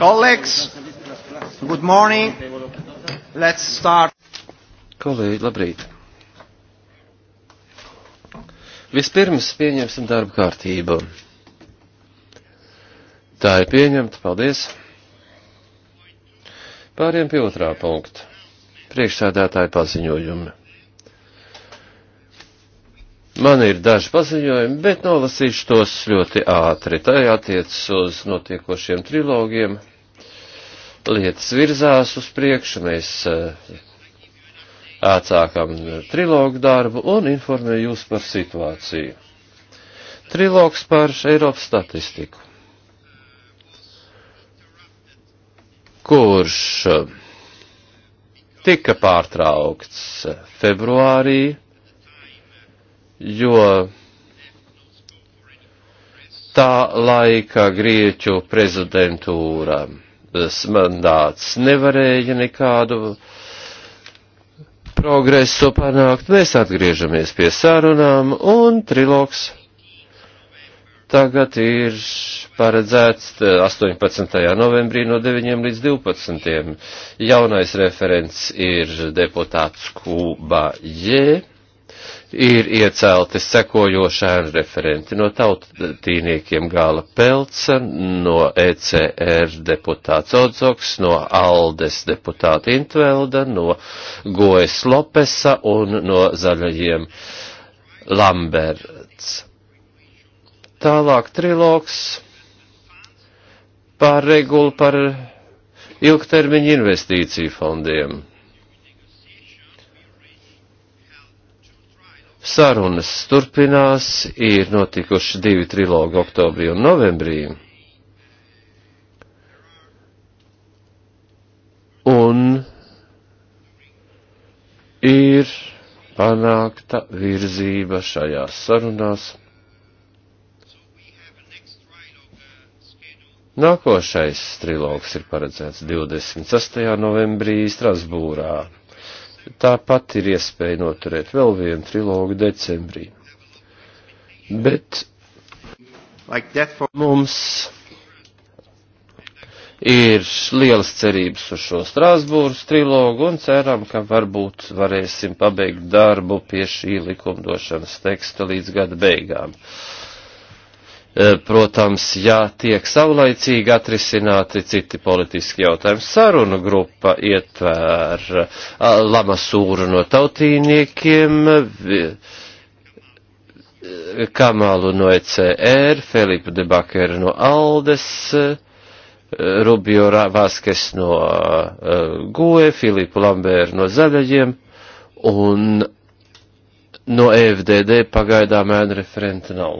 Kolēģis, good morning. Let's start. Kolēģi, labrīt. Vispirms pieņemsim darba kārtību. Tā ir pieņemta, paldies. Pāriem pie otrā punkta. Priekšsēdētāji paziņojumi. Man ir daži paziņojumi, bet nolasīšu tos ļoti ātri. Tā attiecas uz notiekošiem trilogiem. Lietas virzās uz priekšu, mēs eh, atsākam trilogu darbu un informēju jūs par situāciju. Trilogs par Eiropas statistiku. Kurš eh, tika pārtraukts februārī jo tā laika Grieķu prezidentūra mandāts nevarēja nekādu progresu panākt. Mēs atgriežamies pie sarunām un triloks tagad ir paredzēts 18. Eh, novembrī no 9 līdz 12. Jaunais referents ir deputāts Kuba Jē ir iecelti sekojošēni referenti no tautīniekiem Gāla Pelca, no ECR deputāts Odzoks, no Aldes deputāta Intvelda, no Goes Lopesa un no zaļajiem Lamberts. Tālāk trilogs par regulu par ilgtermiņa investīciju fondiem. Sarunas turpinās, ir notikuši divi trilogi oktobrī un novembrī. Un ir panākta virzība šajās sarunās. Nākošais trilogs ir paredzēts 26. novembrī Strasbūrā. Tāpat ir iespēja noturēt vēl vienu trilogu decembrī. Bet like for... mums ir lielas cerības uz šo Strāsbūras trilogu un ceram, ka varbūt varēsim pabeigt darbu pie šī likumdošanas teksta līdz gada beigām. Uh, E, protams, ja tiek saulaicīgi atrisināti citi politiski jautājumi. Sarunu grupa ietvēr e, Lamasūru no tautīniekiem, e, Kamalu no ECR, Felipu Debakeru no Aldes, Rubio Vaskes no GUE, Filipu Lambēru no Zaļajiem un no EFDD pagaidām ēna referenta nav.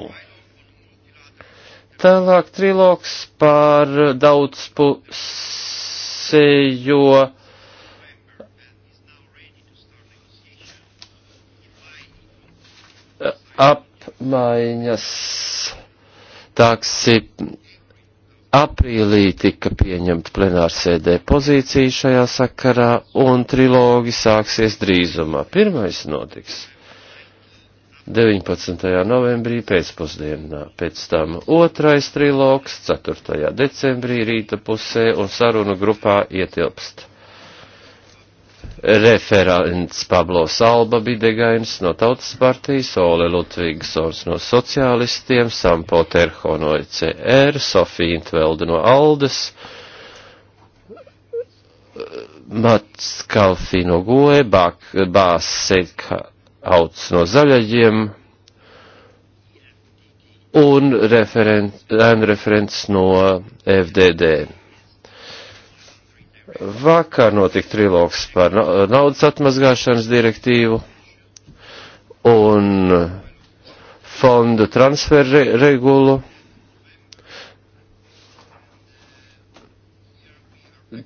Tālāk triloks par daudzpusējo. apmaiņas taksi aprīlī tika pieņemta plenārsēdē pozīcija šajā sakarā, un trilogi sāksies drīzumā. Pirmais notiks 19. novembrī pēcpusdienā, pēc tam otrais trilogs 4. decembrī rīta pusē un sarunu grupā ietilpst. Referents Pablo Salba Bidegains no Tautas partijas, Ole Lutvigsons no sociālistiem, Sampo Terho no ECR, Sofija Intvelda no Aldes, Mats Kalfi no Goe, Bāseka auts no zaļajiem un referents, referents no FDD. Vakar notika trilogs par naudas atmazgāšanas direktīvu un fondu transferu regulu. Re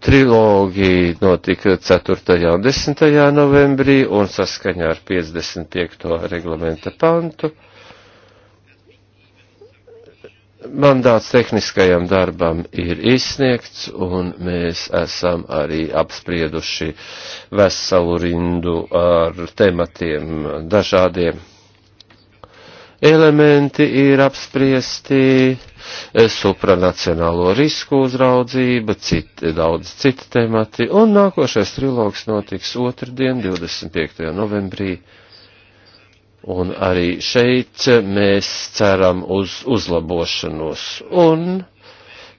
Trilogi notika 4. un 10. novembrī un saskaņā ar 55. reglamenta pantu. Mandāts tehniskajam darbam ir izsniegts un mēs esam arī apsprieduši veselu rindu ar tematiem dažādiem. Elementi ir apspriesti Eh, supranacionālo risku uzraudzība, cit, daudz citi temati, un nākošais trilogs notiks otrdien, 25. novembrī. Un arī šeit mēs ceram uz uzlabošanos un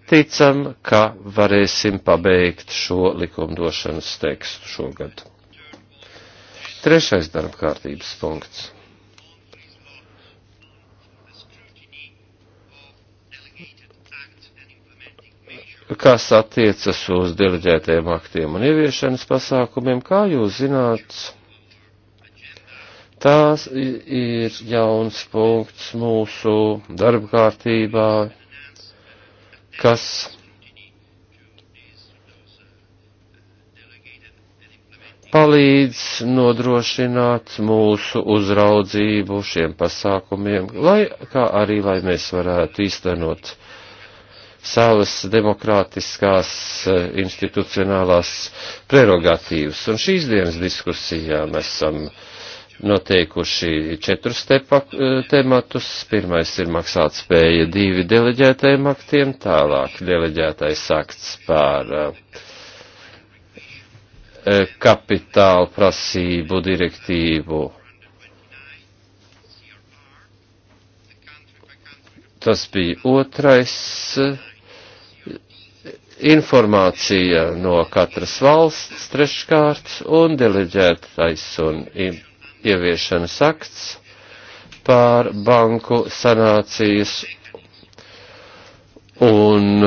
ticam, ka varēsim pabeigt šo likumdošanas tekstu šogad. Trešais darbkārtības punkts. kas attiecas uz deleģētajiem aktiem un ieviešanas pasākumiem, kā jūs zināt, tās ir jauns punkts mūsu darba kārtībā, kas palīdz nodrošināt mūsu uzraudzību šiem pasākumiem, lai, kā arī, lai mēs varētu īstenot savas demokrātiskās eh, institucionālās prerogatīvas. Un šīs dienas diskusijā mēs esam noteikuši četrus eh, tematus. Pirmais ir maksāt spēja divi deleģētajiem aktiem, tālāk deleģētais akts pār eh, kapitāla prasību direktīvu Tas bija otrais informācija no katras valsts treškārt un deleģētais un ieviešanas akts pār banku sanācijas un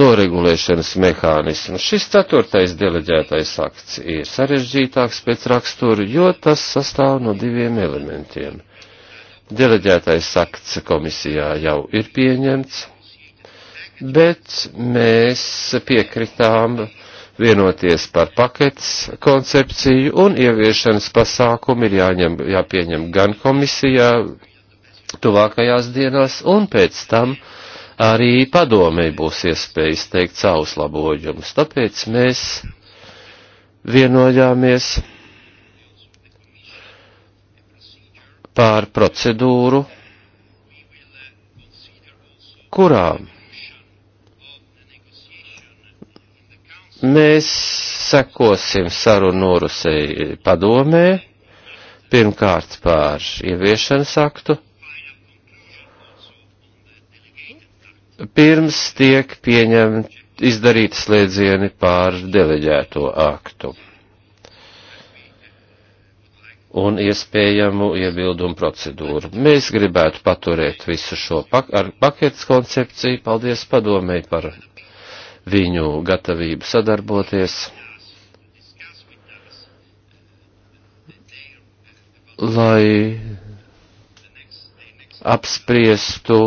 noregulēšanas mehānismu. Šis ceturtais deleģētais akts ir sarežģītāks pēc rakstura, jo tas sastāv no diviem elementiem. Deleģētais akts komisijā jau ir pieņemts, bet mēs piekritām vienoties par paketes koncepciju un ieviešanas pasākumu ir jāņem, jāpieņem gan komisijā tuvākajās dienās un pēc tam arī padomei būs iespējas teikt savus labojumus. Tāpēc mēs vienojāmies pār procedūru, kurām Mēs sekosim sarunu norusei padomē, pirmkārt pār ieviešanas aktu, pirms tiek pieņemt izdarīt slēdzieni pār deleģēto aktu un iespējamu iebildumu procedūru. Mēs gribētu paturēt visu šo pak ar paketes koncepciju. Paldies padomēji par viņu gatavību sadarboties, lai apspriestu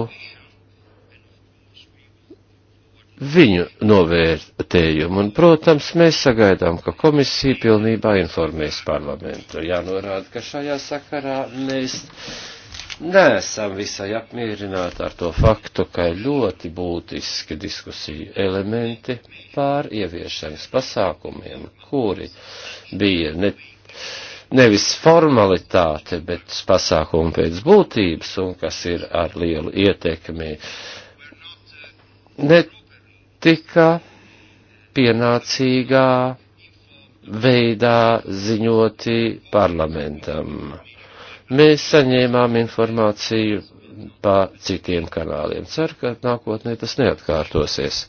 viņu novērtējumu. Un, protams, mēs sagaidām, ka komisija pilnībā informēs parlamentu. Jānorāda, ka šajā sakarā mēs neesam visai apmierināti ar to faktu, ka ir ļoti būtiski diskusiju elementi pār ieviešanas pasākumiem, kuri bija ne, nevis formalitāte, bet pasākumi pēc būtības un kas ir ar lielu ietekmi netika pienācīgā veidā ziņoti parlamentam mēs saņēmām informāciju pa citiem kanāliem. Ceru, ka nākotnē tas neatkārtosies,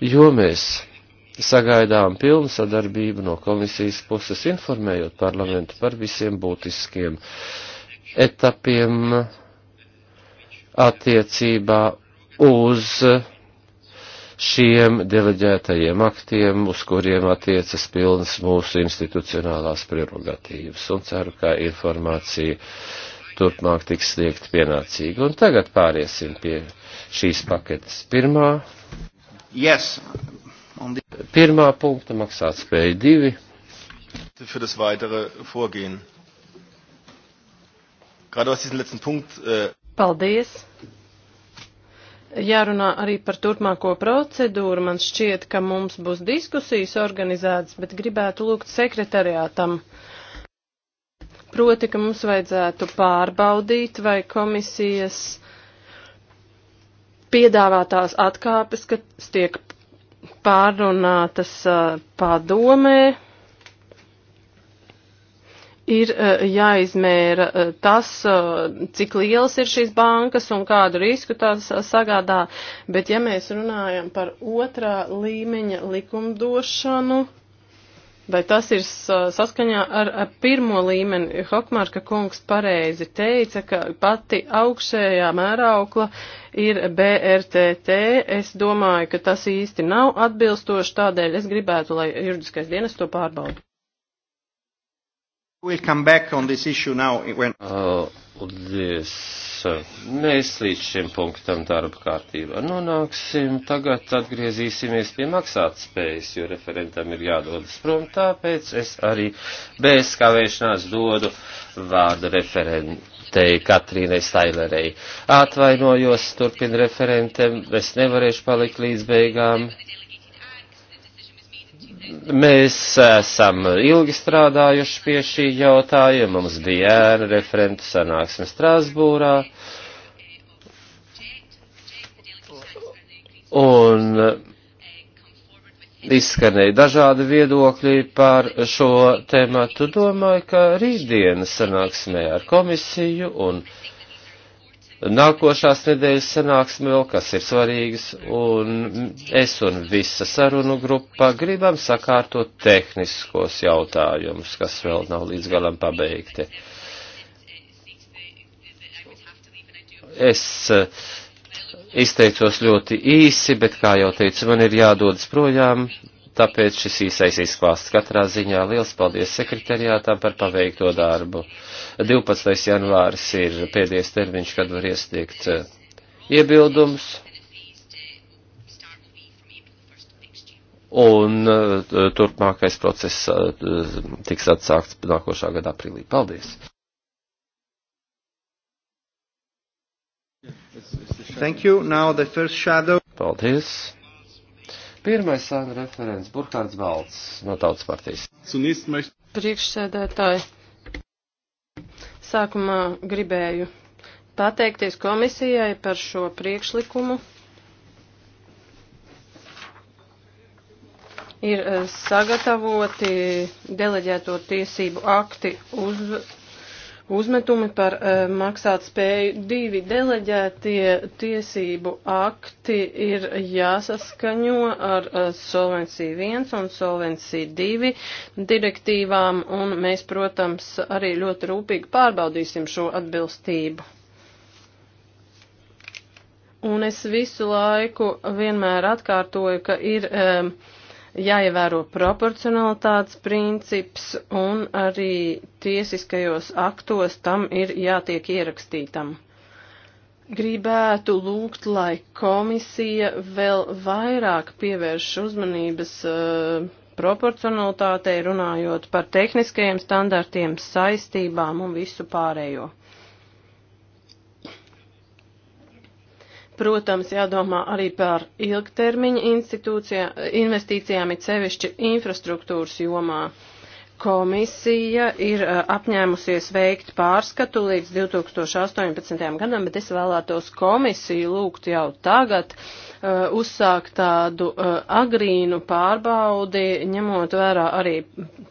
jo mēs sagaidām pilnu sadarbību no komisijas puses, informējot parlamentu par visiem būtiskiem etapiem attiecībā uz šiem deleģētajiem aktiem, uz kuriem attiecas pilnas mūsu institucionālās prerogatīvas, un ceru, ka informācija turpmāk tiks sniegt pienācīgi. Un tagad pāriesim pie šīs paketes pirmā. Yes. The... Pirmā punkta maksāt spēju divi. Für das weitere Vorgehen. Gerade was diesen letzten Punkt. Äh... Paldies jārunā arī par turpmāko procedūru. Man šķiet, ka mums būs diskusijas organizētas, bet gribētu lūgt sekretariātam. Proti, ka mums vajadzētu pārbaudīt, vai komisijas piedāvātās atkāpes, kas tiek pārunātas padomē, ir eh, jāizmēra eh, tas, eh, cik lielas ir šīs bankas un kādu risku tās sagādā, bet ja mēs runājam par otrā līmeņa likumdošanu, vai tas ir saskaņā ar pirmo līmeni, Hokmarka kungs pareizi teica, ka pati augšējā mēraukla ir BRTT, es domāju, ka tas īsti nav atbilstoši, tādēļ es gribētu, lai juridiskais dienas to pārbauda. We'll come back on this issue now when... Uh, Paldies. Mēs līdz šim punktam darba kārtībā nonāksim. Tagad atgriezīsimies pie maksātspējas, jo referentam ir jādodas prom, tāpēc es arī bez kavēšanās dodu vārdu referentei Katrīnai Stailerei. Atvainojos, turpin referentem, es nevarēšu palikt līdz beigām. Mēs esam ilgi strādājuši pie šī jautājuma, mums bija ēna referentu sanāksme Strasbūrā. Un izskanēja dažādi viedokļi par šo tēmatu. Domāju, ka rītdienas sanāksmē ar komisiju un uh, nākošās nedēļas sanāksme vēl, kas ir svarīgas, un es un visa sarunu grupa gribam sakārtot tehniskos jautājumus, kas vēl nav līdz galam pabeigti. Es eh, izteicos ļoti īsi, bet, kā jau teicu, man ir jādodas projām, Tāpēc šis īsais izklāsts katrā ziņā. Liels paldies sekretariātām par paveikto darbu. 12. janvāris ir pēdējais termiņš, kad var iesniegt eh, iebildums. Un eh, turpmākais process eh, tiks atsākts nākošā gada aprīlī. Paldies! Thank you. Now the first shadow. Paldies. Pirmais sāna referents Burkhards Valds no Tautas partijas. Priekšsēdētāji, sākumā gribēju pateikties komisijai par šo priekšlikumu. Ir eh, sagatavoti deleģēto tiesību akti uz uzmetumi par uh, maksāt spēju. Divi deleģētie tiesību akti ir jāsaskaņo ar uh, Solvency 1 un Solvency 2 direktīvām, un mēs, protams, arī ļoti rūpīgi pārbaudīsim šo atbilstību. Un es visu laiku vienmēr atkārtoju, ka ir um, uh, jāievēro proporcionalitātes princips un arī tiesiskajos aktos tam ir jātiek ierakstītam. Gribētu lūgt, lai komisija vēl vairāk pievērš uzmanības uh, proporcionalitātei, runājot par tehniskajiem standartiem, saistībām un visu pārējo. Protams, jādomā arī par ilgtermiņa investīcijām, it sevišķi infrastruktūras jomā. Komisija ir eh, apņēmusies veikt pārskatu līdz 2018. gadam, bet es vēlētos komisiju lūgt jau tagad uh, uzsākt tādu uh, agrīnu pārbaudi, ņemot vērā arī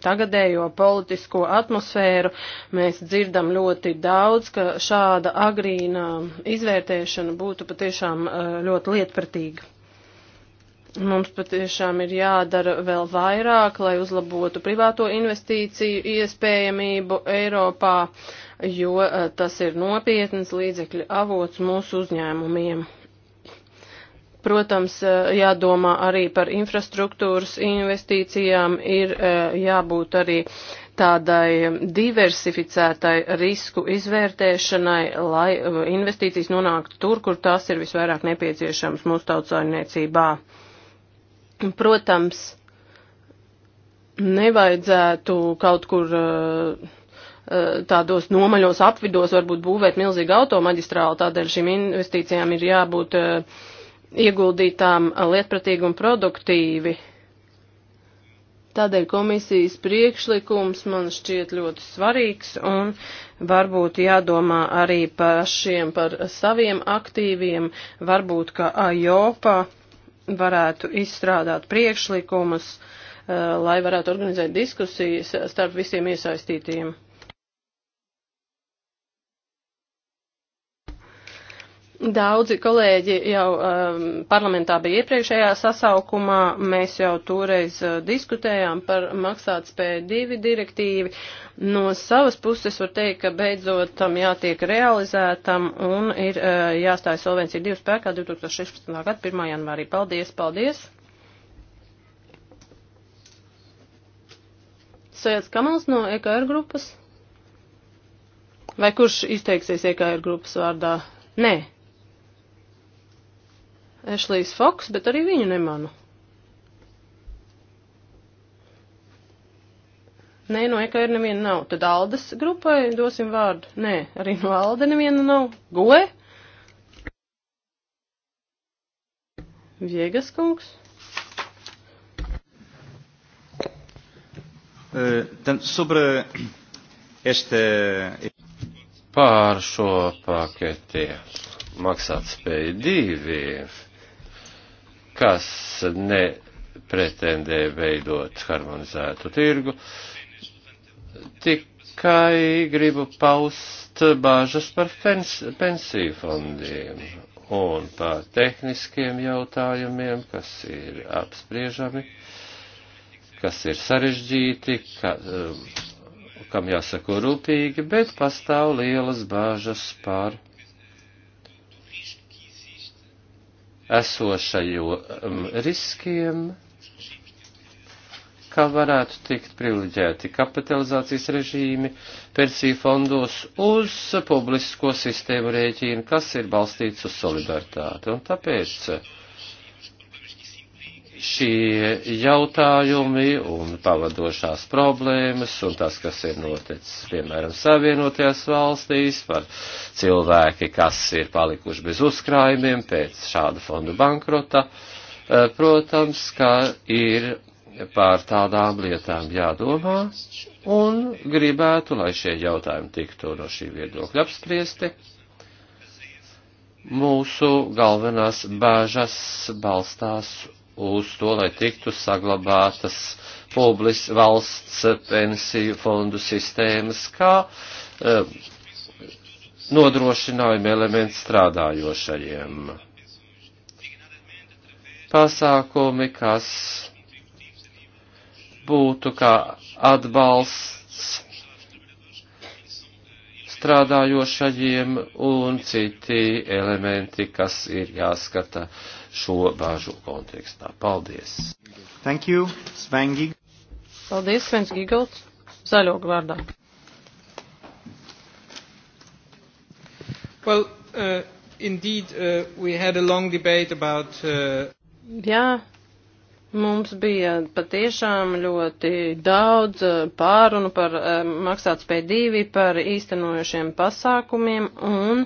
tagadējo politisko atmosfēru. Mēs dzirdam ļoti daudz, ka šāda agrīna izvērtēšana būtu patiešām uh, ļoti lietpratīga. Mums patiešām ir jādara vēl vairāk, lai uzlabotu privāto investīciju iespējamību Eiropā, jo eh, tas ir nopietnas līdzekļu avots mūsu uzņēmumiem. Protams, eh, jādomā arī par infrastruktūras investīcijām, ir eh, jābūt arī tādai diversificētai risku izvērtēšanai, lai investīcijas nonāktu tur, kur tās ir visvairāk nepieciešams mūsu tautsainiecībā. Protams, nevajadzētu kaut kur uh, tādos nomaļos apvidos varbūt būvēt milzīgu automaģistrālu, tādēļ šīm investīcijām ir jābūt uh, ieguldītām lietpratīgi un produktīvi. Tādēļ komisijas priekšlikums man šķiet ļoti svarīgs un varbūt jādomā arī pašiem par saviem aktīviem, varbūt kā AJOPA. Uh, varētu izstrādāt priekšlikumus, eh, lai varētu organizēt diskusijas starp visiem iesaistītiem. Daudzi kolēģi jau um, parlamentā bija iepriekšējā sasaukumā, mēs jau toreiz uh, diskutējām par maksātspēju divi direktīvi. No savas puses var teikt, ka beidzot tam jātiek realizētam un ir uh, jāstāja solvencija divi spēkā 2016. gada 1. janvārī. Paldies, paldies! Sajāds Kamals no EKR grupas. Vai kurš izteiksies EKR grupas vārdā? Nē. Ešlijs Foks, bet arī viņu nemanu. Nē, no EKR neviena nav. Tad Aldes grupai dosim vārdu. Nē, arī no Alde neviena nav. Goe? Viegas kungs? Tad sobre este... Pār šo paketi maksāt spēju divi kas nepretendē veidot harmonizētu tirgu. Tikai gribu paust bāžas par pens, pensiju fondiem un par tehniskiem jautājumiem, kas ir apspriežami, kas ir sarežģīti, ka, um, kam jāsako rūpīgi, bet pastāv lielas bāžas par esošajiem um, riskiem, kā varētu tikt privileģēti kapitalizācijas režīmi pensiju fondos uz publisko sistēmu rēķinu, kas ir balstīts uz solidaritāti. Un tāpēc šie jautājumi un pavadošās problēmas un tas, kas ir noticis, piemēram, Savienotajās valstīs par cilvēki, kas ir palikuši bez uzkrājumiem pēc šāda fondu bankrota. Eh, protams, ka ir pār tādām lietām jādomā un gribētu, lai šie jautājumi tiktu no šī viedokļa apspriesti mūsu galvenās bāžas balstās uz to, lai tiktu saglabātas publis valsts pensiju fondu sistēmas, kā eh, nodrošinājuma elements strādājošajiem. Pasākumi, kas būtu kā atbalsts strādājošajiem un citi elementi, kas ir jāskata uh, šo bāžu kontekstā. Paldies! Thank you, Sven Gig. Paldies, Svens Gigalds, zaļo vārdā. Well, uh, indeed, uh, we had a long debate about. Uh... Jā, Mums bija patiešām ļoti daudz uh, pārunu par uh, maksātspēju divi, par īstenojušiem pasākumiem, un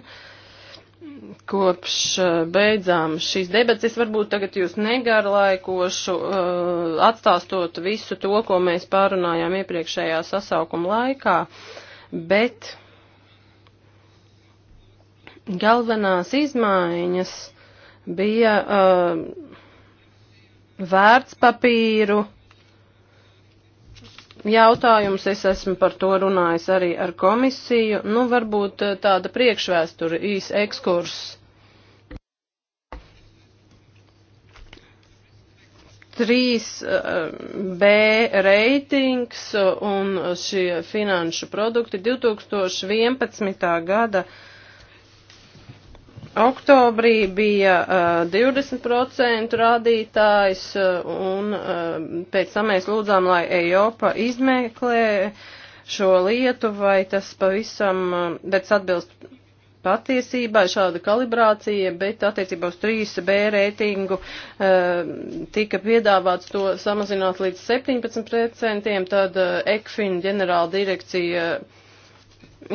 kopš eh, beidzām šīs debatas. Es varbūt tagad jūs negarlaikošu, uh, atstāstot visu to, ko mēs pārunājām iepriekšējā sasaukuma laikā, bet galvenās izmaiņas bija uh, vērtspapīru jautājums, es esmu par to runājis arī ar komisiju, nu varbūt tāda priekšvēsture īs ekskurs. 3B eh, reitings un šie finanšu produkti 2011. gada oktobrī bija uh, eh, 20% rādītājs, eh, un uh, pēc tam mēs lūdzām, lai Eiropa izmeklē šo lietu, vai tas pavisam, uh, bet atbilst patiesībā šāda kalibrācija, bet attiecībā uz 3B reitingu eh, tika piedāvāts to samazināt līdz 17%, tad ECFIN eh, ģenerāla direkcija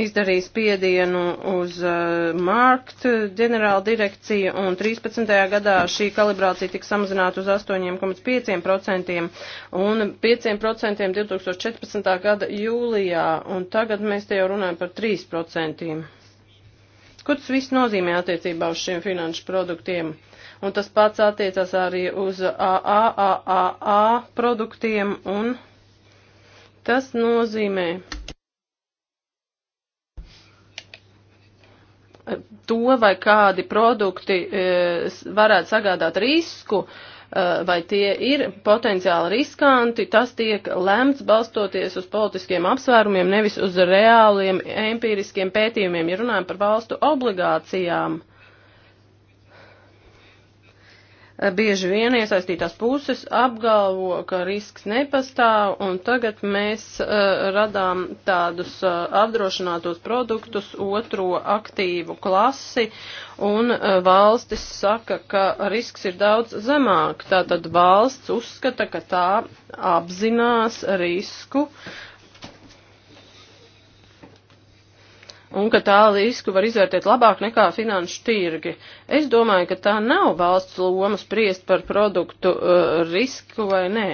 izdarīja spiedienu uz eh, Markt ģenerāla direkciju un 13. gadā šī kalibrācija tika samazināta uz 8,5% un 5% 2014. gada jūlijā un tagad mēs te jau runājam par 3%. Ko tas viss nozīmē attiecībā uz šiem finanšu produktiem? Un tas pats attiecas arī uz AAAA produktiem un tas nozīmē to, vai kādi produkti eh, varētu sagādāt risku, uh, Eh, vai tie ir potenciāli riskanti, tas tiek lemts balstoties uz politiskiem apsvērumiem, nevis uz reāliem empiriskiem pētījumiem, ja runājam par valstu obligācijām. Uh, Eh, bieži vien iesaistītās puses apgalvo, ka risks nepastāv, un tagad mēs uh, radām tādus uh, apdrošinātos produktus, otro aktīvu klasi, un uh, valstis saka, ka risks ir daudz zemāk. Tātad valsts uzskata, ka tā apzinās risku, uh, un ka tā risku var izvērtēt labāk nekā finanšu tirgi. Es domāju, ka tā nav valsts loma spriest par produktu uh, risku vai nē.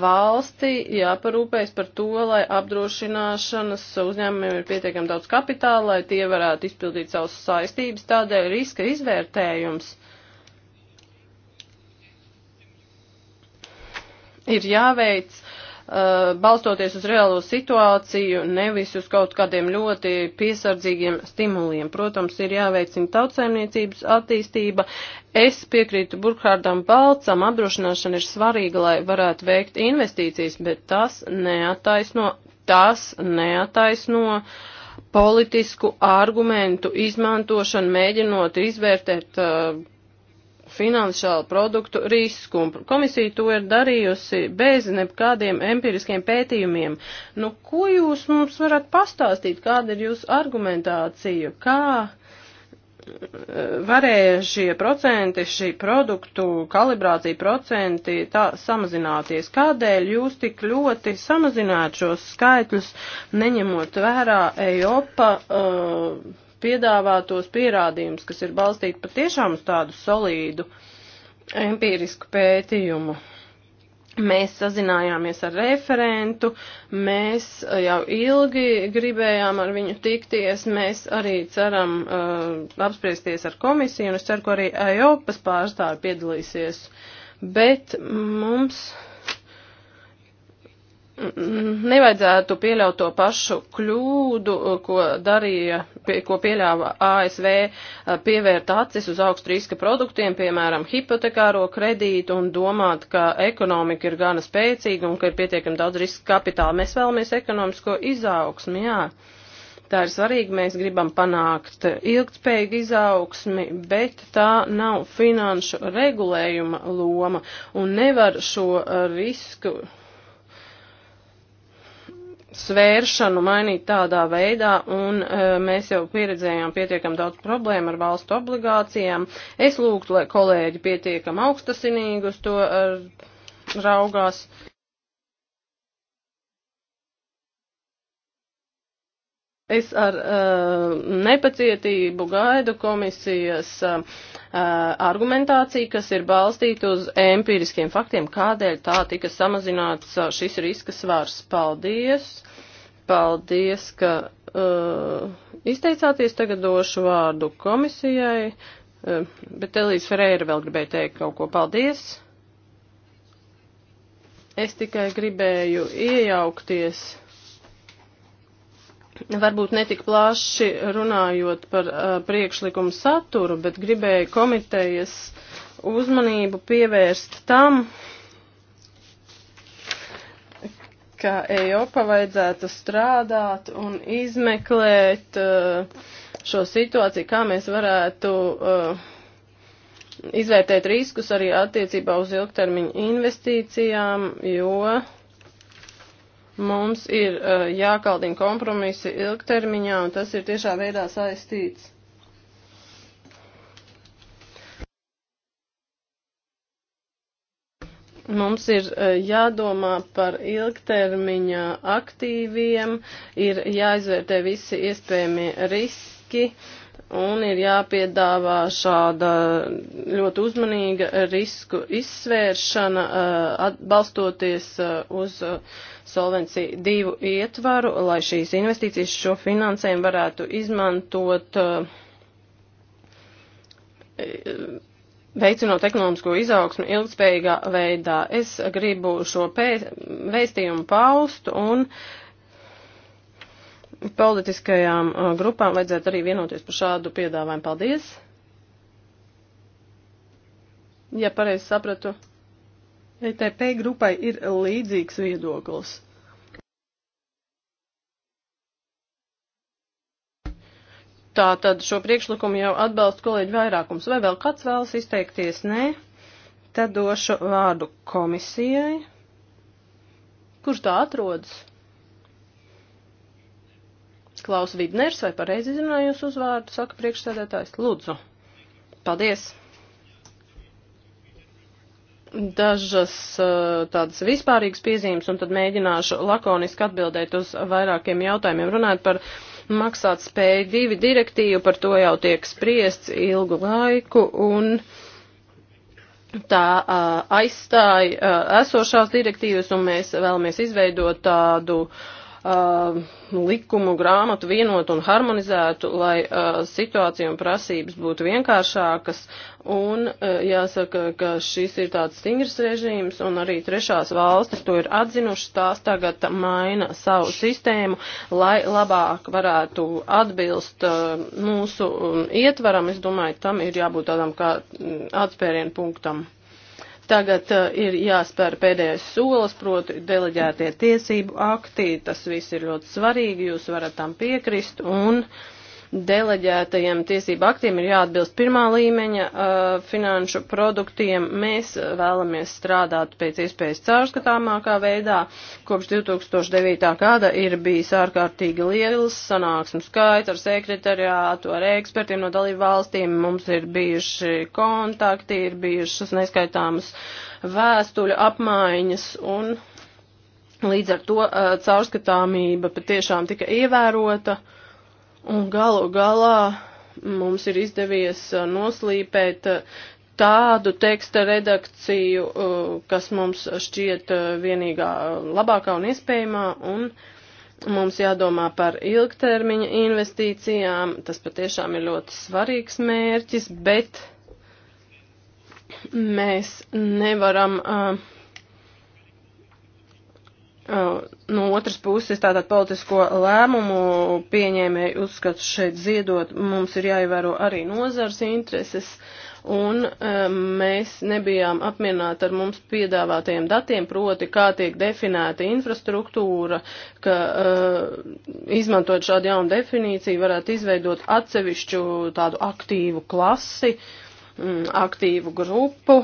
Valstī jāparūpējas par to, lai apdrošināšanas uzņēmumiem ir pietiekami daudz kapitāla, lai tie varētu izpildīt savas saistības, tādēļ riska izvērtējums ir jāveic uh, Uh, balstoties uz reālo situāciju, nevis uz kaut kādiem ļoti piesardzīgiem stimuliem. Protams, ir jāveicina tautsēmniecības attīstība. Es piekrītu Burkhārdam Balcam, apdrošināšana ir svarīga, lai varētu veikt investīcijas, bet tas neataisno, tas neataisno politisku argumentu izmantošanu, mēģinot izvērtēt uh, finanšālu produktu risku. Komisija to ir darījusi bez nekādiem empiriskiem pētījumiem. Nu, ko jūs mums varat pastāstīt, kāda ir jūsu argumentācija, kā eh, varēja šie procenti, šī produktu kalibrācija procenti tā samazināties? Kādēļ jūs tik ļoti samazināt šos skaitļus, neņemot vērā Eiropa? Uh, piedāvātos pierādījumus, kas ir balstīti patiešām uz tādu solīdu empirisku pētījumu. Mēs sazinājāmies ar referentu, mēs jau ilgi gribējām ar viņu tikties, mēs arī ceram uh, apspriesties ar komisiju, un es ceru, ka arī Eiropas pārstāvi piedalīsies. Bet mums nevajadzētu pieļaut to pašu kļūdu, ko darīja, pie, ko pieļāva ASV, eh, pievērt acis uz augstu riska produktiem, piemēram, hipotekāro kredītu un domāt, ka ekonomika ir gana spēcīga un ka ir pietiekami daudz riska kapitāla. Mēs vēlamies ekonomisko izaugsmu, jā. Tā ir svarīga, mēs gribam panākt ilgtspējīgu izaugsmi, bet tā nav finanšu regulējuma loma un nevar šo eh, risku svēršanu mainīt tādā veidā, un e, mēs jau pieredzējām pietiekam daudz problēmu ar valstu obligācijām. Es lūgtu, lai kolēģi pietiekam augstasinīgi uz to e, raugās. Es ar uh, nepacietību gaidu komisijas uh, argumentācija, kas ir balstīta uz empiriskiem faktiem, kādēļ tā tika samazināts šis riska svars. Paldies! Paldies, ka uh, izteicāties. Tagad došu vārdu komisijai, uh, bet Elīze Ferreira vēl gribēja teikt kaut ko. Paldies! Es tikai gribēju iejaukties varbūt netik plaši runājot par uh, priekšlikumu saturu, bet gribēju komitejas uzmanību pievērst tam, ka Eiropa vajadzētu strādāt un izmeklēt uh, šo situāciju, kā mēs varētu uh, izvērtēt riskus arī attiecībā uz ilgtermiņu investīcijām, jo Mums ir uh, jākaldina kompromisi ilgtermiņā, un tas ir tiešā veidā saistīts. Mums ir uh, jādomā par ilgtermiņa aktīviem, ir jāizvērtē visi iespējamie riski, uh, un ir jāpiedāvā šāda ļoti uzmanīga risku izsvēršana, eh, balstoties eh, uz eh, solvenciju divu ietvaru, lai šīs investīcijas šo finansējumu varētu izmantot, veicinot ekonomisko izaugsmu ilgspējīgā veidā. Es gribu šo vēstījumu paust un uh, politiskajām uh, grupām vajadzētu arī vienoties par šādu piedāvājumu. Paldies! Ja pareizi sapratu, ETP grupai ir līdzīgs viedoklis. Tā tad šo priekšlikumu jau atbalsta kolēģi vairākums. Vai vēl kāds vēlas izteikties? Nē. Tad došu vārdu komisijai. Kurš tā atrodas? Klaus Vidners, vai pareizi izrunāju jūsu uzvārdu, saka priekšsēdētājs. Lūdzu. Paldies. Dažas eh, tādas vispārīgas piezīmes, un tad mēģināšu lakoniski atbildēt uz vairākiem jautājumiem. Runājot par maksāt spēju divi direktīvu, par to jau tiek spriests ilgu laiku, un tā uh, aizstāja uh, esošās direktīvas, un mēs vēlamies izveidot tādu uh, uh, likumu grāmatu vienotu un harmonizētu, lai uh, situācija un prasības būtu vienkāršākas. Un uh, jāsaka, ka šis ir tāds stingrs režīms, un arī trešās valstis to ir atzinušas, tās tagad maina savu sistēmu, lai labāk varētu atbilst uh, mūsu um, ietvaram. Es domāju, tam ir jābūt tādam kā mm, atspērienu punktam. Tagad uh, ir jāspēr pēdējais solis, proti deleģētie tiesību akti, tas viss ir ļoti svarīgi, jūs varat tam piekrist un uh, deleģētajiem tiesību aktiem ir jāatbilst pirmā līmeņa uh, finanšu produktiem. Mēs vēlamies strādāt pēc iespējas caurskatāmākā veidā. Kopš 2009. gada ir bijis ārkārtīgi liels sanāksmu skaits ar sekretariātu, ar ekspertiem no dalību valstīm. Mums ir bijuši kontakti, ir bijušas neskaitāmas vēstuļu apmaiņas un līdz ar to uh, caurskatāmība patiešām tika ievērota. Uh, Un galu galā mums ir izdevies uh, noslīpēt uh, tādu teksta redakciju, uh, kas mums šķiet vienīgā labākā un iespējamā, un mums jādomā par ilgtermiņa investīcijām. Tas patiešām ir ļoti svarīgs mērķis, bet mēs nevaram uh, Uh, no otras puses, tātad politisko lēmumu pieņēmēji uzskata šeit ziedot, mums ir jāievēro arī nozars intereses, un um, mēs nebijām apmierināti ar mums piedāvātajiem datiem, proti, kā tiek definēta infrastruktūra, ka uh, izmantot šādu jaunu definīciju varētu izveidot atsevišķu tādu aktīvu klasi, mm, aktīvu grupu.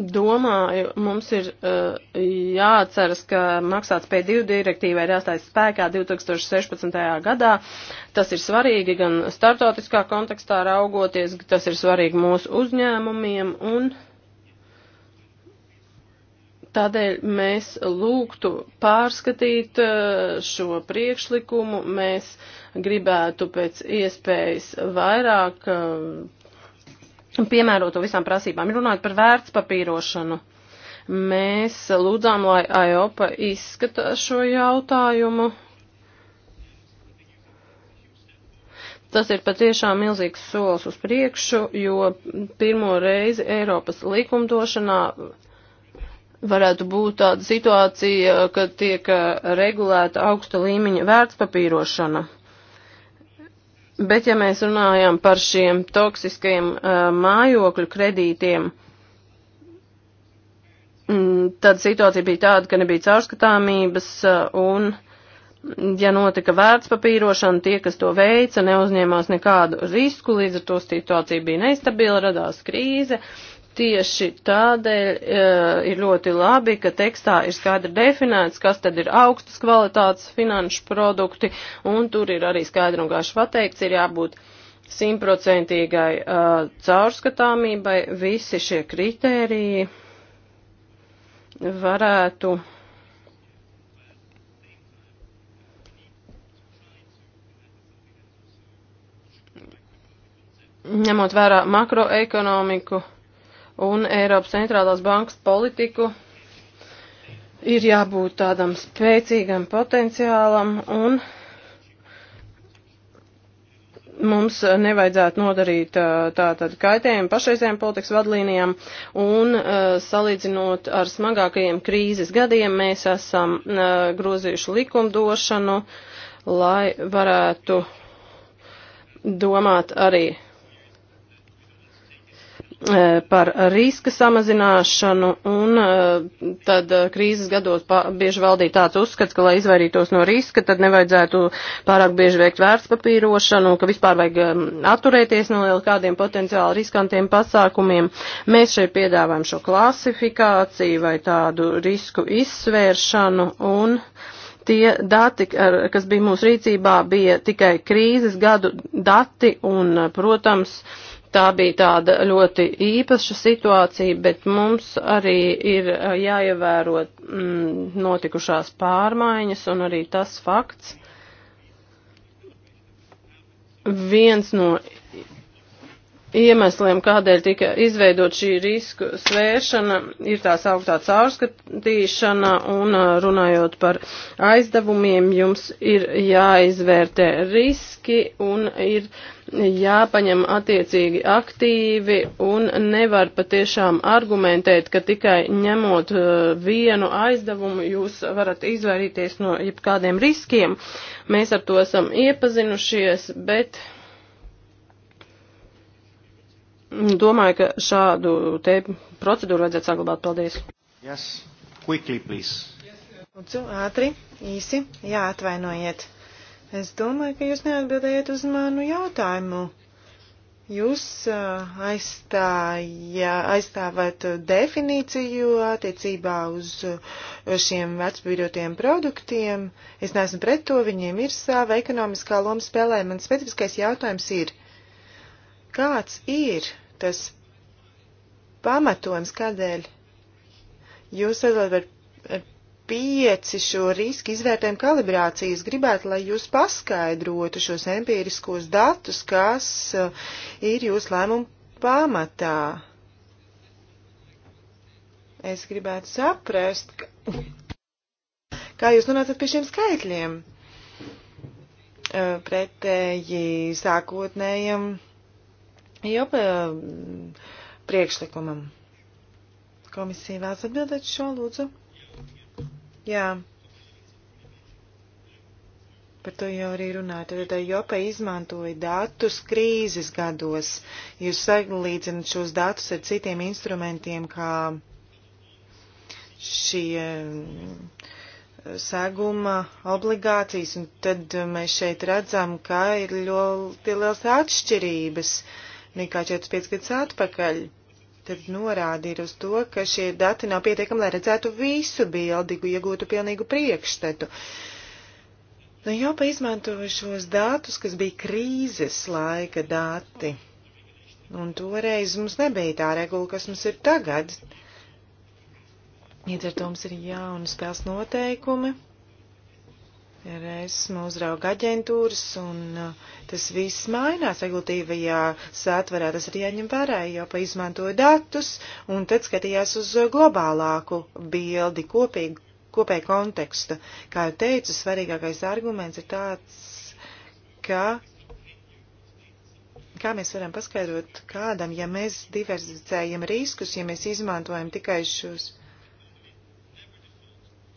domāju, mums ir uh, jāatceras, ka maksātspēja divu direktīva ir jāstājas spēkā 2016. gadā. Tas ir svarīgi gan startautiskā kontekstā raugoties, tas ir svarīgi mūsu uzņēmumiem un tādēļ mēs lūgtu pārskatīt uh, šo priekšlikumu. Mēs gribētu pēc iespējas vairāk. Uh, piemēroto visām prasībām. Runājot par vērtspapīrošanu, mēs lūdzām, lai AIOPA izskata šo jautājumu. Tas ir patiešām milzīgs solis uz priekšu, jo pirmo reizi Eiropas likumdošanā varētu būt tāda situācija, kad tiek regulēta augsta līmeņa vērtspapīrošana. Bet ja mēs runājam par šiem toksiskajiem uh, mājokļu kredītiem, mm, tad situācija bija tāda, ka nebija caurskatāmības uh, un, ja notika vērtspapīrošana, tie, kas to veica, neuzņēmās nekādu risku, līdz ar to situācija bija nestabila, radās krīze, tieši tādēļ e, ir ļoti labi, ka tekstā ir skaidri definēts, kas tad ir augstas kvalitātes finanšu produkti, un tur ir arī skaidri un gaiši pateikts, ir jābūt simtprocentīgai e, caurskatāmībai, visi šie kritēriji varētu. ņemot vērā makroekonomiku, un Eiropas centrālās bankas politiku ir jābūt tādam spēcīgam potenciālam un mums nevajadzētu nodarīt tātad kaitējumu pašreizējām politikas vadlīnijām un salīdzinot ar smagākajiem krīzes gadiem mēs esam grozījuši likumdošanu, lai varētu domāt arī E, par riska samazināšanu, un e, tad e, krīzes gados bieži valdīja tāds uzskats, ka, lai izvairītos no riska, tad nevajadzētu pārāk bieži veikt vērtspapīrošanu, ka vispār vajag atturēties no kādiem potenciāli riskantiem pasākumiem. Mēs šeit piedāvājam šo klasifikāciju vai tādu risku izsvēršanu un tie dati, kas bija mūsu rīcībā, bija tikai krīzes gadu dati un, protams, uh, Tā bija tāda ļoti īpaša situācija, bet mums arī ir jāievēro mm, notikušās pārmaiņas un arī tas fakts, viens no Iemesliem, kādēļ tika izveidot šī risku svēršana, ir tā sauktā caurskatīšana, un runājot par aizdevumiem, jums ir jāizvērtē riski un ir jāpaņem attiecīgi aktīvi, un nevar patiešām argumentēt, ka tikai ņemot vienu aizdevumu jūs varat izvairīties no jebkādiem riskiem. Mēs ar to esam iepazinušies, bet Domāju, ka šādu te procedūru vajadzētu saglabāt. Paldies. Yes, quickly, please. Lūdzu, ātri, īsi, jā, atvainojiet. Es domāju, ka jūs neatbildējat uz manu jautājumu. Jūs aizstāja, aizstāvat definīciju attiecībā uz šiem vecbīdotiem produktiem. Es neesmu pret to, viņiem ir sava ekonomiskā loma spēlē. Man specifiskais jautājums ir, Kāds ir tas pamatojums, kādēļ jūs redzat par pieci šo riski izvērtējumu kalibrācijas gribētu, lai jūs paskaidrotu šos empīriskos datus, kas uh, ir jūsu lēmumu pamatā. Es gribētu saprast, kā jūs nonācat pie šiem skaitļiem uh, pretēji sākotnējiem jau priekšlikumam. Komisija vēlas atbildēt šo lūdzu. Jā. Par to jau arī runāju. Tad Jopa izmantoja datus krīzes gados. Jūs salīdzinat šos datus ar citiem instrumentiem, kā šie eh, seguma obligācijas, un tad eh, mēs šeit redzam, ka ir ļoti liels atšķirības. Uh, nekā 45 gadus atpakaļ. Tad norādi ir uz to, ka šie dati nav pietiekami, lai redzētu visu bildi, iegūtu pilnīgu priekšstatu. Nu, jau pa izmantoju šos datus, kas bija krīzes laika dati. Un toreiz mums nebija tā regula, kas mums ir tagad. Līdz ar to mums ir jaunas spēles noteikumi ir esmu uzrauga aģentūras, un uh, tas viss mainās regulatīvajā sātvarā, tas ir jāņem vērā, jo pa izmantoja datus, un tad skatījās uz uh, globālāku bildi, kopīgu, kopēju kontekstu. Kā jau teicu, svarīgākais arguments ir tāds, ka. Kā mēs varam paskaidrot kādam, ja mēs diversificējam riskus, ja mēs izmantojam tikai šos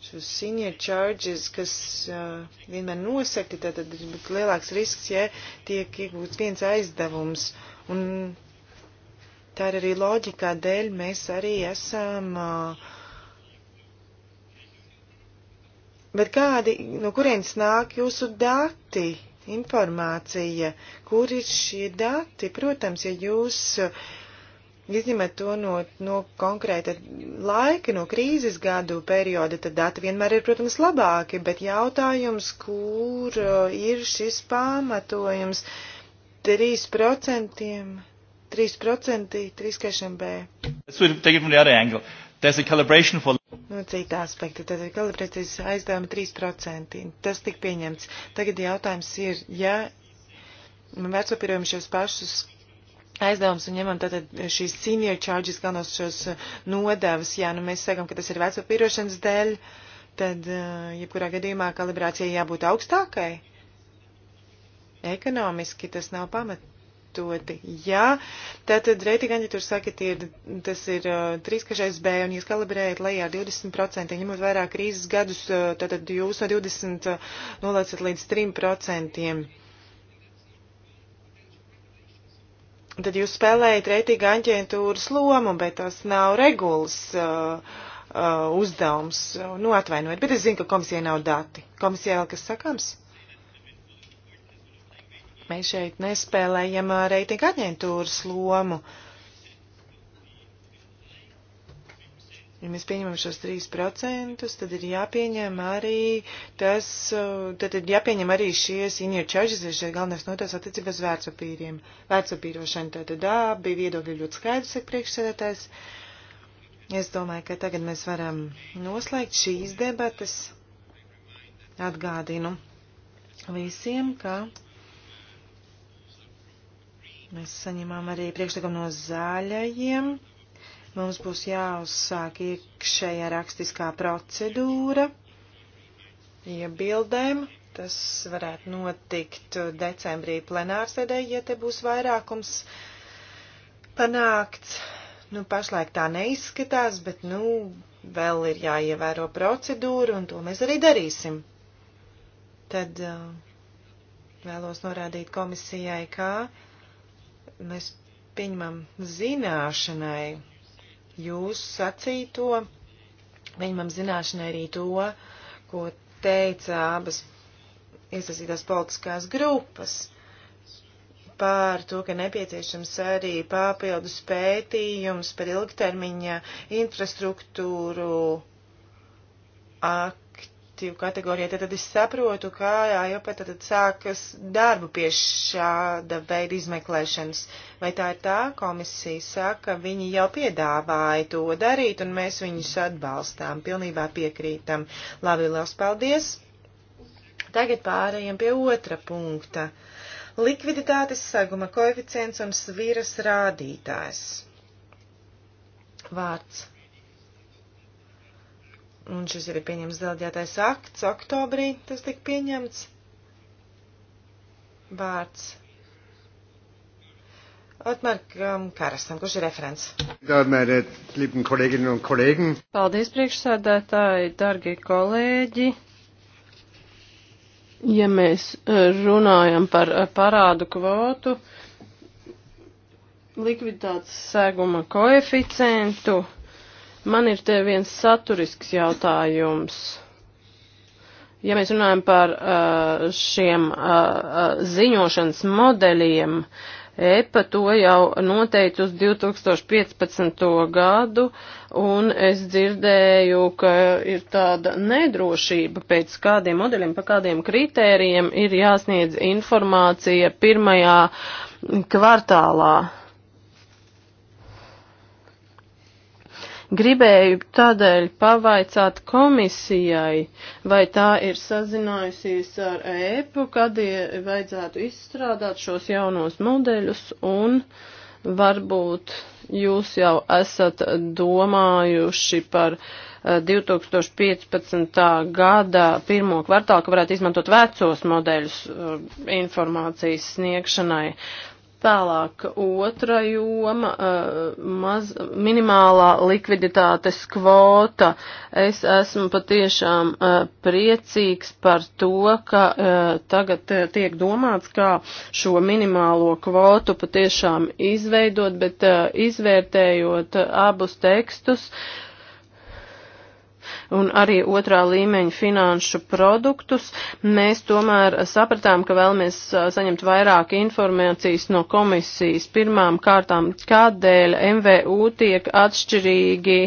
šos senior charges, kas uh, vienmēr nosakti, tad ir lielāks risks, ja tiek iegūts viens aizdevums. Un tā ir arī loģikā dēļ mēs arī esam. Uh, Bet kādi, no kurienes nāk jūsu dati, informācija, kur ir šie dati? Protams, ja jūs uh, izņemot to no, no konkrēta laika, no krīzes gadu perioda, tad dati vienmēr ir, protams, labāki, bet jautājums, kur uh, ir šis pamatojums 3%, 3%, 3KŠMB. There's a calibration for Nu, cita aspekta, tad ir kalibrēcijas aizdevuma 3%. Tas tik pieņemts. Tagad jautājums ir, ja vērtspapīrojumi šos pašus aizdevums un ņemam tātad šīs senior charges galvenos šos eh, nodevas. Jā, nu mēs sakam, ka tas ir veco pīrošanas dēļ, tad eh, jebkurā gadījumā kalibrācijai jābūt augstākai. Ekonomiski tas nav pamatoti. Jā, tātad reitinga aģentūra saka, ir, tas ir eh, trīskašais B un jūs kalibrējat lejā 20%, ņemot vairāk krīzes gadus, tātad jūs no 20 nolaicat līdz 3%. tad jūs spēlējat reitinga aģentūras lomu, bet tas nav regulas uh, uh, uzdevums. Nu, atvainojiet, bet es zinu, ka komisijai nav dati. Komisijai vēl kas sakāms? Mēs šeit nespēlējam uh, reitinga aģentūras lomu. Uh, Ja mēs pieņemam šos 3%, tad ir jāpieņem arī tas, uh, tad ir jāpieņem arī šie senior charges, ir šie galvenais notās attiecības vērtspapīriem. Vērtspapīrošana tātad abi viedokļi ļoti skaidrs, saka priekšsēdētājs. Es domāju, ka tagad mēs varam noslēgt šīs debatas. Atgādinu visiem, ka mēs saņemām arī priekšlikumu no zāļajiem. Mums būs jāuzsāk iekšējā rakstiskā procedūra iebildēm. Tas varētu notikt decembrī plenārsēdē, ja te būs vairākums panākts. Nu, pašlaik tā neizskatās, bet, nu, vēl ir jāievēro procedūra, un to mēs arī darīsim. Tad uh, vēlos norādīt komisijai, kā mēs pieņemam zināšanai jūs sacīto, viņam zināšanai arī to, ko teica abas iesaistītās politiskās grupas par to, ka nepieciešams arī papildus pētījums par ilgtermiņa infrastruktūru ak direktīvu kategorijai, tad, tad es saprotu, ka AJP tad, tad sākas darbu pie šāda veida izmeklēšanas. Vai tā ir tā? Komisija saka, viņi jau piedāvāja to darīt, un mēs viņus atbalstām, pilnībā piekrītam. Labi, liels paldies! Tagad pārējiem pie otra punkta. Likviditātes saguma koeficients un sviras rādītājs. Vārds Un šis ir pieņemts delģētais akts, oktobrī tas tika pieņemts. Vārds. Otmarkam Karasam, kurš ir referents. Paldies, priekšsādātāji, dargie kolēģi. Ja mēs e, runājam par e, parādu kvotu, likviditātes sēguma koeficientu, Man ir te viens saturisks jautājums. Ja mēs runājam par uh, šiem uh, uh ziņošanas modeļiem, EPA to jau noteica uz 2015. gadu, un es dzirdēju, ka ir tāda nedrošība pēc kādiem modeļiem, pa kādiem kritērijiem ir jāsniedz informācija pirmajā kvartālā. Gribēju tādēļ pavaicāt komisijai, vai tā ir sazinājusies ar ēpu, kad vajadzētu izstrādāt šos jaunos modeļus un varbūt jūs jau esat domājuši par 2015. Eh, gada pirmo kvartālu, ka varētu izmantot vecos modeļus eh, informācijas sniegšanai. Tālāk otra joma eh, - maz, minimālā likviditātes kvota. Es esmu patiešām eh, priecīgs par to, ka eh, tagad tiek domāts, kā šo minimālo kvotu patiešām izveidot, bet izvērtējot abus tekstus, uh, un arī otrā līmeņa finanšu produktus, mēs tomēr sapratām, ka vēlamies saņemt vairāk informācijas no komisijas pirmām kārtām, kādēļ MVU tiek atšķirīgi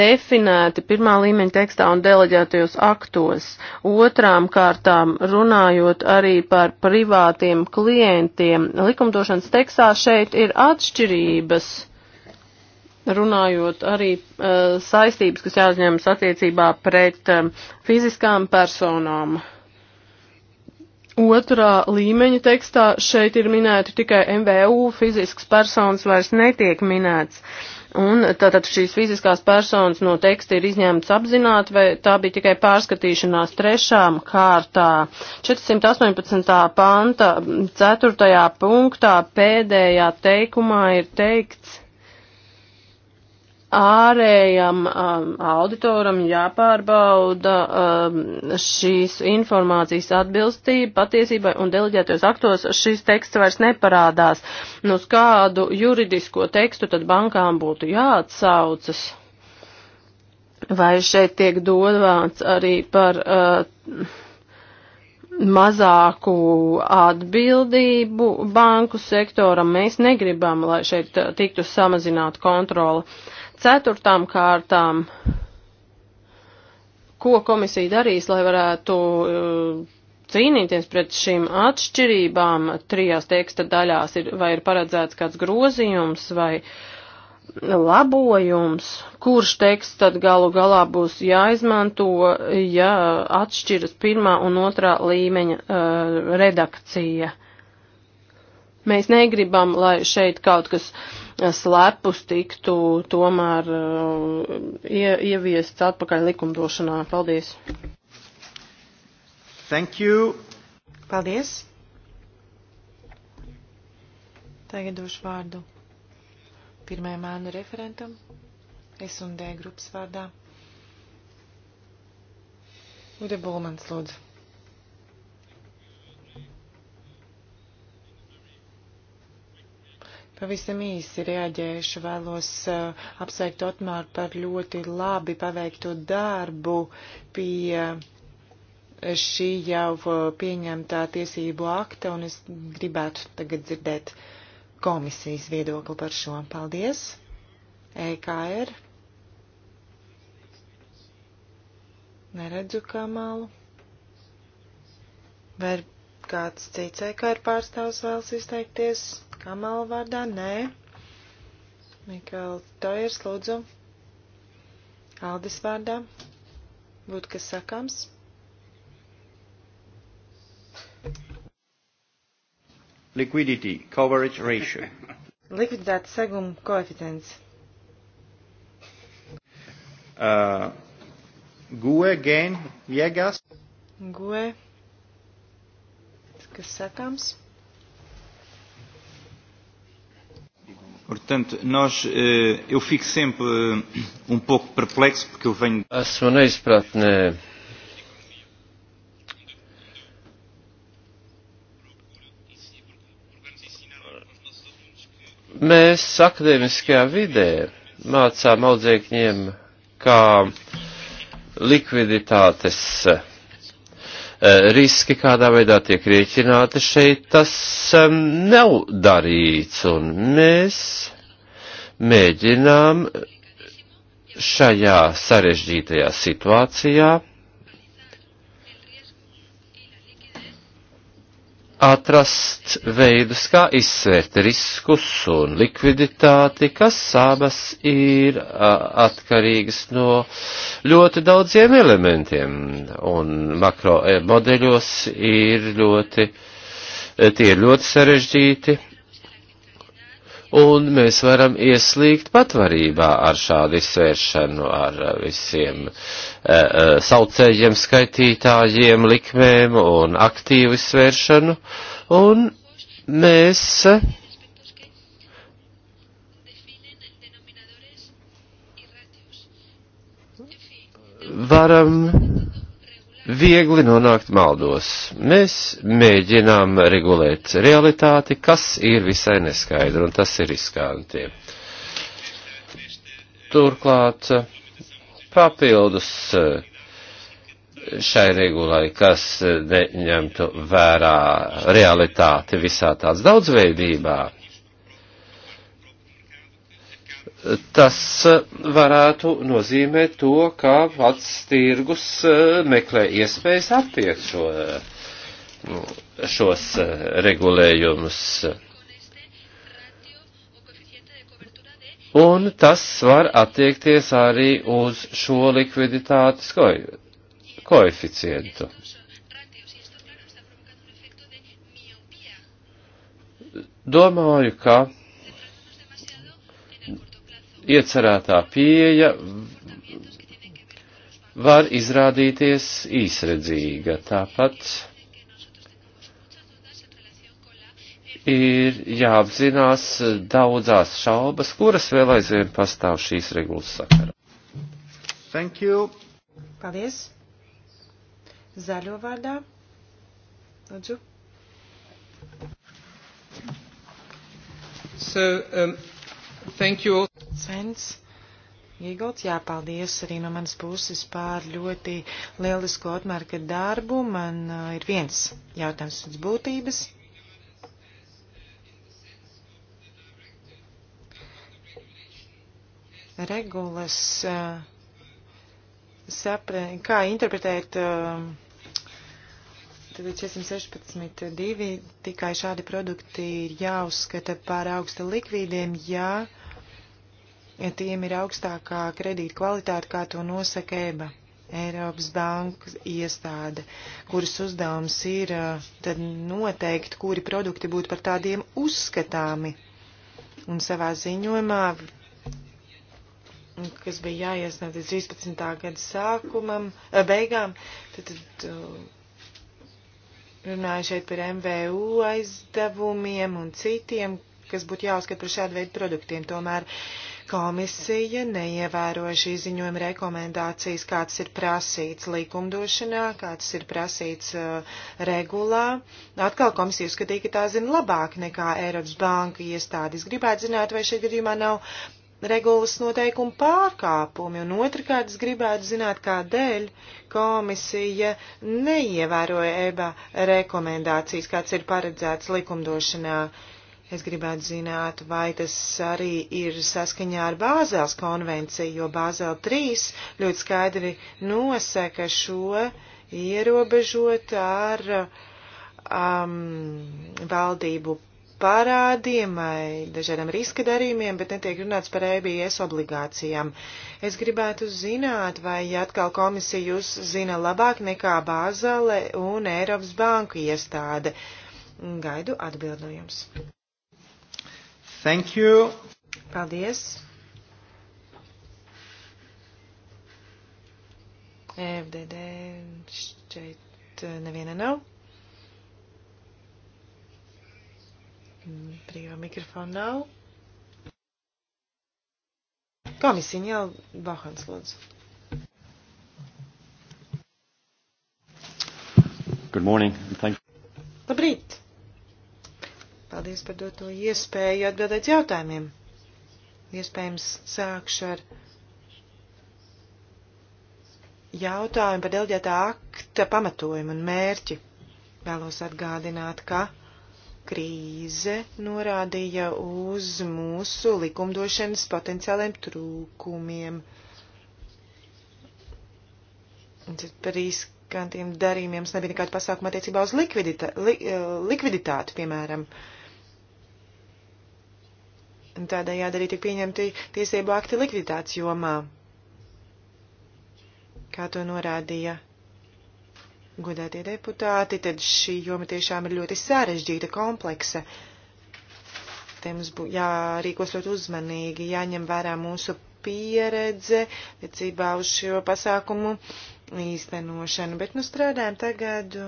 definēti pirmā līmeņa tekstā un deleģētajos aktos. Otrām kārtām runājot arī par privātiem klientiem, likumdošanas tekstā šeit ir atšķirības runājot arī uh, saistības, kas jāuzņemas attiecībā pret um, fiziskām personām. Otrā līmeņa tekstā šeit ir minēti tikai MVU, fizisks personas vairs netiek minēts. Un tātad šīs fiziskās personas no teksta ir izņemts apzināti, vai tā bija tikai pārskatīšanās trešām kārtā. 418. panta, 4. punktā, pēdējā teikumā ir teikts ārējam um, auditoram jāpārbauda um, šīs informācijas atbilstība patiesībai un deleģētos aktos šis teksts vairs neparādās. Nu, uz kādu juridisko tekstu tad bankām būtu jāatsaucas? Vai šeit tiek dodvāts arī par uh, mazāku atbildību banku sektoram? Mēs negribam, lai šeit uh, tiktu samazināta kontrola. Uh, Ceturtām kārtām, ko komisija darīs, lai varētu uh, cīnīties pret šīm atšķirībām trijās teksta daļās, ir, vai ir paredzēts kāds grozījums vai labojums, kurš teksts tad galu galā būs jāizmanto, ja atšķiras pirmā un otrā līmeņa uh, redakcija. Mēs negribam, lai šeit kaut kas uh, slepus tiktu tomēr uh, ie, ieviests atpakaļ likumdošanā. Paldies! Thank you! Paldies! Tagad došu vārdu pirmajam mēnu referentam, S un D grupas vārdā. Ude Bulmans, lūdzu. Pavisam īsi reaģēšu, vēlos uh, apsveikt Otmāru par ļoti labi paveikto darbu pie šī jau uh, pieņemtā tiesību akta, un es gribētu tagad dzirdēt komisijas viedokli par šo. Paldies! EKR. Neredzu Kamalu. Vai kāds cits EKR pārstāvs vēlas izteikties? Kamala vārdā? Nē. Mikāls Tojers, lūdzu. Aldis vārdā. Būtu kas sakāms? Liquidity coverage ratio. Likviditātes seguma koeficients. Uh, Gue, Gen, Viegas. Gue. Kas sakāms? Portanto, nós, eh, eu fico sempre eh, um pouco perplexo porque eu venho. Esmu neizpratnē. Mēs akadēmiskajā vidē mācām audzēkņiem, kā likviditātes Eh, riski kādā veidā tiek rēķināti šeit, tas um, nav darīts, un mēs mēģinām šajā sarežģītajā situācijā atrast veidus, kā izsvērt riskus un likviditāti, kas abas ir atkarīgas no ļoti daudziem elementiem. Un makro e, modeļos ir ļoti, tie ir ļoti sarežģīti un mēs varam ieslīgt patvarībā ar šādu izsvēršanu, ar eh, visiem e, e, saucējiem, skaitītājiem, likmēm un aktīvu izsvēršanu, un mēs varam viegli nonākt maldos. Mēs mēģinām regulēt realitāti, kas ir visai neskaidra, un tas ir riskanti. Turklāt papildus šai regulai, kas neņemtu vērā realitāti visā tāds daudzveidībā, tas e, varētu nozīmēt to, ka pats tirgus e, meklē iespējas apiet šo, e, nu, šos regulējumus. Un tas var attiekties arī uz šo likviditātes koeficientu. Domāju, ka iecerētā pieeja var izrādīties īsredzīga. Tāpat ir jāapzinās daudzās šaubas, kuras vēl aizvien pastāv šīs regulas sakarā. Thank you. Paldies. Zaļo vārdā. Lūdzu. So, um, Thank you. Svens. Iegulds, jā, paldies arī no manas puses pār ļoti lielisko atmērka darbu. Man uh, ir viens jautājums pēc būtības. Regulas, uh, sapre, kā interpretēt uh, Tad 416.2. tikai šādi produkti ir jāuzskata par augsta likvīdiem, ja, ja tiem ir augstākā kredīta kvalitāte, kā to nosaka EBA. Eiropas bankas iestāde, kuras uzdevums ir eh, tad noteikt, kuri produkti būtu par tādiem uzskatāmi. Un savā ziņojumā, kas bija jāiesniedz 13. gada sākumam, eh, beigām, tad, tad Runāju šeit par MVU aizdevumiem un citiem, kas būtu jāuzskata par šādu veidu produktiem. Tomēr komisija neievēroja šī ziņojuma rekomendācijas, kāds ir prasīts likumdošanā, kāds ir prasīts uh, regulā. Atkal komisija uzskatīja, ka tā zina labāk nekā Eiropas banka iestādes. Gribētu zināt, vai šeit gadījumā nav regulas noteikumu pārkāpumi, un otrkārt es gribētu zināt, kādēļ komisija neievēroja EBA rekomendācijas, kāds ir paredzēts likumdošanā. Es gribētu zināt, vai tas arī ir saskaņā ar Bāzēls konvenciju, jo Bāzēl 3 ļoti skaidri nosaka šo ierobežot ar um, valdību parādiem vai dažādiem riska darījumiem, bet netiek runāts par EBS obligācijām. Es gribētu zināt, vai atkal komisija jūs zina labāk nekā Bāzele un Eiropas banku iestāde. Gaidu atbildu no jums. Thank you. Paldies. FDD e šķiet neviena nav. Brīvā mikrofona nav. Komisija jau Bahans lūdzu. Good morning. Thank you. Labrīt. Paldies par doto iespēju atbildēt jautājumiem. Iespējams, sākšu ar jautājumu par delģētā akta pamatojumu un mērķi. Vēlos atgādināt, ka krīze norādīja uz mūsu likumdošanas potenciāliem trūkumiem. Par riskantiem darījumiem mums nebija nekāda pasākuma attiecībā uz likviditā, li, eh, likviditāti, piemēram. Tādējādi arī tika pieņemti tiesību akti likviditātes jomā, kā to norādīja godētie deputāti, tad šī joma tiešām ir ļoti sarežģīta, kompleksa. Te mums būtu jārīkos ļoti uzmanīgi, jāņem vērā mūsu pieredze, vecībā uz šo pasākumu īstenošanu, bet nu strādājam tagad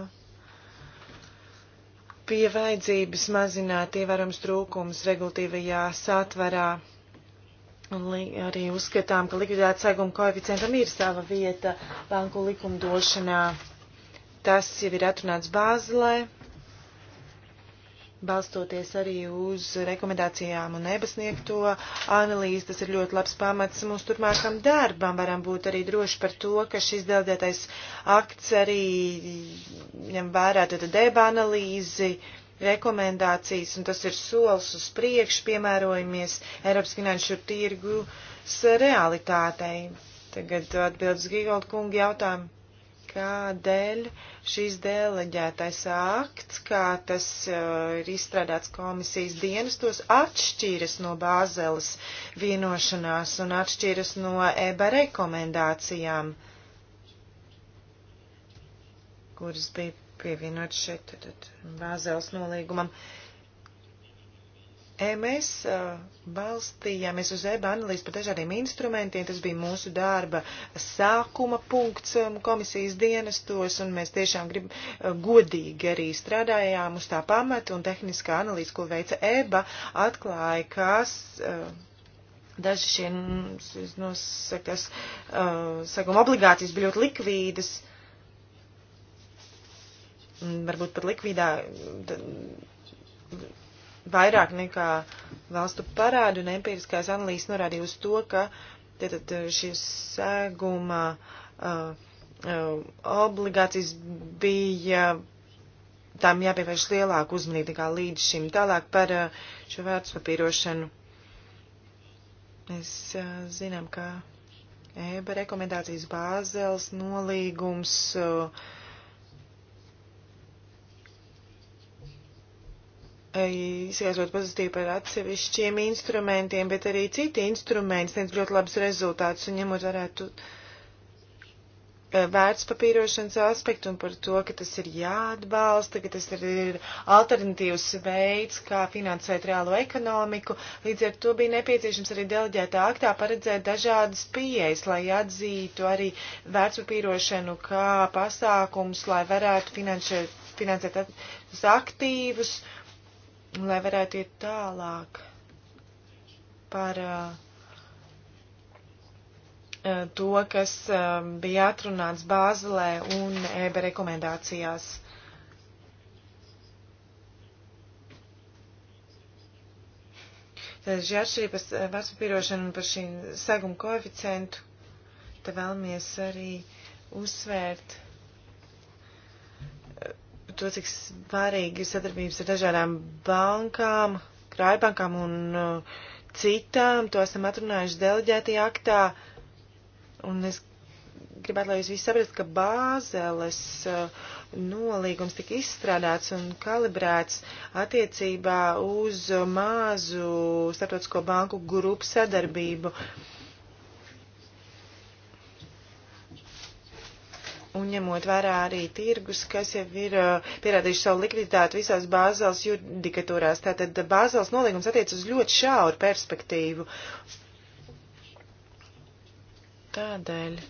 pie vajadzības mazināt ievērums trūkums regulatīvajā satvarā. Un li, arī uzskatām, ka likvidētas aiguma koeficientam ir sava vieta banku likumdošanā. Tas jau ir atrunāts Bāzelē, balstoties arī uz rekomendācijām un nebasniegto analīzi. Tas ir ļoti labs pamats mūsu turpmākam darbam. Varam būt arī droši par to, ka šis delegētais akts arī ņem vērā tad deba analīzi rekomendācijas, un tas ir solis uz priekšu, piemērojamies Eiropas finanšu tirgus realitātei. Tagad atbildes Gigolda kunga jautājumu kādēļ šīs deleģētais akts, kā tas uh, ir izstrādāts komisijas dienestos, atšķīras no Bāzeles vienošanās un atšķīras no EBA rekomendācijām, kuras bija pievienot šeit tad, Bāzeles nolīgumam. Uh, E mēs balstījāmies uz EBA analīzi par dažādiem instrumentiem. Tas bija mūsu darba sākuma punkts komisijas dienestos, un mēs tiešām grib, godīgi arī strādājām uz tā pamata, un tehniskā analīze, ko veica EBA, atklāja, kas. Daži šie nosakas, sakam, obligācijas bija ļoti likvīdas, varbūt pat likvīdā vairāk nekā valstu parādu, un empiriskās analīzes norādīja uz to, ka tātad šīs sēguma uh, uh, obligācijas bija tām jāpievērš lielāku uzmanību nekā līdz šim. Tālāk par uh, šo vērtspapīrošanu. Mēs uh, zinām, ka EBA rekomendācijas bāzels nolīgums. Uh, izskaidrot pozitīvi par atsevišķiem instrumentiem, bet arī citi instrumenti sniedz ļoti labus rezultātus un ņemot varētu eh, vērtspapīrošanas aspektu un par to, ka tas ir jāatbalsta, ka tas ir alternatīvs veids, kā finansēt reālo ekonomiku. Līdz ar to bija nepieciešams arī deleģētā aktā paredzēt dažādas pieejas, lai atzītu arī vērtspapīrošanu kā pasākums, lai varētu finansēt, finansēt aktīvus lai varētu iet tālāk par eh, eh, to, kas eh, bija atrunāts Bāzelē un EBA rekomendācijās. Tad šī atšķirības vārdspapīrošana un par šī seguma koeficientu, te vēlamies arī uzsvērt to, cik svarīgi ir sadarbības ar dažādām bankām, krājbankām un uh, citām. To esam atrunājuši deleģētajā aktā. Un es gribētu, lai jūs visi saprast, ka bāzeles uh, nolīgums tika izstrādāts un kalibrēts attiecībā uz mazu starptautisko banku grupu sadarbību. Uh, un ņemot vērā arī tirgus, kas jau ir uh, pierādījuši savu likviditāti visās bāzels judikatūrās. Tātad bāzels nolīgums attiec uz ļoti šauru perspektīvu. Tādēļ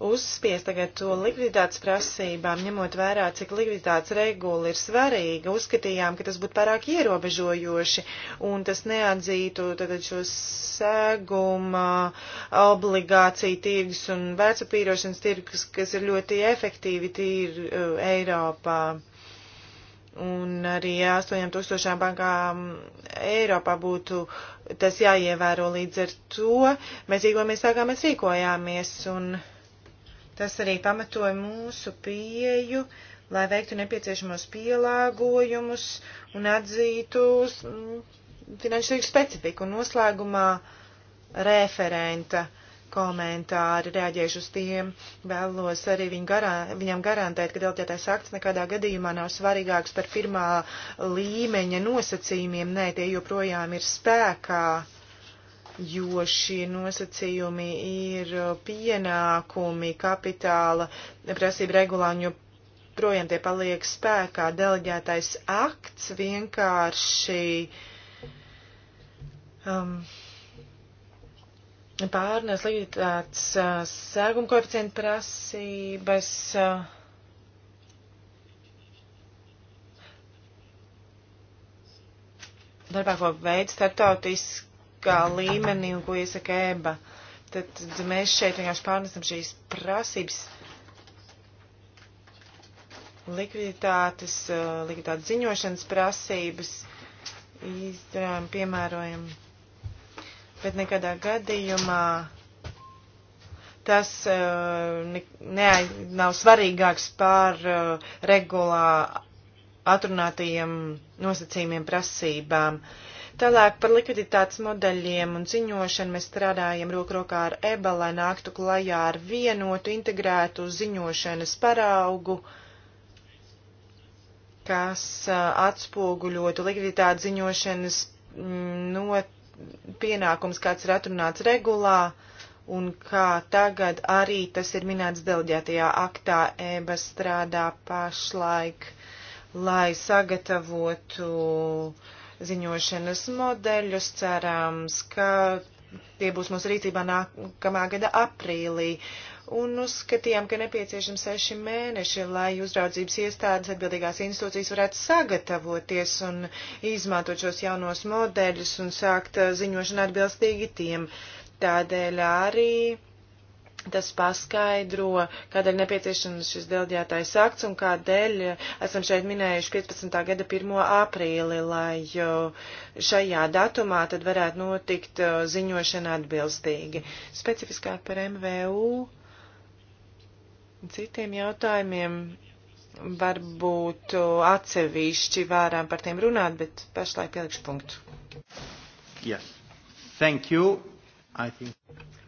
uzspiest tagad to likviditātes prasībām, ņemot vērā, cik likviditātes regula ir svarīga, uzskatījām, ka tas būtu pārāk ierobežojoši un tas neatzītu tagad šo sēguma obligāciju tirgus un vērtspapīrošanas tirgus, kas ir ļoti efektīvi tīri uh, Eiropā. Un arī 8000 bankām Eiropā būtu tas jāievēro līdz ar to. Mēs rīkojamies tā, kā mēs rīkojāmies. Un Tas arī pamatoja mūsu pieju, lai veiktu nepieciešamos pielāgojumus un atzītu mm, finanšu tirgu specifiku. Un noslēgumā referenta komentāri reaģējuši uz tiem, vēlos arī viņu garā, viņam garantēt, ka deltētais akts nekādā gadījumā nav svarīgāks par pirmā līmeņa nosacījumiem. Nē, tie joprojām ir spēkā jo šie nosacījumi ir uh, pienākumi kapitāla prasība regulāņu, jo projām tie paliek spēkā. Deleģētais akts vienkārši um, pārnes likviditātes uh, sēguma koeficienta prasības. Uh, Darbā, ko veids starptautiski kā līmenī un ko iesaka ēba. Tad mēs šeit vienkārši pārnesam šīs prasības likviditātes, eh, likviditātes ziņošanas prasības, izdarām, piemērojam, bet nekadā gadījumā tas eh, ne, ne, nav svarīgāks pār eh, regulā atrunātajiem nosacījumiem prasībām. Uh, Tālāk par likviditātes modeļiem un ziņošanu mēs strādājam rokrokā ar EBA, lai nāktu klajā ar vienotu integrētu ziņošanas paraugu, kas atspoguļotu likviditātes ziņošanas mm, no pienākums, kāds ir atrunāts regulā, un kā tagad arī tas ir minēts delģētajā aktā, EBA strādā pašlaik, lai sagatavotu uh, ziņošanas modeļus. Cerams, ka tie būs mūsu rīcībā nākamā gada aprīlī. Un uzskatījām, ka nepieciešams seši mēneši, lai uzraudzības iestādes atbildīgās institūcijas varētu sagatavoties un izmantot šos jaunos modeļus un sākt ziņošanu atbilstīgi tiem. Tādēļ arī Tas paskaidro, kādēļ nepieciešams šis delģētais akts un kādēļ esam šeit minējuši 15. gada 1. aprīli, lai šajā datumā tad varētu notikt ziņošana atbilstīgi. Specifiskāk par MVU un citiem jautājumiem varbūt atsevišķi vērām par tiem runāt, bet pašlaik pielikšu punktu. Yes. Thank you. I think.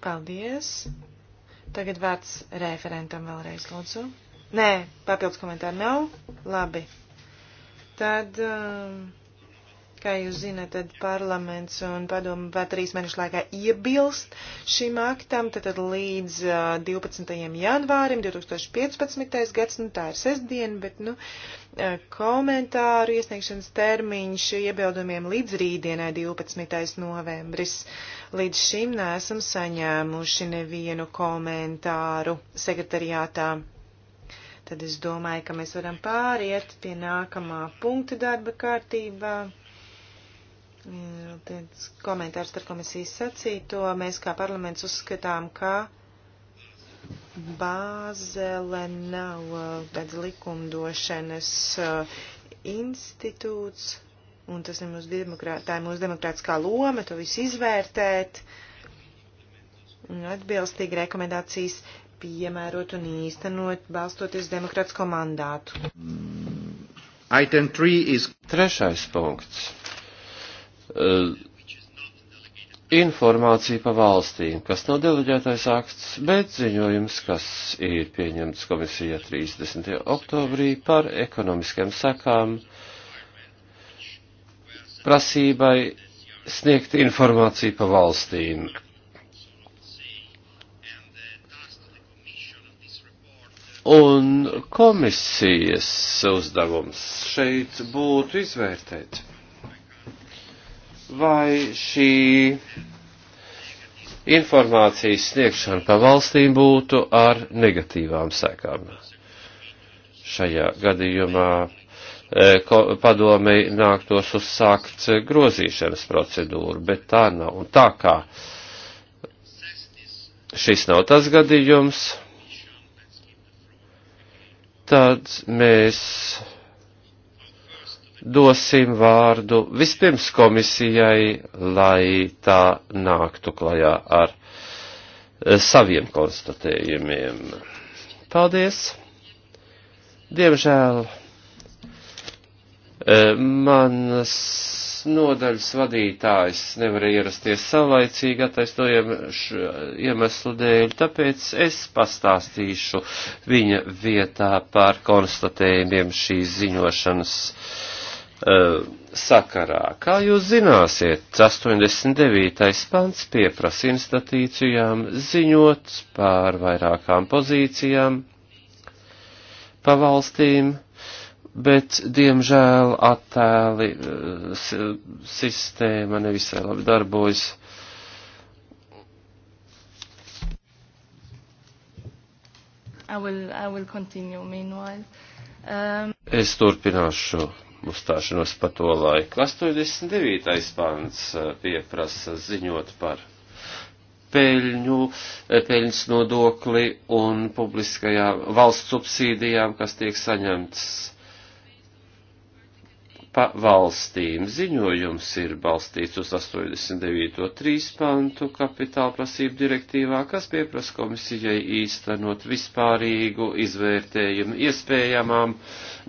Paldies. Tagad vārds referentam vēlreiz, lūdzu. Nē, papildus komentāru nav. Labi. Tad. Um, Kā jūs zināt, tad parlaments un padomu vēl trīs mēnešu laikā iebilst šim aktam, tad, tad līdz uh, 12. janvārim 2015. gads, nu tā ir sestdiena, bet, nu, uh, komentāru iesniegšanas termiņš iebildumiem līdz rītdienai 12. novembris. Līdz šim neesam saņēmuši nevienu komentāru sekretariātā. Tad es domāju, ka mēs varam pāriet pie nākamā punkta darba kārtībā. Mm, tāds komentārs par komisijas sacīto. Mēs kā parlaments uzskatām, ka Bāzele nav uh, tāds likumdošanas uh, institūts, un tas ir mūsu, demokrāt, tā ir mūsu demokrātiskā loma, to visu izvērtēt, atbilstīgi rekomendācijas piemērot un īstenot, balstoties demokrātisko mandātu. Item 3 is... Trešais punkts Eh, informācija pa valstīm, kas nav deleģētais akts, bet ziņojums, kas ir pieņemts komisijā 30. oktobrī par ekonomiskiem sakām prasībai sniegt informāciju pa valstīm. Un komisijas uzdevums šeit būtu izvērtēt vai šī informācijas sniegšana pa valstīm būtu ar negatīvām sekām. Šajā gadījumā e, padomei nāktos uzsākt grozīšanas procedūru, bet tā nav. Un tā kā šis nav tas gadījums, tad mēs dosim vārdu vispirms komisijai, lai tā nāktu klajā ar eh, saviem konstatējumiem. Paldies! Diemžēl eh, manas nodaļas vadītājs nevarēja ierasties savlaicīgi attaisnojumu iemeslu dēļ, tāpēc es pastāstīšu viņa vietā par konstatējumiem šīs ziņošanas uh, Eh, sakarā. Kā jūs zināsiet, 89. pants pieprasa institīcijām ziņot pār vairākām pozīcijām pa valstīm, bet, diemžēl, attēli eh, sistēma nevisai labi darbojas. I will, I will continue meanwhile. Um... Es turpināšu uzstāšanos pa to laiku. 89. pants eh, pieprasa ziņot par peļņu, eh, peļņas nodokli un publiskajām valsts subsīdijām, kas tiek saņemts pa valstīm. Ziņojums ir balstīts uz 89.3 pantu kapitāla prasību direktīvā, kas pieprasa komisijai īstenot vispārīgu izvērtējumu iespējamām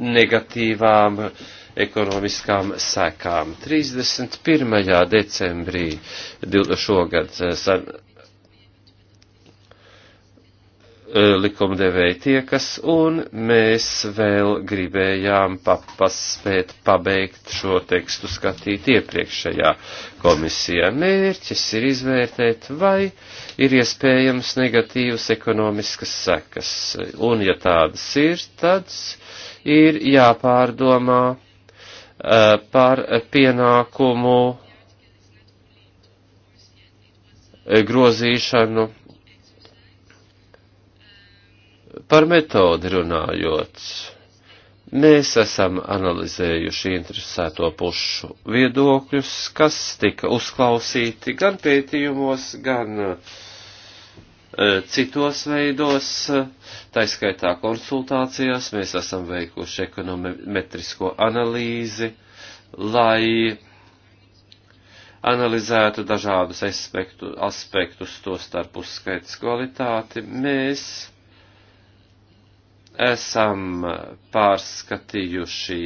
negatīvām uh, ekonomiskām sekām. 31. decembrī šogad eh, san, eh, likumdevēji tiekas, un mēs vēl gribējām paspēt pabeigt šo tekstu skatīt iepriekšējā komisijā. Mērķis ir izvērtēt, vai ir iespējams negatīvas ekonomiskas sekas, un ja tādas ir, tad ir jāpārdomā Uh, par pienākumu grozīšanu. Par metodi runājot, mēs esam analizējuši interesēto pušu viedokļus, kas tika uzklausīti gan pētījumos, gan uh, E, citos veidos, e, taiskaitā konsultācijās, mēs esam veikuši ekonometrisko analīzi, lai analizētu dažādus aspektu, aspektus, to starp uzskaitas kvalitāti. Mēs esam pārskatījuši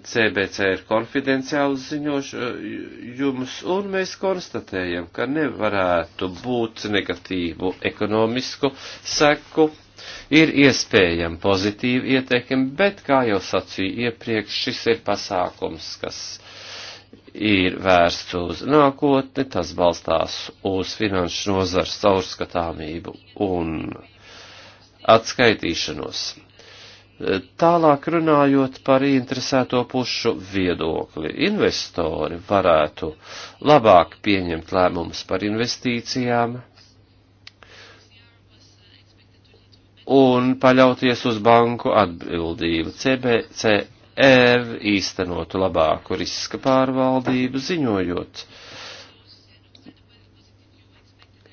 CBC ir konfidenciāls ziņojums, un mēs konstatējam, ka nevarētu būt negatīvu ekonomisku seku. Ir iespējama pozitīva ietekme, bet, kā jau sacīju iepriekš, šis ir pasākums, kas ir vērsts uz nākotni, tas balstās uz finanšu nozars caurskatāmību un atskaitīšanos Tālāk runājot par interesēto pušu viedokli, investori varētu labāk pieņemt lēmumus par investīcijām un paļauties uz banku atbildību. CBCR īstenotu labāku riska pārvaldību ziņojot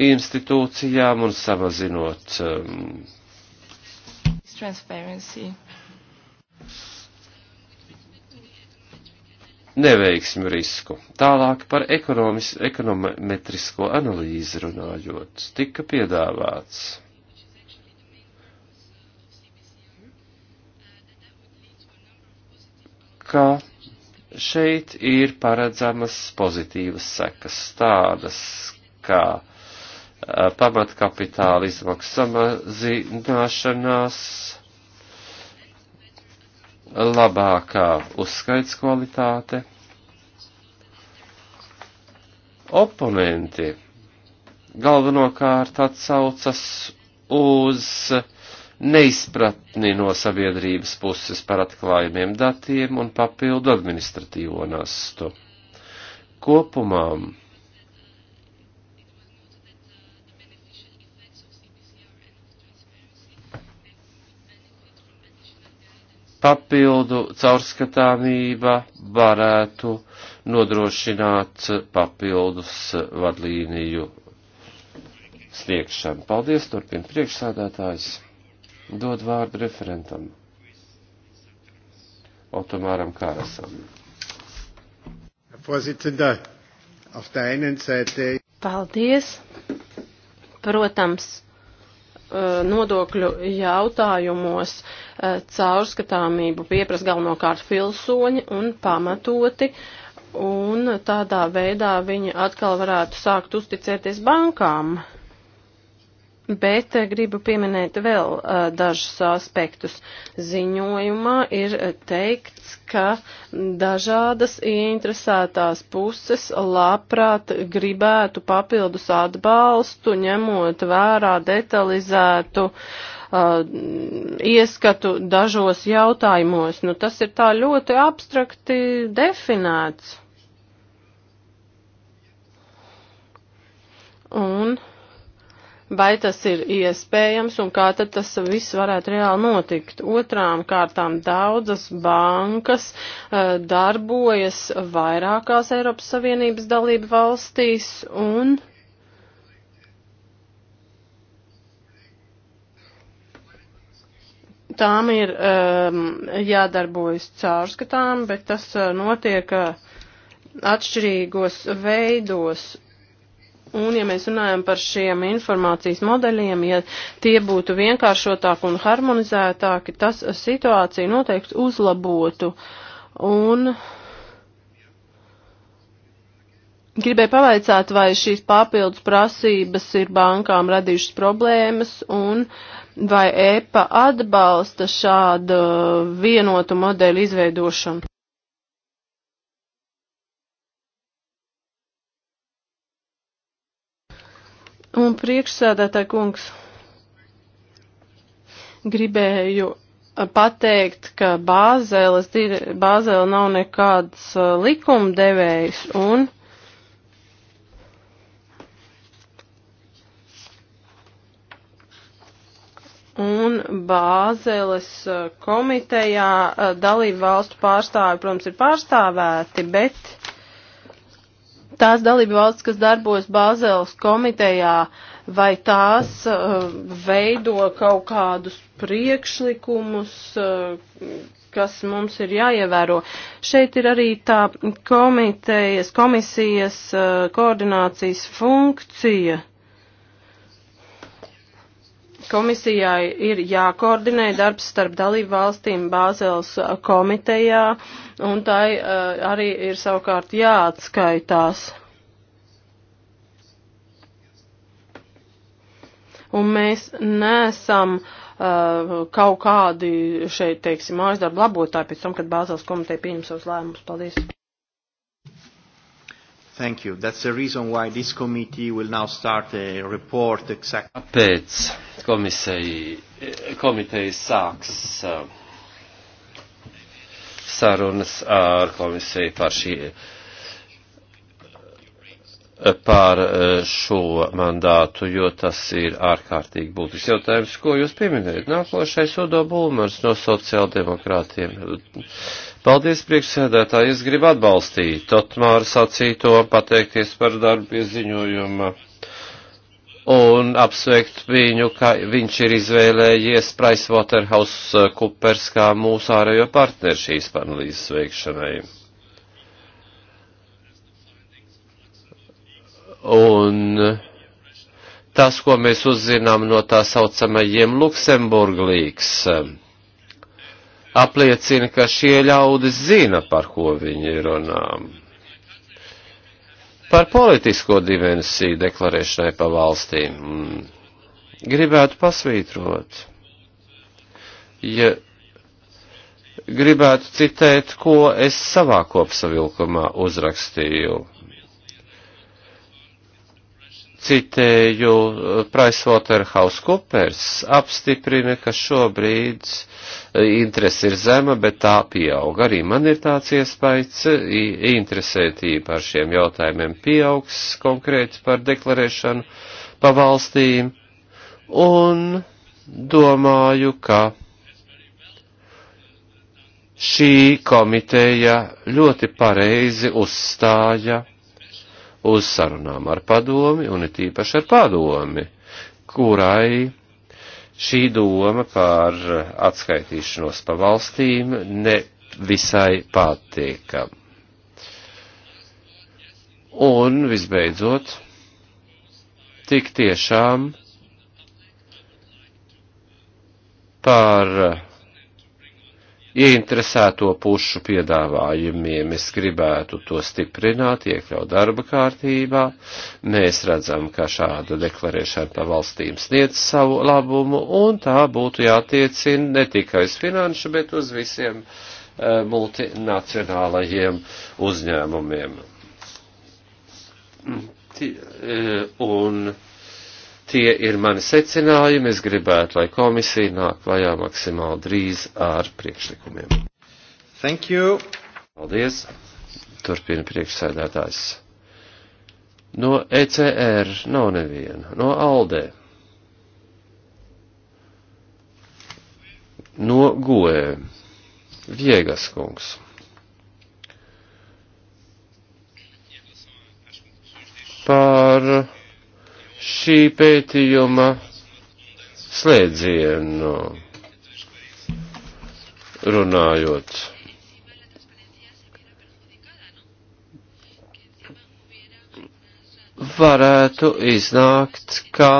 institūcijām un samazinot um, transparency. Neveiksmi risku. Tālāk par ekonomis, ekonometrisko analīzi runājot, tika piedāvāts. Kā šeit ir paredzamas pozitīvas sekas tādas, kā Uh, pamatkapitāla izmaksu samazināšanās, labākā uzskaits kvalitāte. Oponenti galvenokārt atsaucas uz neizpratni no sabiedrības puses par atklājumiem datiem un papildu administratīvo nastu. Kopumām papildu caurskatāmība varētu nodrošināt papildus vadlīniju sniegšanu. Paldies, turpina priekšsādātājs. Dod vārdu referentam. Otomāram Kārasam. Paldies. Protams, Eh, nodokļu jautājumos eh, caurskatāmību pieprasa galvenokārt pilsoņi un pamatoti, un tādā veidā viņi atkal varētu sākt uzticēties bankām. Bet eh, gribu pieminēt vēl uh, dažus aspektus. Ziņojumā ir eh, teikts, ka dažādas ieinteresētās puses labprāt gribētu papildus atbalstu, ņemot vērā detalizētu uh, ieskatu dažos jautājumos. Nu, tas ir tā ļoti abstrakti definēts. Un vai tas ir iespējams un kā tad tas viss varētu reāli notikt. Otrām kārtām daudzas bankas uh, darbojas vairākās Eiropas Savienības dalību valstīs un. tām ir um, jādarbojas caurskatām, bet tas uh, notiek uh, atšķirīgos veidos. Un, ja mēs runājam par šiem informācijas modeļiem, ja tie būtu vienkāršotāki un harmonizētāki, tas situāciju noteikti uzlabotu. Un gribēju pavaicāt, vai šīs papildus prasības ir bankām radījušas problēmas un vai EPA atbalsta šādu vienotu modeļu izveidošanu. Un priekšsēdētāji kungs, gribēju eh, pateikt, ka Bāzēlas, Bāzēla nav nekāds eh, likumdevējs un Un Bāzeles eh, komitejā dalību valstu pārstāvi, protams, ir pārstāvēti, bet tās dalība valsts, kas darbojas Bāzēlas komitejā, vai tās uh, veido kaut kādus priekšlikumus, uh, kas mums ir jāievēro. Šeit ir arī tā komitejas, komisijas uh, koordinācijas funkcija. Komisijai ir jākoordinē darbs starp dalību valstīm Bāzels uh, komitejā, un tai uh, arī ir savukārt jāatskaitās. Un mēs nesam uh, kaut kādi šeit, teiksim, mājas darba labotāji pēc tam, kad Bāzels komiteja pieņem savus lēmumus. Paldies! Thank you. That's the reason why this committee will now start a report exactly. Pēc komitejas sāks uh, sarunas ar komisiju par šī par uh, šo mandātu, jo tas ir ārkārtīgi būtisks jautājums, ko jūs pieminējat. Nākošais Odo Bulmans no sociāldemokrātiem. Paldies, priekšsēdētāji, es gribu atbalstīt Totmāru sacīto, pateikties par darbu pie ziņojuma un apsveikt viņu, ka viņš ir izvēlējies Pricewaterhouse Coopers kā mūsu ārējo partneri šīs panelīzes veikšanai. Un tas, ko mēs uzzinām no tā saucamajiem Luksemburglīks apliecina, ka šie ļaudis zina, par ko viņi runām. Par politisko dimensiju deklarēšanai pa valstīm gribētu pasvītrot, ja gribētu citēt, ko es savā kopsavilkumā uzrakstīju citēju, eh, PricewaterhouseCoopers apstiprina, ka šobrīd eh, interese ir zema, bet tā pieaug. Arī man ir tāds iespējas, interesētība par šiem jautājumiem pieaugs konkrēti par deklarēšanu pa valstīm. Un domāju, ka šī komiteja ļoti pareizi uzstāja uz sarunām ar padomi un it īpaši ar padomi, kurai šī doma par atskaitīšanos pa valstīm ne visai patīka. Un visbeidzot, tik tiešām par ieinteresēto pušu piedāvājumiem. Es gribētu to stiprināt, iekļaut darba kārtībā. Mēs redzam, ka šāda deklarēšana pa valstīm sniedz savu labumu, un tā būtu jātiecina ne tikai uz finanšu, bet uz visiem uh, multinacionālajiem uzņēmumiem. T, uh, eh, un Tie ir mani secinājumi. Es gribētu, lai komisija nāk klajā maksimāli drīz ar priekšlikumiem. Thank you. Paldies. Turpina priekšsēdētājs. No ECR nav neviena. No ALDE. No GOE. Viegas kungs. Par šī pētījuma slēdzienu runājot. Varētu iznākt, ka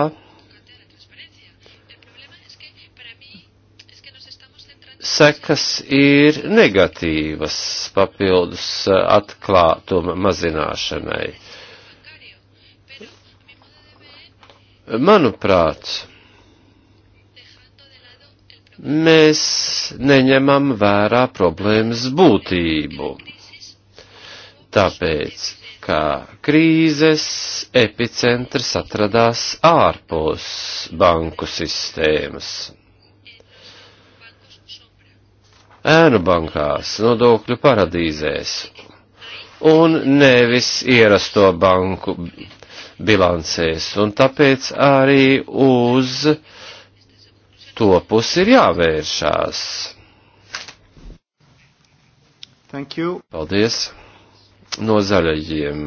sekas ir negatīvas papildus atklātuma mazināšanai Manuprāt, mēs neņemam vērā problēmas būtību, tāpēc, ka krīzes epicentrs atradās ārpus banku sistēmas. Ēnu bankās, nodokļu paradīzēs un nevis ierasto banku bilancēs, un tāpēc arī uz to pusi ir jāvēršās. Thank you. Paldies no zaļajiem.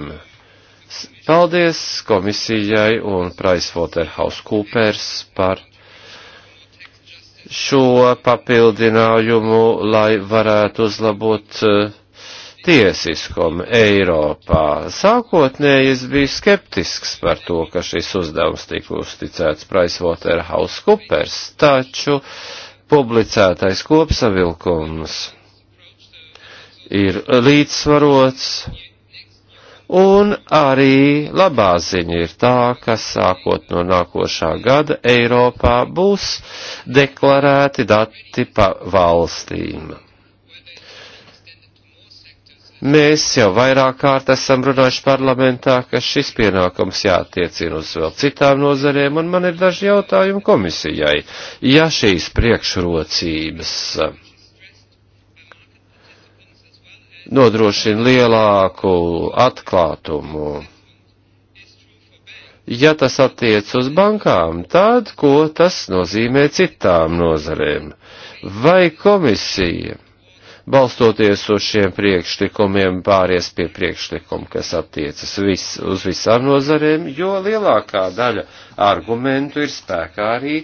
Paldies komisijai un PricewaterhouseCoopers par šo papildinājumu, lai varētu uzlabot uh, tiesiskumu Eiropā. Sākotnēji es biju skeptisks par to, ka šis uzdevums tika uzticēts PricewaterhouseCoopers, taču publicētais kopsavilkums ir līdzsvarots, un arī labā ziņa ir tā, ka sākot no nākošā gada Eiropā būs deklarēti dati pa valstīm Mēs jau vairāk kārt esam runājuši parlamentā, ka šis pienākums jātiecina uz vēl citām nozarēm, un man ir daži jautājumi komisijai. Ja šīs priekšrocības eh, nodrošina lielāku atklātumu, ja tas attiec uz bankām, tad ko tas nozīmē citām nozarēm? Vai komisija? balstoties uz šiem priekšlikumiem, pāries pie priekšlikumu, kas attiecas vis, uz visām nozarēm, jo lielākā daļa argumentu ir spēkā arī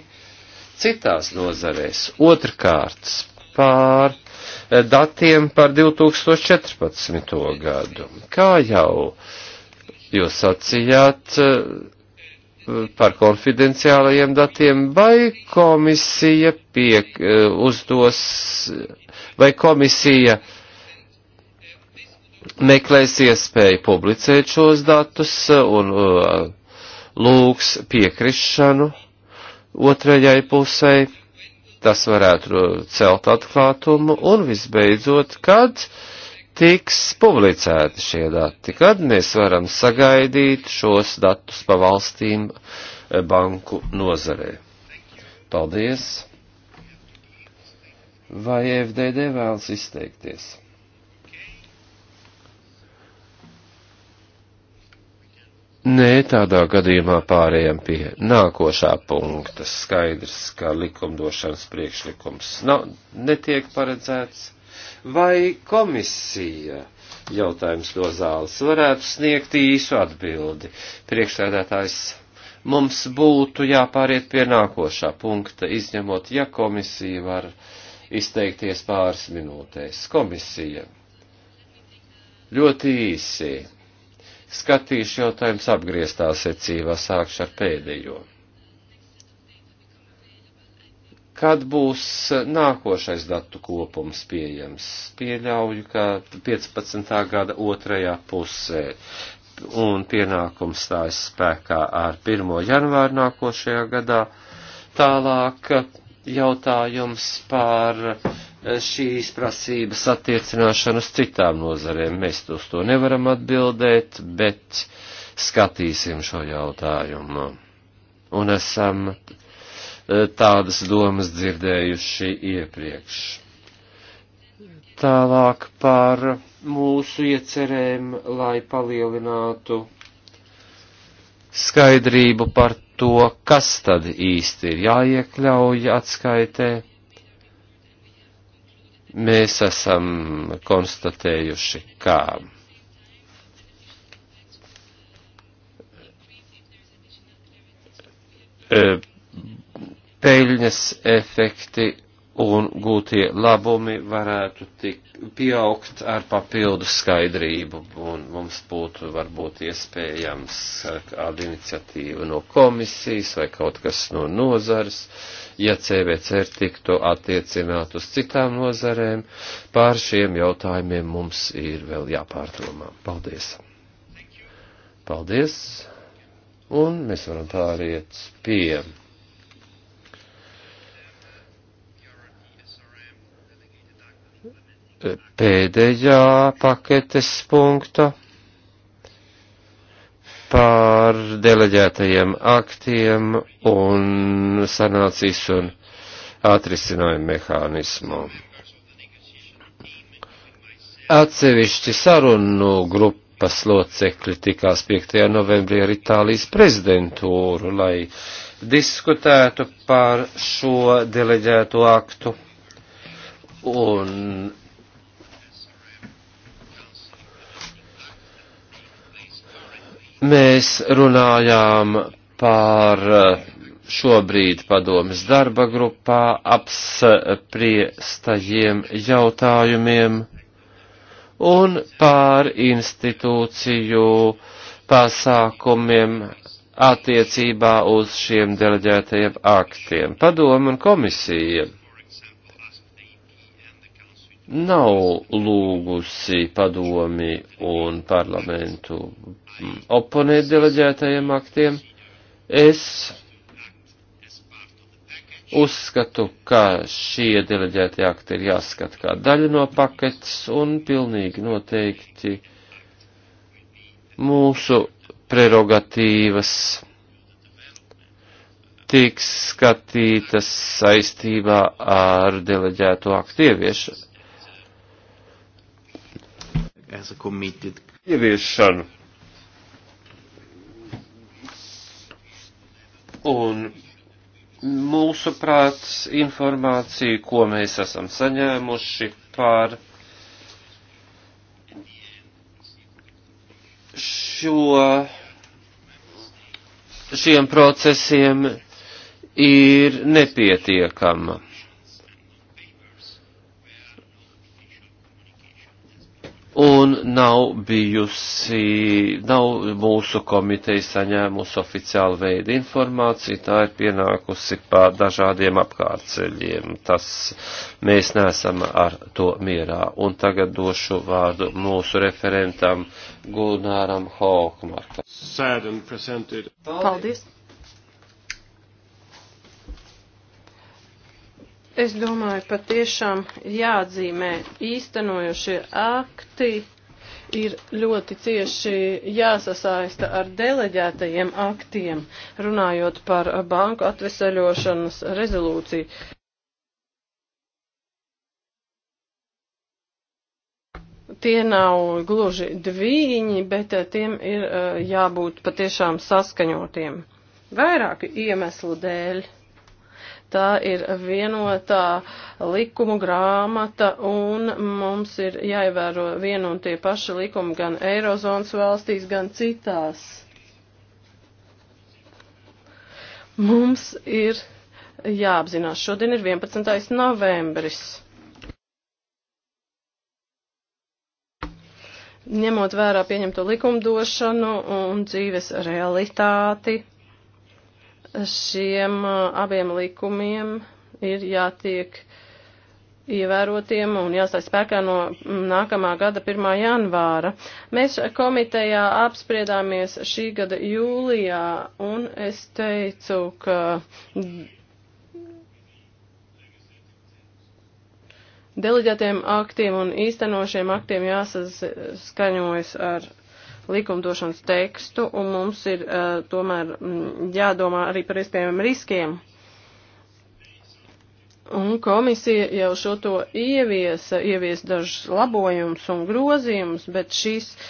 citās nozarēs. Otrkārt, pār eh, datiem par 2014. gadu. Kā jau jūs sacījāt, eh, par konfidenciālajiem datiem, vai komisija piek, eh, uzdos vai komisija meklēs iespēju publicēt šos datus un uh, lūgs piekrišanu otrajai pusē, tas varētu celt atklātumu, un visbeidzot, kad tiks publicēti šie dati, kad mēs varam sagaidīt šos datus pa valstīm eh, banku nozarē. Paldies! Vai FDD vēlas izteikties? Nē, tādā gadījumā pārējām pie nākošā punkta. Skaidrs, ka likumdošanas priekšlikums nav, netiek paredzēts. Vai komisija jautājums no zāles varētu sniegt īsu atbildi? Priekšsēdētājs mums būtu jāpāriet pie nākošā punkta, izņemot, ja komisija var uh, izteikties pāris minūtēs. Komisija. Ļoti īsi. Skatīšu jautājums apgrieztā secībā, sākšu ar pēdējo. Kad būs nākošais datu kopums pieejams? Pieļauju, ka 15. gada otrajā pusē un pienākums stājas spēkā ar 1. janvāru nākošajā gadā. Tālāk jautājums par eh, šīs prasības attiecināšanu uz citām nozarēm. Mēs uz to nevaram atbildēt, bet skatīsim šo jautājumu. Un esam eh, tādas domas dzirdējuši iepriekš. Tālāk par mūsu iecerēm, lai palielinātu skaidrību par to, kas tad īsti ir jāiekļauj atskaitē, mēs esam konstatējuši, ka e, peļņas efekti un gūtie labumi varētu tik pieaugt ar papildu skaidrību, un mums būtu varbūt iespējams kāda iniciatīva no komisijas vai kaut kas no nozars, ja CVCR tiktu attiecināt uz citām nozarēm, pār šiem jautājumiem mums ir vēl jāpārdomā. Paldies! Paldies! Un mēs varam pāriet pie pēdējā paketes punkta par deleģētajiem aktiem un sanācijas un atrisinājumu mehānismu. Atsevišķi sarunu grupas locekļi tikās 5. novembrī ar Itālijas prezidentūru, lai diskutētu par šo deleģēto aktu. Un Mēs runājām par eh, šobrīd padomis darba grupā apspriestajiem jautājumiem un pār institūciju pasākumiem attiecībā uz šiem deleģētajiem aktiem. Padoma un komisija nav lūgusi padomi un parlamentu oponēt deleģētajiem aktiem. Es uzskatu, ka šie deleģētie akti ir jāskata kā daļa no paketes un pilnīgi noteikti mūsu prerogatīvas tiks skatītas saistībā ar deleģēto aktu ieviešanu. Ieviešanu. Un mūsu prāts informācija, ko mēs esam saņēmuši par šo, šiem procesiem ir nepietiekama. un nav bijusi, nav mūsu komiteja saņēmusi oficiālu veidu informāciju, tā ir pienākusi pa dažādiem apkārtceļiem. Tas mēs nesam ar to mierā. Un tagad došu vārdu mūsu referentam Gulnāram Haukmarkam. Paldies! Es domāju, patiešām jāatzīmē īstenojušie akti ir ļoti cieši jāsasaista ar deleģētajiem aktiem, runājot par banku atveseļošanas rezolūciju. Tie nav gluži dvīņi, bet eh, tiem ir eh, jābūt patiešām saskaņotiem. Vairāku iemeslu dēļ. Tā ir vienotā likumu grāmata un mums ir jāievēro vienu un tie paši likumi gan Eirozonas valstīs, gan citās. Mums ir jāapzinās, šodien ir 11. novembris. ņemot vērā pieņemto likumdošanu un dzīves realitāti šiem abiem likumiem ir jātiek ievērotiem un jāstāj spēkā no nākamā gada 1. janvāra. Mēs komitejā apspriedāmies šī gada jūlijā un es teicu, ka deleģētiem aktiem un īstenošiem aktiem jāsaskaņojas ar likumdošanas tekstu, un mums ir uh, tomēr m, mm, jādomā arī par iespējamiem riskiem. Un komisija jau šo to ieviesa, ievies dažus labojumus un grozījumus, bet šīs uh,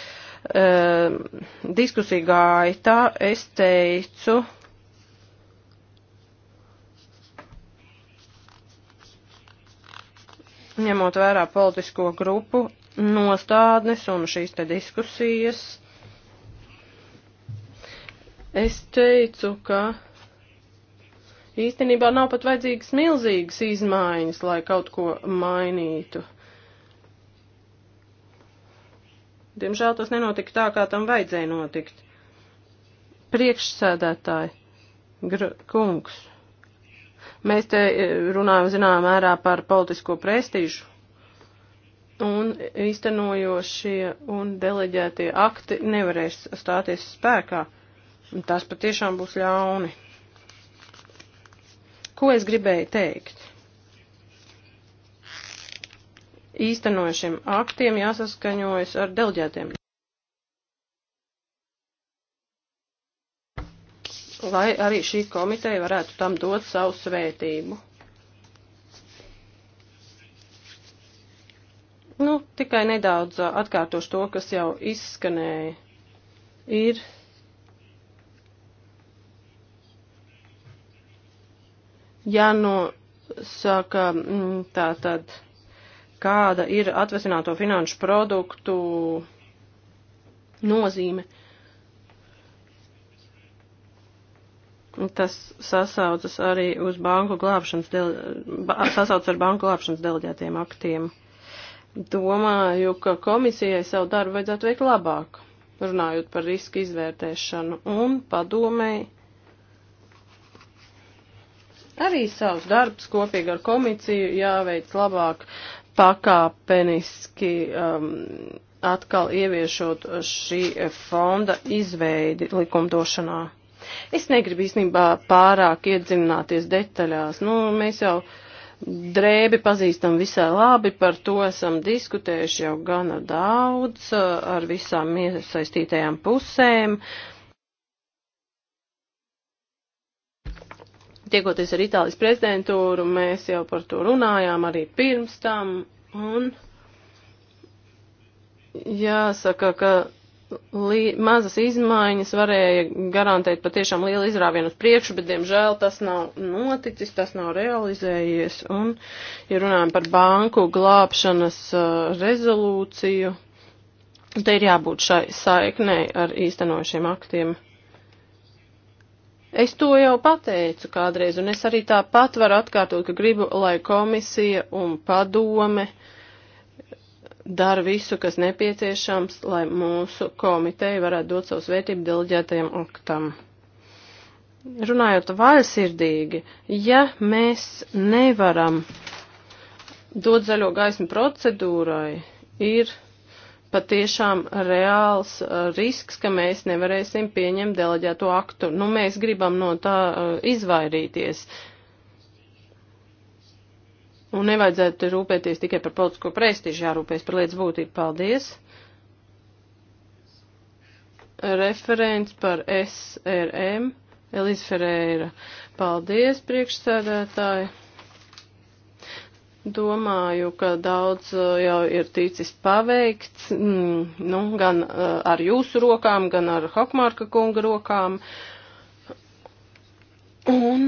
eh, diskusija gaitā es teicu, ņemot vērā politisko grupu nostādnes un šīs te diskusijas, Es teicu, ka īstenībā nav pat vajadzīgas milzīgas izmaiņas, lai kaut ko mainītu. Diemžēl tas nenotika tā, kā tam vajadzēja notikt. Priekšsēdētāji, gr kungs, mēs te e, runājam zināmā mērā par politisko prestīžu, un īstenojošie un deleģētie akti nevarēs stāties spēkā. Tas patiešām būs ļauni. Ko es gribēju teikt? Īstenošiem aktiem jāsaskaņojas ar delģētiem. Lai arī šī komiteja varētu tam dot savu svētību. Nu, tikai nedaudz atkārtošu to, kas jau izskanēja. Ir jānosaka mm, tā tad, kāda ir atvesināto finanšu produktu nozīme. Tas sasaucas arī uz banku glābšanas, sasaucas ar banku glābšanas deleģētiem aktiem. Domāju, ka komisijai savu darbu vajadzētu veikt labāk, runājot par riska izvērtēšanu un padomēji arī savus darbus kopīgi ar komisiju jāveic labāk pakāpeniski. Um, atkal ieviešot šī fonda izveidi likumdošanā. Es negribu īstenībā pārāk iedzināties detaļās. Nu, mēs jau drēbi pazīstam visai labi, par to esam diskutējuši jau gana daudz ar visām iesaistītajām pusēm. Uh, tiekoties ar Itālijas prezidentūru, mēs jau par to runājām arī pirms tam, un jāsaka, ka li, mazas izmaiņas varēja garantēt patiešām lielu izrāvienu uz priekšu, bet, diemžēl, tas nav noticis, tas nav realizējies, un, ja runājam par banku glābšanas uh, rezolūciju, te ir jābūt šai saiknei ar īstenojušiem aktiem. Es to jau pateicu kādreiz, un es arī tāpat varu atkārtot, ka gribu, lai komisija un padome dara visu, kas nepieciešams, lai mūsu komiteja varētu dot savus vērtību deleģētajam aktam runājot vaļsirdīgi, ja mēs nevaram dot zaļo gaismu procedūrai, ir patiešām reāls uh, risks, ka mēs nevarēsim pieņemt deleģēto aktu. Nu, mēs gribam no tā uh, izvairīties. Un nevajadzētu rūpēties tikai par politisko prestižu, jārūpēs par lietas būtību. Paldies! Referents par SRM Elizferēra. Paldies, priekšsēdētāji! Domāju, ka daudz uh, jau ir ticis paveikts, mm, nu, gan uh, ar jūsu rokām, gan ar Hokmārka kunga rokām. Un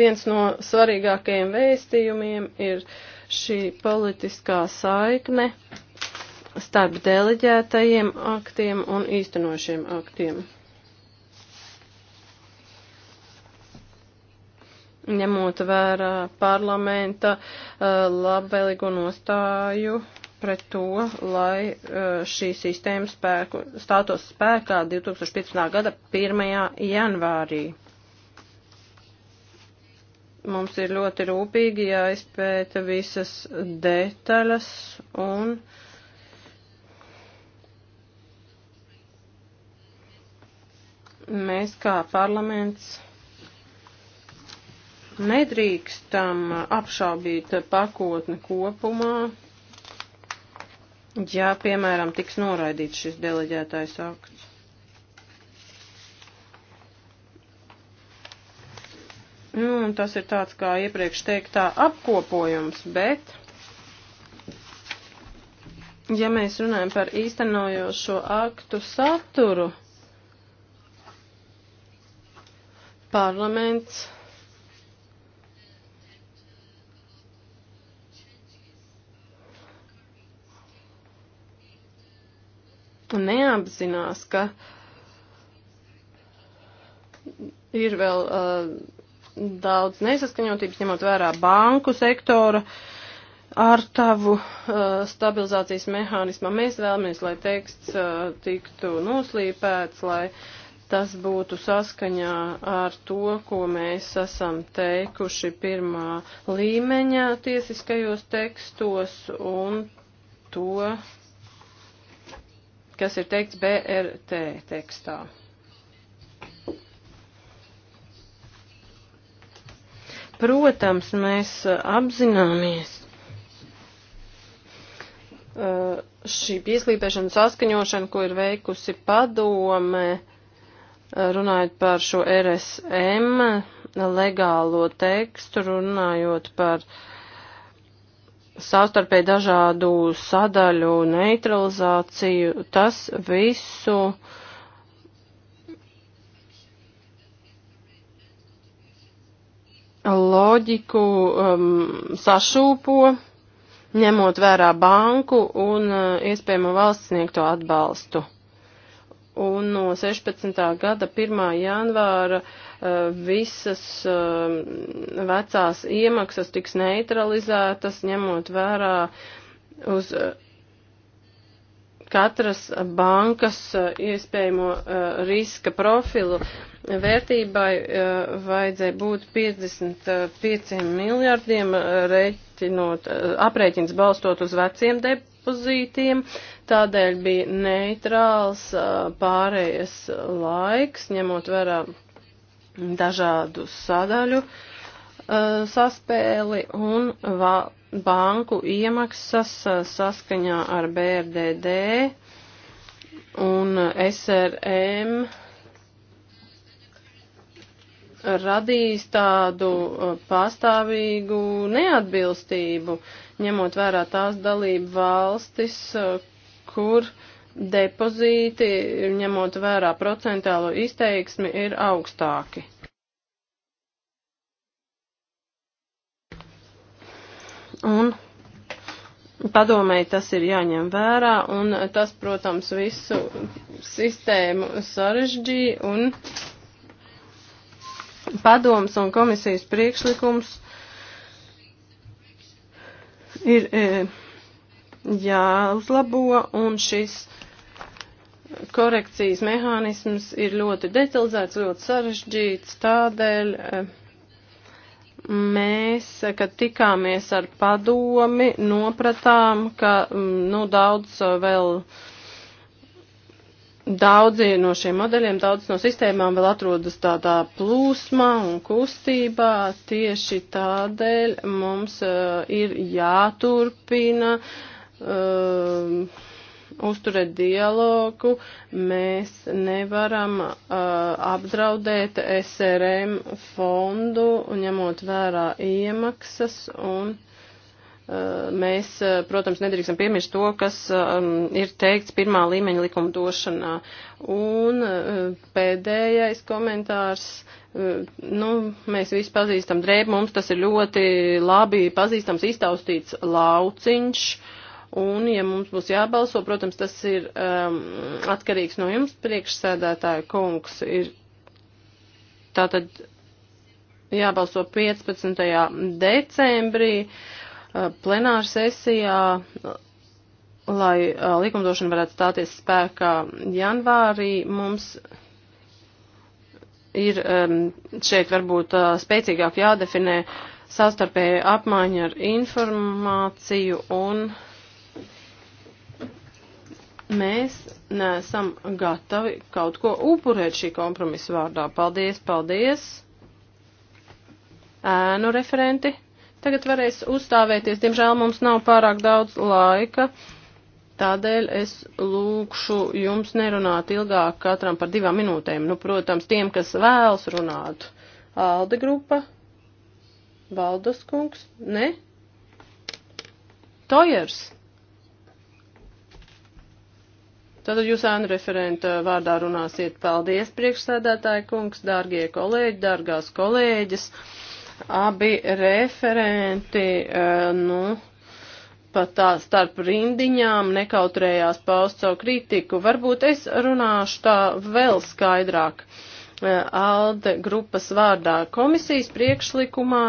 viens no svarīgākajiem vēstījumiem ir šī politiskā saikne starp deleģētajiem aktiem un īstenošiem aktiem. ņemot vērā parlamenta uh, labvēlīgo nostāju pret to, lai uh, šī sistēma spēku, stātos spēkā 2015. gada 1. janvārī. Mums ir ļoti rūpīgi jāizpēta visas detaļas un mēs kā parlaments Nedrīkstam apšaubīt pakotni kopumā, ja, piemēram, tiks noraidīts šis deleģētais akts. Nu, un tas ir tāds, kā iepriekš teiktā, apkopojums, bet, ja mēs runājam par īstenojošo aktu saturu, parlaments neapzinās, ka ir vēl uh, daudz nesaskaņotības, ņemot vērā banku sektora ar tavu uh, stabilizācijas mehānismu. Mēs vēlamies, lai teksts uh, tiktu noslīpēts, lai tas būtu saskaņā ar to, ko mēs esam teikuši pirmā līmeņa tiesiskajos tekstos un to, kas ir teikts BRT tekstā. Protams, mēs uh, apzināmies uh, šī pieslīpēšana saskaņošana, ko ir veikusi padome, uh, runājot par šo RSM legālo tekstu, runājot par uh, savstarpēji dažādu sadaļu neutralizāciju, tas visu loģiku um, sašūpo, ņemot vērā banku un uh, iespējamo valsts sniegto atbalstu. Un no 16. gada 1. janvāra eh, visas eh, vecās iemaksas tiks neutralizētas, ņemot vērā uz eh, katras bankas iespējamo riska profilu vērtībai vajadzēja būt 55 miljardiem, reiķinot, aprēķins balstot uz veciem depozītiem ekspozītiem, tādēļ bija neitrāls pārējas laiks, ņemot vērā dažādu sadaļu saspēli un banku iemaksas saskaņā ar BRDD un SRM radīs tādu pastāvīgu neatbilstību. Uh, ņemot vērā tās dalību valstis, eh, kur depozīti, ņemot vērā procentālo izteiksmi, ir augstāki. Un padomēji tas ir jāņem vērā, un tas, protams, visu sistēmu sarežģīja, un padoms un komisijas priekšlikums ir e, jāuzlabo un šis korekcijas mehānisms ir ļoti detalizēts, ļoti sarežģīts, tādēļ e, mēs, kad tikāmies ar padomi, nopratām, ka, nu, daudz vēl uh, Daudzi no šiem modeļiem, daudz no sistēmām vēl atrodas tādā plūsmā un kustībā. Tieši tādēļ mums uh, ir jāturpina uh, uzturēt dialogu. Mēs nevaram uh, apdraudēt SRM fondu, ņemot vērā iemaksas un Eh, mēs, eh, protams, nedrīkstam piemirst to, kas um, ir teikts pirmā līmeņa likumdošanā. Un uh, pēdējais komentārs, uh, nu, mēs visi pazīstam drēbu, mums tas ir ļoti labi pazīstams iztaustīts lauciņš. Un, ja mums būs jābalso, protams, tas ir um, atkarīgs no jums, priekšsēdētāja kungs, ir tātad jābalso 15. decembrī. Uh, Eh, plenāra sesijā, eh, lai eh, likumdošana varētu stāties spēkā janvārī, mums ir šeit varbūt spēcīgāk jādefinē savstarpēja apmaiņa ar informāciju un mēs neesam gatavi kaut ko upurēt šī kompromisa vārdā. Paldies, paldies. Ēnu referenti. Tagad varēs uzstāvēties. Diemžēl mums nav pārāk daudz laika. Tādēļ es lūkšu jums nerunāt ilgāk katram par divām minūtēm. Nu, protams, tiem, kas vēlas runāt. Alde grupa, Baldas kungs, ne? Tojers. Tātad jūs ēnu referenta vārdā runāsiet. Paldies, priekšsēdētāji kungs, dārgie kolēģi, dārgās kolēģis. Uh, Abi referenti, eh, nu, pat tā starp rindiņām nekautrējās paust savu kritiku. Varbūt es runāšu tā vēl skaidrāk. Eh, Alde grupas vārdā komisijas priekšlikumā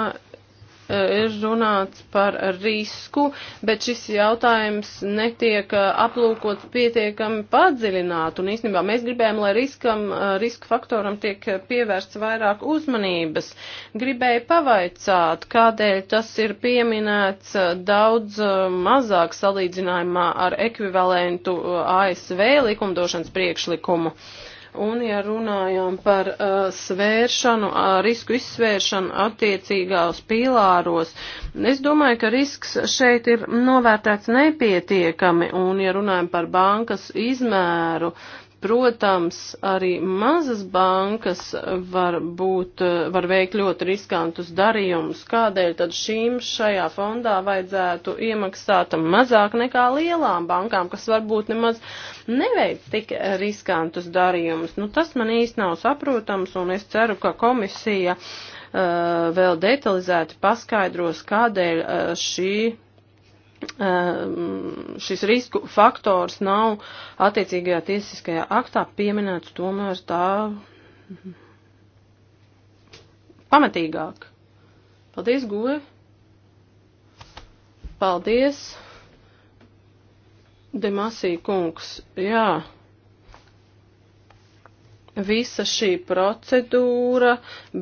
Eh, ir runāts par risku, bet šis jautājums netiek eh, aplūkots pietiekami padziļināt. Un īstenībā mēs gribējām, lai riskam, eh, riska faktoram tiek pievērsts vairāk uzmanības. Gribēju pavaicāt, kādēļ tas ir pieminēts daudz mazāk salīdzinājumā ar ekvivalentu ASV likumdošanas priekšlikumu. Uh, Un, ja runājam par uh, svēršanu, uh, risku izsvēršanu attiecīgās pīlāros, es domāju, ka risks šeit ir novērtēts nepietiekami. Un, ja runājam par bankas izmēru, uh, Protams, arī mazas bankas var, būt, var veikt ļoti riskantus darījumus. Kādēļ tad šīm šajā fondā vajadzētu iemaksāt mazāk nekā lielām bankām, kas varbūt nemaz neveic tik riskantus darījumus? Nu, tas man īsti nav saprotams, un es ceru, ka komisija uh, vēl detalizēti paskaidros, kādēļ uh, šī Ehm, šis risku faktors nav attiecīgajā tiesiskajā aktā pieminēts tomēr tā pamatīgāk. Paldies, Guve! Paldies, Demasī kungs! Jā! Visa šī procedūra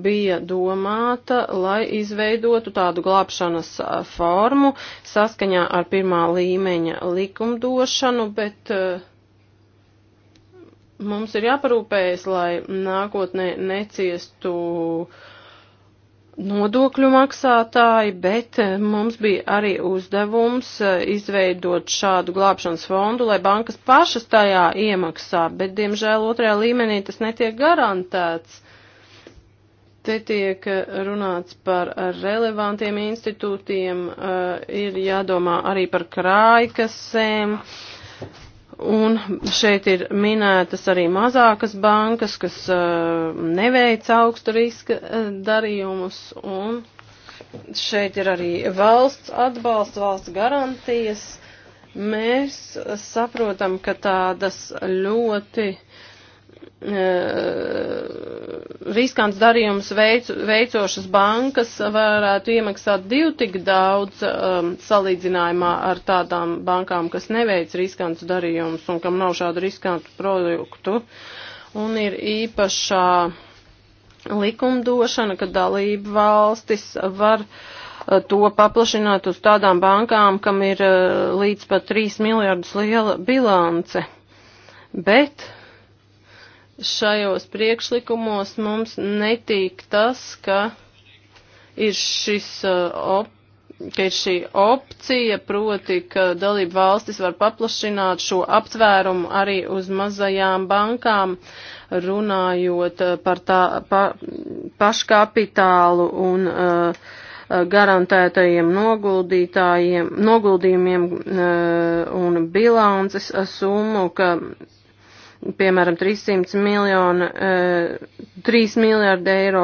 bija domāta, lai izveidotu tādu glābšanas formu saskaņā ar pirmā līmeņa likumdošanu, bet uh, mums ir jāparūpējas, lai nākotnē neciestu uh, nodokļu maksātāji, bet eh, mums bija arī uzdevums eh, izveidot šādu glābšanas fondu, lai bankas pašas tajā iemaksā, bet, diemžēl, otrajā līmenī tas netiek garantēts. Te tiek eh, runāts par relevantiem institūtiem, ir jādomā arī par krājkasēm. Uh, Un šeit ir minētas arī mazākas bankas, kas uh, neveic augstu riska uh, darījumus. Un šeit ir arī valsts atbalsts, valsts garantijas. Mēs saprotam, ka tādas ļoti Eh, riskants darījums veicu, veicošas bankas varētu iemaksāt divu tik daudz um, salīdzinājumā ar tādām bankām, kas neveic riskants darījums un kam nav šādu riskantu produktu. Un ir īpašā likumdošana, ka dalība valstis var eh, to paplašināt uz tādām bankām, kam ir uh, līdz pat 3 miljardus liela bilance. Bet šajos priekšlikumos mums netīk tas, ka ir šis uh, op ka ir šī opcija, proti, ka dalība valstis var paplašināt šo aptvērumu arī uz mazajām bankām, runājot uh, par tā pa, paškapitālu un uh, garantētajiem noguldītājiem, noguldījumiem uh, un bilances summu, ka piemēram, 300 miljonu, 3 eh, miljārdi eiro,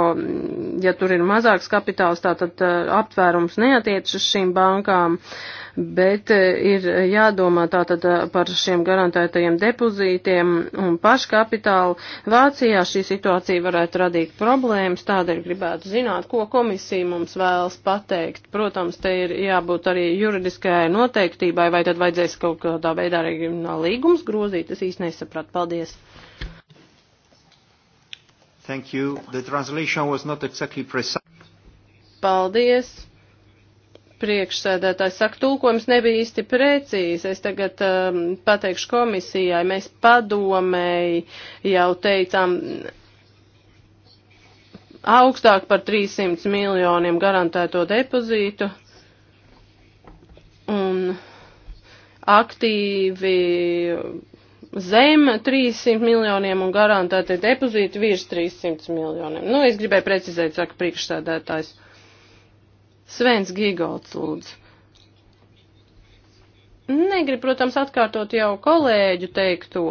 ja tur ir mazāks kapitāls, tātad eh, aptvērums neatiec uz šīm bankām. Uh, bet e, ir jādomā tātad e, par šiem garantētajiem depozītiem un paškapitālu. Vācijā šī situācija varētu radīt problēmas, tādēļ gribētu zināt, ko komisija mums vēlas pateikt. Protams, te ir jābūt arī juridiskajai noteiktībai, vai tad vajadzēs kaut kādā veidā arī no līgums grozīt, es īsti nesapratu. Paldies! Thank you. The translation was not exactly precise. Paldies priekšsēdētājs saka, tulkojums nebija īsti precīzi. Es tagad um, pateikšu komisijai, mēs padomēji jau teicām augstāk par 300 miljoniem garantēto depozītu. Un aktīvi zem 300 miljoniem un garantēti depozīti virs 300 miljoniem. Nu, es gribēju precizēt, saka priekšsēdētājs. Uh, Svens Gigolds lūdzu. Negribu, protams, atkārtot jau kolēģu teikto.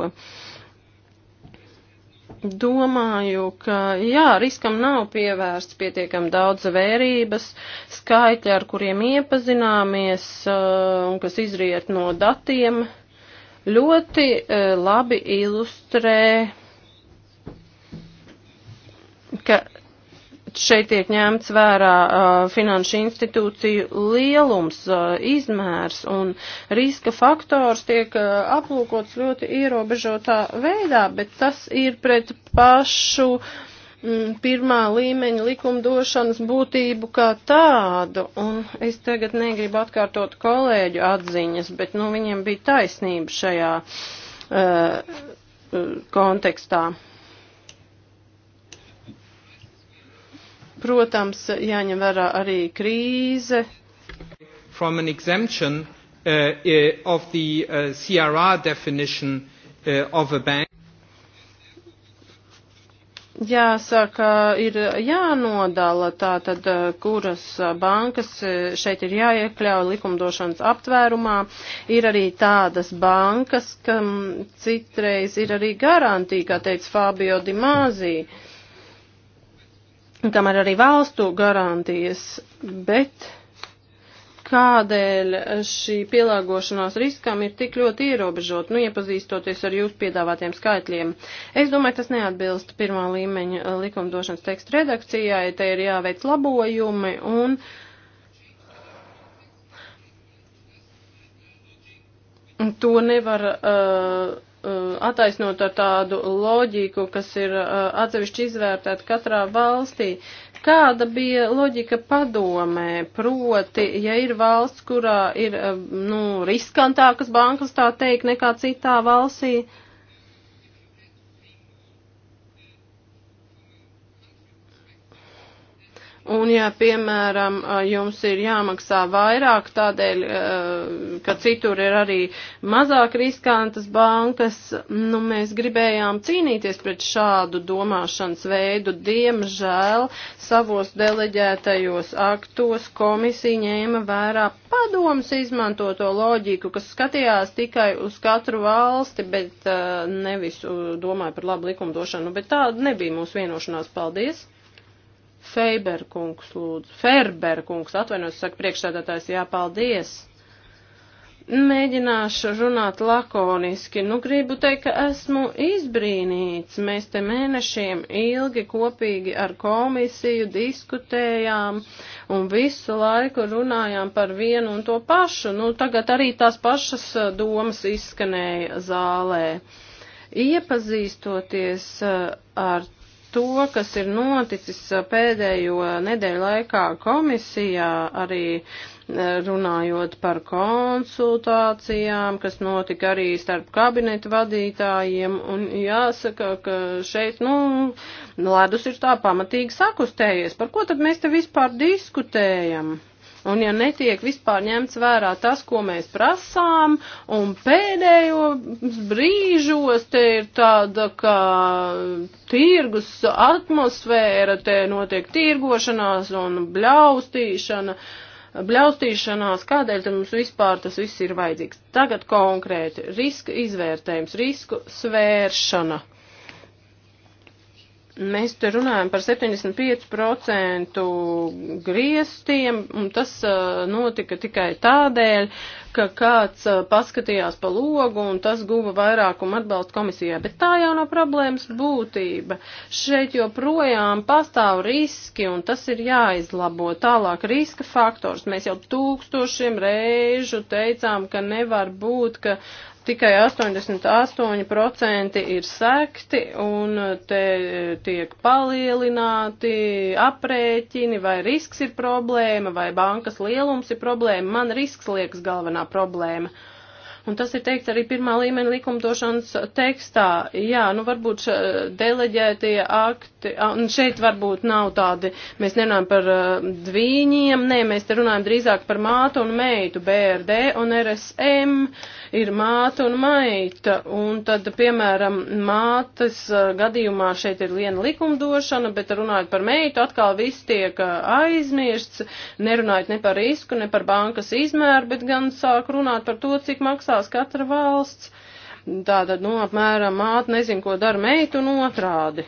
Domāju, ka jā, riskam nav pievērsts pietiekam daudz vērības, skaitļi, ar kuriem iepazināmies eh, un kas izriet no datiem, ļoti eh, labi ilustrē, ka šeit tiek ņemts vērā uh, finanšu institūciju lielums, uh, izmērs un riska faktors tiek uh, aplūkots ļoti ierobežotā veidā, bet tas ir pret pašu mm, pirmā līmeņa likumdošanas būtību kā tādu. Un es tagad negribu atkārtot kolēģu atziņas, bet nu, viņiem bija taisnība šajā uh, uh kontekstā. Protams, jāņem vērā arī krīze. From an exemption uh, uh of the uh, CRR definition uh, of a bank. Jāsaka, ir jānodala tā tad, uh, kuras bankas uh, šeit ir jāiekļauj likumdošanas aptvērumā. Ir arī tādas bankas, kam citreiz ir arī garantija, kā teica Fabio Dimāzija kam ir arī valstu garantijas, bet kādēļ šī pielāgošanās riskam ir tik ļoti ierobežot, nu, iepazīstoties ar jūsu piedāvātiem skaitļiem. Es domāju, tas neatbilst pirmā līmeņa likumdošanas tekstu redakcijai, te ir jāveic labojumi un. To nevar uh, Uh, attaisnot ar tādu loģiku, kas ir uh, atsevišķi izvērtēta katrā valstī. Kāda bija loģika padomē? Proti, ja ir valsts, kurā ir uh, nu, riskantākas bankas, tā teikt, nekā citā valstī, uh, Un, ja, piemēram, jums ir jāmaksā vairāk tādēļ, ka citur ir arī mazāk riskantas bankas, nu, mēs gribējām cīnīties pret šādu domāšanas veidu. Diemžēl savos deleģētajos aktos komisija ņēma vērā padomus izmantoto loģiku, kas skatījās tikai uz katru valsti, bet nevis domāja par labu likumdošanu, bet tāda nebija mūsu vienošanās. Paldies! Feiberkungs lūdzu. Ferberkungs, atvainojos, saka priekšstādātājs, jāpaldies. Mēģināšu runāt lakoniski. Nu, gribu teikt, ka esmu izbrīnīts. Mēs te mēnešiem ilgi kopīgi ar komisiju diskutējām un visu laiku runājām par vienu un to pašu. Nu, tagad arī tās pašas uh, domas izskanēja zālē. Iepazīstoties uh, ar to, kas ir noticis uh, pēdējo nedēļu laikā komisijā, arī uh, runājot par konsultācijām, kas notika arī starp kabinetu vadītājiem, un jāsaka, ka šeit, nu, ledus ir tā pamatīgi sakustējies. Par ko tad mēs te vispār diskutējam? Un ja netiek vispār ņemts vērā tas, ko mēs prasām, un pēdējo brīžos te ir tāda, ka tirgus atmosfēra, te notiek tirgošanās un bļaustīšana, bļaustīšanās, kādēļ te mums vispār tas viss ir vajadzīgs. Tagad konkrēti riska izvērtējums, risku svēršana. Mēs te runājam par 75% griestiem, un tas uh, notika tikai tādēļ, ka kāds uh, paskatījās pa logu, un tas guva vairākumu atbalstu komisijai. Bet tā jau nav problēmas būtība. Šeit joprojām pastāv riski, un tas ir jāizlabo. Tālāk riska faktors. Mēs jau tūkstošiem reižu teicām, ka nevar būt, ka tikai 88% ir sekti un eh, te tiek palielināti aprēķini, vai risks ir problēma, vai bankas lielums ir problēma. Man risks liekas galvenā problēma. Uh, Un tas ir teikt arī pirmā līmeņa likumdošanas tekstā. Jā, nu varbūt še, deleģētie akti, un šeit varbūt nav tādi, mēs nerunājam par uh, dvīņiem, nē, mēs te runājam drīzāk par mātu un meitu, BRD un RSM ir māta un meita. Un tad, piemēram, mātes uh, gadījumā šeit ir viena likumdošana, bet runājot par meitu, atkal viss tiek uh, aizmirsts, nerunājot ne par risku, ne par bankas izmēru, bet gan sāk runāt par to, cik maksā atstās katra valsts. Tātad, nu, apmēram māte nezin, ko dara meitu un otrādi.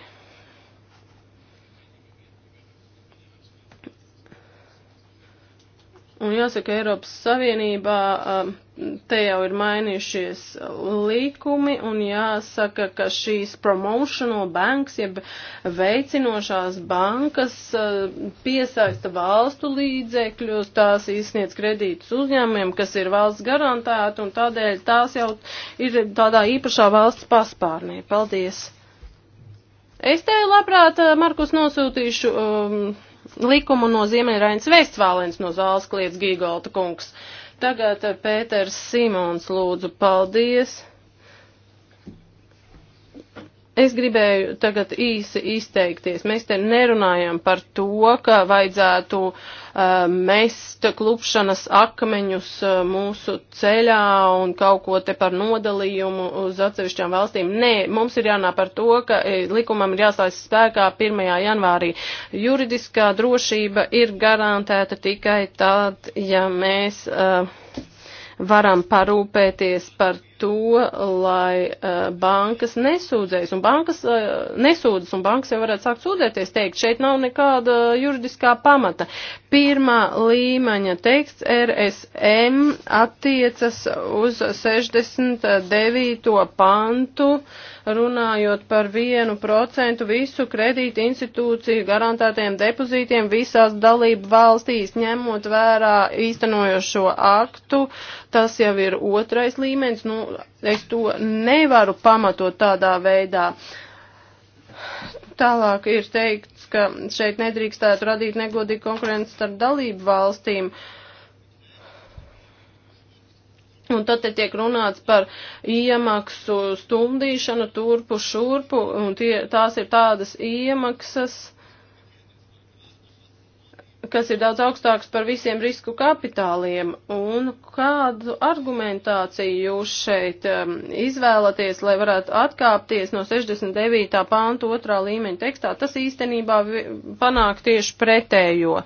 Un jāsaka, Eiropas Savienībā um, te jau ir mainījušies līkumi un jāsaka, ka šīs promotional banks, jeb veicinošās bankas uh, piesaista valstu līdzekļus, tās izsniedz kredītus uzņēmumiem, kas ir valsts garantēta un tādēļ tās jau ir tādā īpašā valsts paspārnē. Paldies! Es tevi labprāt, uh, Markus, nosūtīšu. Um, likumu no Ziemeļrainas Vēstfālens no zāles kliedz Gīgolta kungs. Tagad eh, Pēters Simons lūdzu, paldies. Es gribēju tagad īsi izteikties. Mēs te nerunājam par to, ka vajadzētu uh, mest klupšanas akmeņus uh, mūsu ceļā un kaut ko te par nodalījumu uz atsevišķām valstīm. Nē, mums ir jānā par to, ka e, likumam ir jāstājas spēkā 1. janvārī. Juridiskā drošība ir garantēta tikai tad, ja mēs. Uh, varam parūpēties par to, lai uh, bankas nesūdzēs, un bankas uh, nesūdzas, un bankas jau varētu sākt sūdzēties, teikt, šeit nav nekāda juridiskā pamata. Pirmā līmeņa teksts RSM attiecas uz 69. pantu. Uh, runājot par vienu procentu visu kredīti institūciju garantētiem depozītiem visās dalību valstīs, ņemot vērā īstenojošo aktu. Tas jau ir otrais līmenis. Nu, es to nevaru pamatot tādā veidā. Tālāk ir teikts, ka šeit nedrīkstētu radīt negodīgu konkurenci starp dalību valstīm. Uh, Un tad te tiek runāts par iemaksu stumdīšanu turpu šurpu, un tie, tās ir tādas iemaksas, kas ir daudz augstāks par visiem risku kapitāliem, un kādu argumentāciju jūs šeit um, izvēlaties, lai varētu atkāpties no 69. pānta otrā līmeņa tekstā, tas īstenībā panāk tieši pretējo.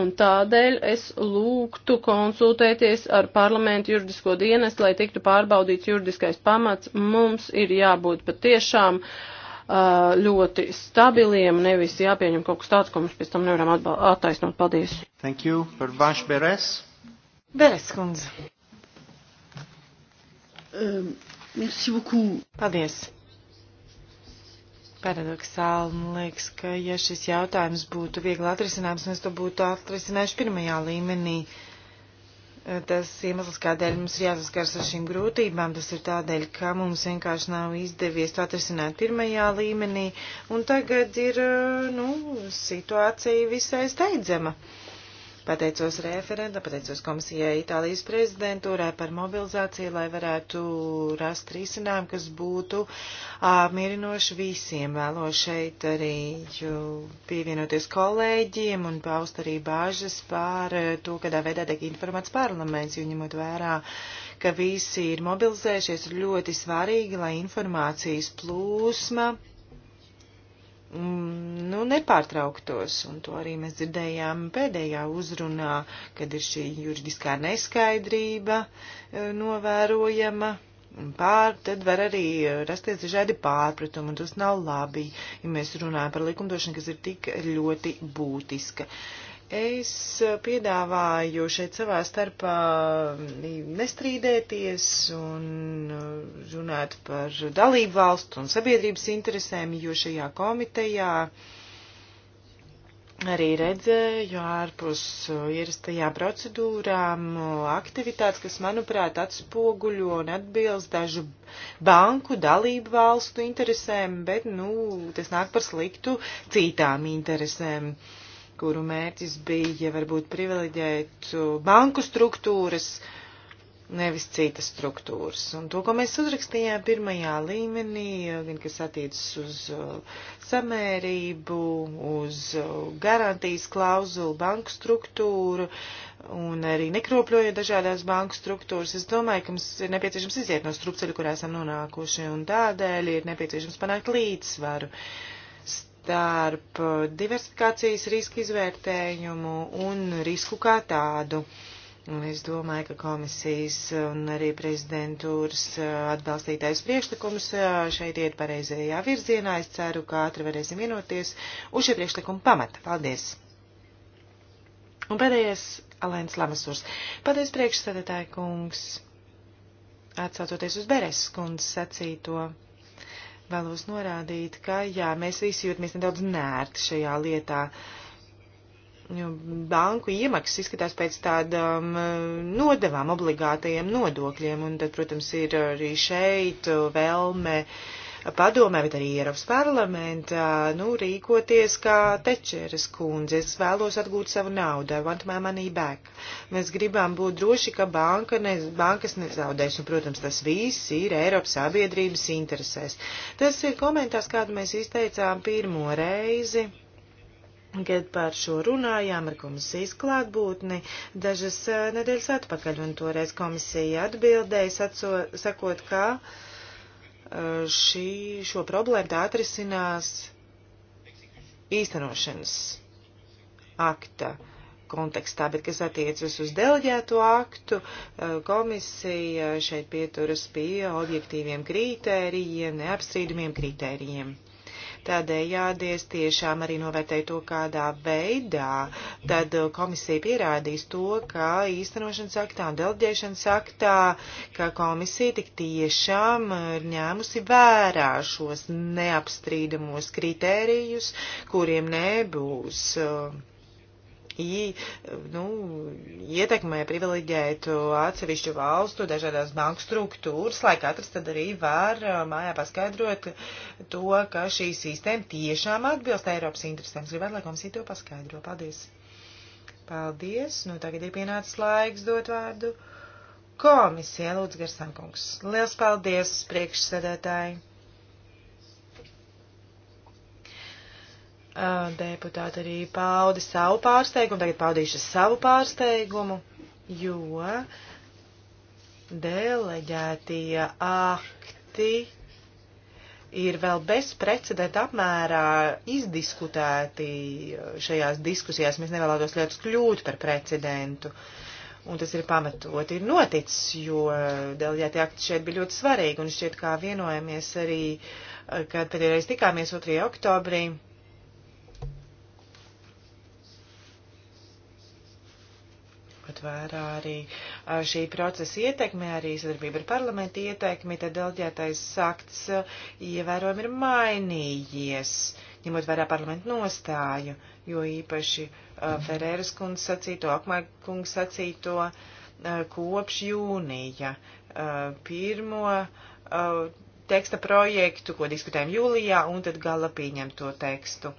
Un tādēļ es lūgtu konsultēties ar parlamentu juridisko dienestu, lai tiktu pārbaudīts juridiskais pamats. Mums ir jābūt patiešām uh, Uh, ļoti stabiliem, nevis jāpieņem kaut kas tāds, ko mēs pēc tam nevaram attaisnot. Paldies. Thank you. Par Vanš Beres. Beres kundze. Um, merci beaucoup. Paldies. Paradoxāli, man liekas, ka ja šis jautājums būtu viegli atrisināms, mēs to būtu atrisinājuši pirmajā līmenī. Uh, Eh, tas iemesls, kādēļ mums ir jāsaskars ar šīm grūtībām, tas ir tādēļ, ka mums vienkārši nav izdevies to atrisināt pirmajā līmenī, un tagad ir, eh, nu, situācija visai steidzama. Uh, Pateicos referentam, pateicos komisijai Itālijas prezidentūrai par mobilizāciju, lai varētu rast risinājumu, kas būtu apmierinoši visiem. Vēlos šeit arī pievienoties kolēģiem un paust arī bāžas par to, kādā veidā tiek informēts parlaments, jo ņemot vērā, ka visi ir mobilizējušies, ir ļoti svarīgi, lai informācijas plūsma Mm, nu, nepārtrauktos, un to arī mēs dzirdējām pēdējā uzrunā, kad ir šī juridiskā neskaidrība e, novērojama. Pār, tad var arī rasties dažādi pārpratumi, un tas nav labi, ja mēs runājam par likumdošanu, kas ir tik ļoti būtiska. Uh, Es piedāvāju šeit savā starpā nestrīdēties un uh, runāt par dalību valstu un sabiedrības interesēm, jo šajā komitejā arī redzēju ārpus uh, ierastajā procedūrām uh, aktivitātes, kas, manuprāt, atspoguļo un atbilst dažu banku dalību valstu interesēm, bet, nu, tas nāk par sliktu citām interesēm. Uh, kuru mērķis bija varbūt privileģēt banku struktūras, nevis citas struktūras. Un to, ko mēs uzrakstījām pirmajā līmenī, gan kas attiecas uz uh, samērību, uz uh, garantijas klauzulu, banku struktūru un arī nekropļojot dažādās banku struktūras, es domāju, ka mums ir nepieciešams iziet no strupceļa, kurā esam nonākuši, un tādēļ ir nepieciešams panākt līdzsvaru. Uh, starp diversifikācijas riska izvērtējumu un risku kā tādu. Es domāju, ka komisijas un arī prezidentūras atbalstītais priekšlikums šeit iet pareizajā virzienā. Es ceru, ka ātri varēsim vienoties uz šie priekšlikuma pamata. Paldies! Un pēdējais Alēns Lamasurs. Paldies priekšsēdētāji kungs! Atsaucoties uz Beres kundzes sacīto. Vēlos norādīt, ka jā, mēs visi jūtamies nedaudz nērti šajā lietā. Banku iemaksas izskatās pēc tādām eh, nodevām, obligātajiem nodokļiem, un tad, protams, ir arī šeit eh, vēlme uh, padomē, bet arī Eiropas parlamentā, nu, rīkoties kā tečeres kundze. Es vēlos atgūt savu naudu, I want my money back. Mēs gribam būt droši, ka banka ne, bankas nezaudēs, un, protams, tas viss ir Eiropas sabiedrības interesēs. Tas ir komentārs, kādu mēs izteicām pirmo reizi. Kad par šo runājām ar komisijas klātbūtni dažas eh, nedēļas atpakaļ, un toreiz komisija atbildēja, sakot, ka uh, Eh, šī, šo problēmu tā atrisinās īstenošanas akta kontekstā, bet kas attiecas uz deleģēto aktu, eh, komisija šeit pieturas pie objektīviem kritērijiem, neapstrīdumiem kritērijiem. Tādējādi es tiešām arī novērtēju to, kādā veidā tad uh, komisija pierādīs to, ka īstenošanas aktā un delģēšanas aktā, ka komisija tik tiešām uh, ir ņēmusi vērā šos neapstrīdamos kritērijus, kuriem nebūs. Uh, i, nu, ietekmē privileģētu atsevišķu valstu dažādās banku struktūras, lai katrs tad arī var uh, mājā paskaidrot to, ka šī sistēma tiešām atbilst Eiropas interesēm. Gribētu, lai komisija to paskaidro. Paldies! Paldies! Nu, tagad ir pienācis laiks dot vārdu komisijai Lūdzu Garsankungs. Liels paldies, priekšsēdētāji! deputāti arī paudi savu pārsteigumu, tagad paudīšu savu pārsteigumu, jo deleģētie akti ir vēl bezprecedenta apmērā izdiskutēti šajās diskusijās. Mēs nevēlētos lietas kļūt par precedentu. Un tas ir pamatot, ir noticis, jo deleģētie akti šeit bija ļoti svarīgi un šķiet, kā vienojamies arī, kad pēdējais tikāmies 2. oktobrī vērā arī šī procesa ietekme, arī sadarbība ar parlamentu ietekmi, tad delģētais sakts ievērojami ir mainījies, ņemot vērā parlamentu nostāju, jo īpaši Ferēras kungs sacīto, Akmar kungs sacīto kopš jūnija pirmo teksta projektu, ko diskutējam jūlijā, un tad gala pieņemto tekstu.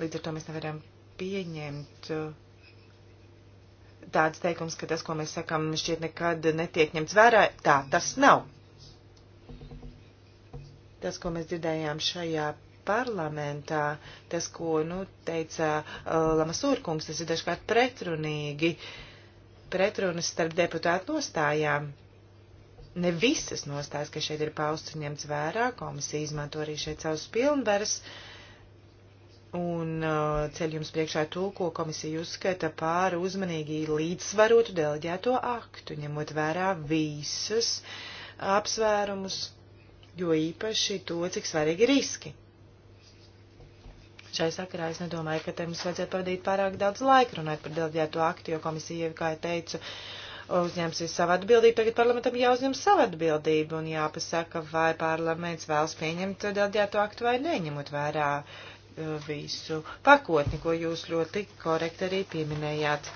Līdz ar to mēs nevaram pieņemt uh, tāds teikums, ka tas, ko mēs sakam, šķiet nekad netiek ņemts vērā. Tā tas nav. Tas, ko mēs dzirdējām šajā parlamentā, tas, ko, nu, teica uh, Lamasūrkungs, tas ir dažkārt pretrunīgi. Pretrunas starp deputātu nostājām. Ne visas nostājas, kas šeit ir paustas un ņemts vērā, komisija izmanto arī šeit savus pilnvaras. Uh, un uh, ceļ jums priekšā to, ko komisija uzskata pāri uzmanīgi līdzsvarotu deleģēto aktu, ņemot vērā visas apsvērumus, jo īpaši to, cik svarīgi ir riski. Šai sakarā es nedomāju, ka te mums vajadzētu pavadīt pārāk daudz laika runāt par deleģēto aktu, jo komisija, kā jau teicu, uzņemsies savu atbildību, tagad parlamentam jāuzņem savu atbildību un jāpasaka, vai parlaments vēlas pieņemt dēļģēto aktu vai neņemot vērā visu pakotni, ko jūs ļoti korekti arī pieminējāt.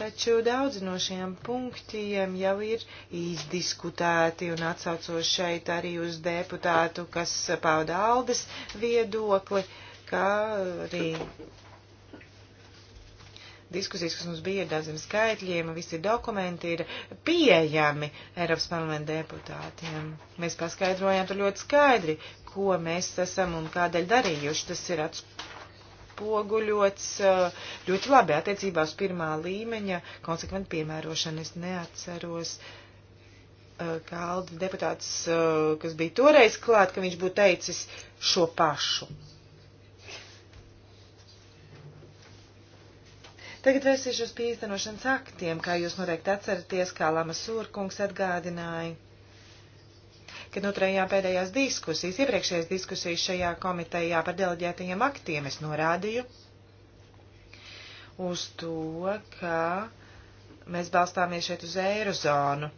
Taču daudz no šiem punktiem jau ir izdiskutēti un atsaucos šeit arī uz deputātu, kas pauda Aldes viedokli, kā arī diskusijas, kas mums bija ar daudziem skaitļiem, visi dokumenti ir pieejami Eiropas parlamenta deputātiem. Mēs paskaidrojām tur ļoti skaidri, ko mēs esam un kādēļ darījuši. Tas ir atspoguļots uh, ļoti labi attiecībā uz pirmā līmeņa konsekventu piemērošanu. Es neatceros. Uh, Kalda deputāts, uh, kas bija toreiz klāt, ka viņš būtu teicis šo pašu. Tagad vērsīšos pie īstenošanas aktiem, kā jūs noteikti atceraties, kā Lama Sūrkungs atgādināja, kad noturējām pēdējās diskusijas, iepriekšējās diskusijas šajā komitejā par deleģētajiem aktiem, es norādīju uz to, ka mēs balstāmies šeit uz eirozonu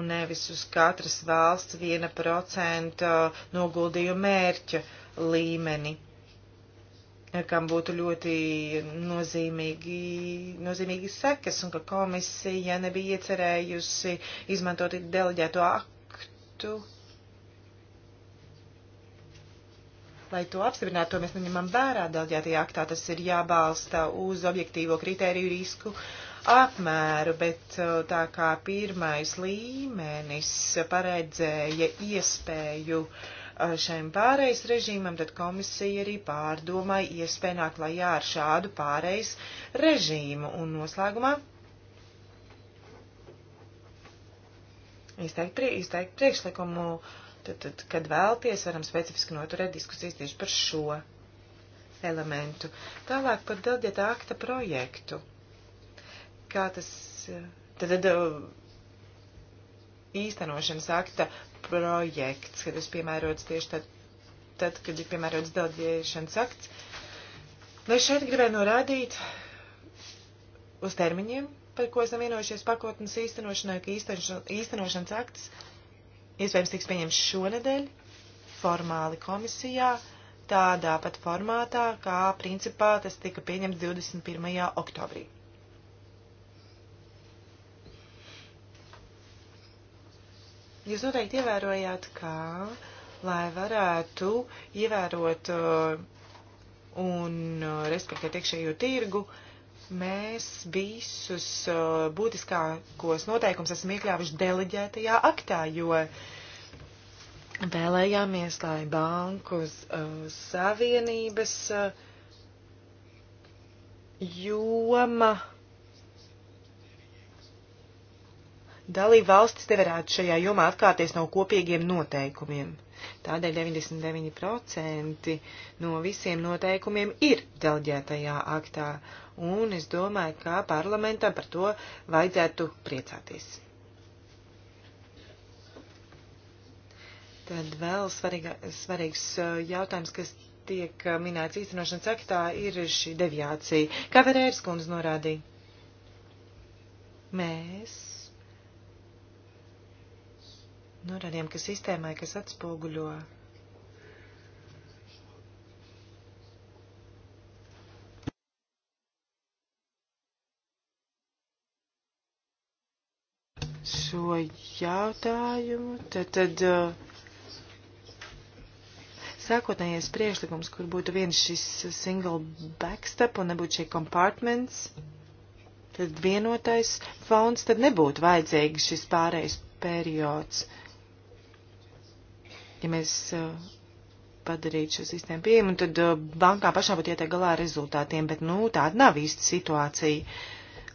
un nevis uz katras valsts viena procenta noguldījumu mērķa līmeni kam būtu ļoti nozīmīgi, nozīmīgi sekas un ka komisija nebija iecerējusi izmantot deleģēto aktu. Lai to apstiprinātu, to mēs neņemam vērā deleģētajā aktā. Tas ir jābalsta uz objektīvo kritēriju risku apmēru, bet uh, tā kā pirmais līmenis paredzēja iespēju uh, šajam pārejas režīmam, tad komisija arī pārdomāja iespēju nākt lajā ar šādu pārejas režīmu. Un noslēgumā izteikt, prie, izteikt priekšlikumu, tad, tad, kad vēlties, varam specifiski noturēt diskusijas tieši par šo elementu. Tālāk par Dildieta akta projektu. Kā tas, tad, tad īstenošanas akta projekts, kad tas piemērots tieši tad, tad kad ir piemērots delģēšanas akts. Lai šeit gribētu norādīt uz termiņiem, par ko esam vienojušies pakotnes īstenošanai, ka īstenošanas akts iespējams tiks pieņemts šonedēļ formāli komisijā, tādā pat formātā, kā principā tas tika pieņemts 21. oktobrī. Jūs noteikti ievērojāt, kā, lai varētu ievērot uh, un uh, respektēt iekšējo tirgu, mēs visus uh, būtiskākos noteikums esam iekļāvuši deleģētajā aktā, jo vēlējāmies, lai banku savienības joma. Uh, Dalība valstis nevarētu šajā jomā atkārties no kopīgiem noteikumiem. Tādēļ 99% no visiem noteikumiem ir delģētajā aktā, un es domāju, ka parlamentam par to vajadzētu priecāties. Tad vēl svarīga, svarīgs uh, jautājums, kas tiek uh, minēts īstenošanas aktā, ir šī deviācija. Kā Verērs kundze norādīja? Mēs norādījām, nu, ka sistēmai, kas atspoguļo šo jautājumu, tad, tad uh, sākotnējais priekšlikums, kur būtu viens šis single backstep un nebūtu šie compartments, tad vienotais fonds, tad nebūtu vajadzīgs šis pārējais periods. Uh, ja mēs eh, padarītu šo sistēmu pieejamu, tad eh, bankā pašā būtu jātiek galā ar rezultātiem, bet, nu, tāda nav īsta situācija.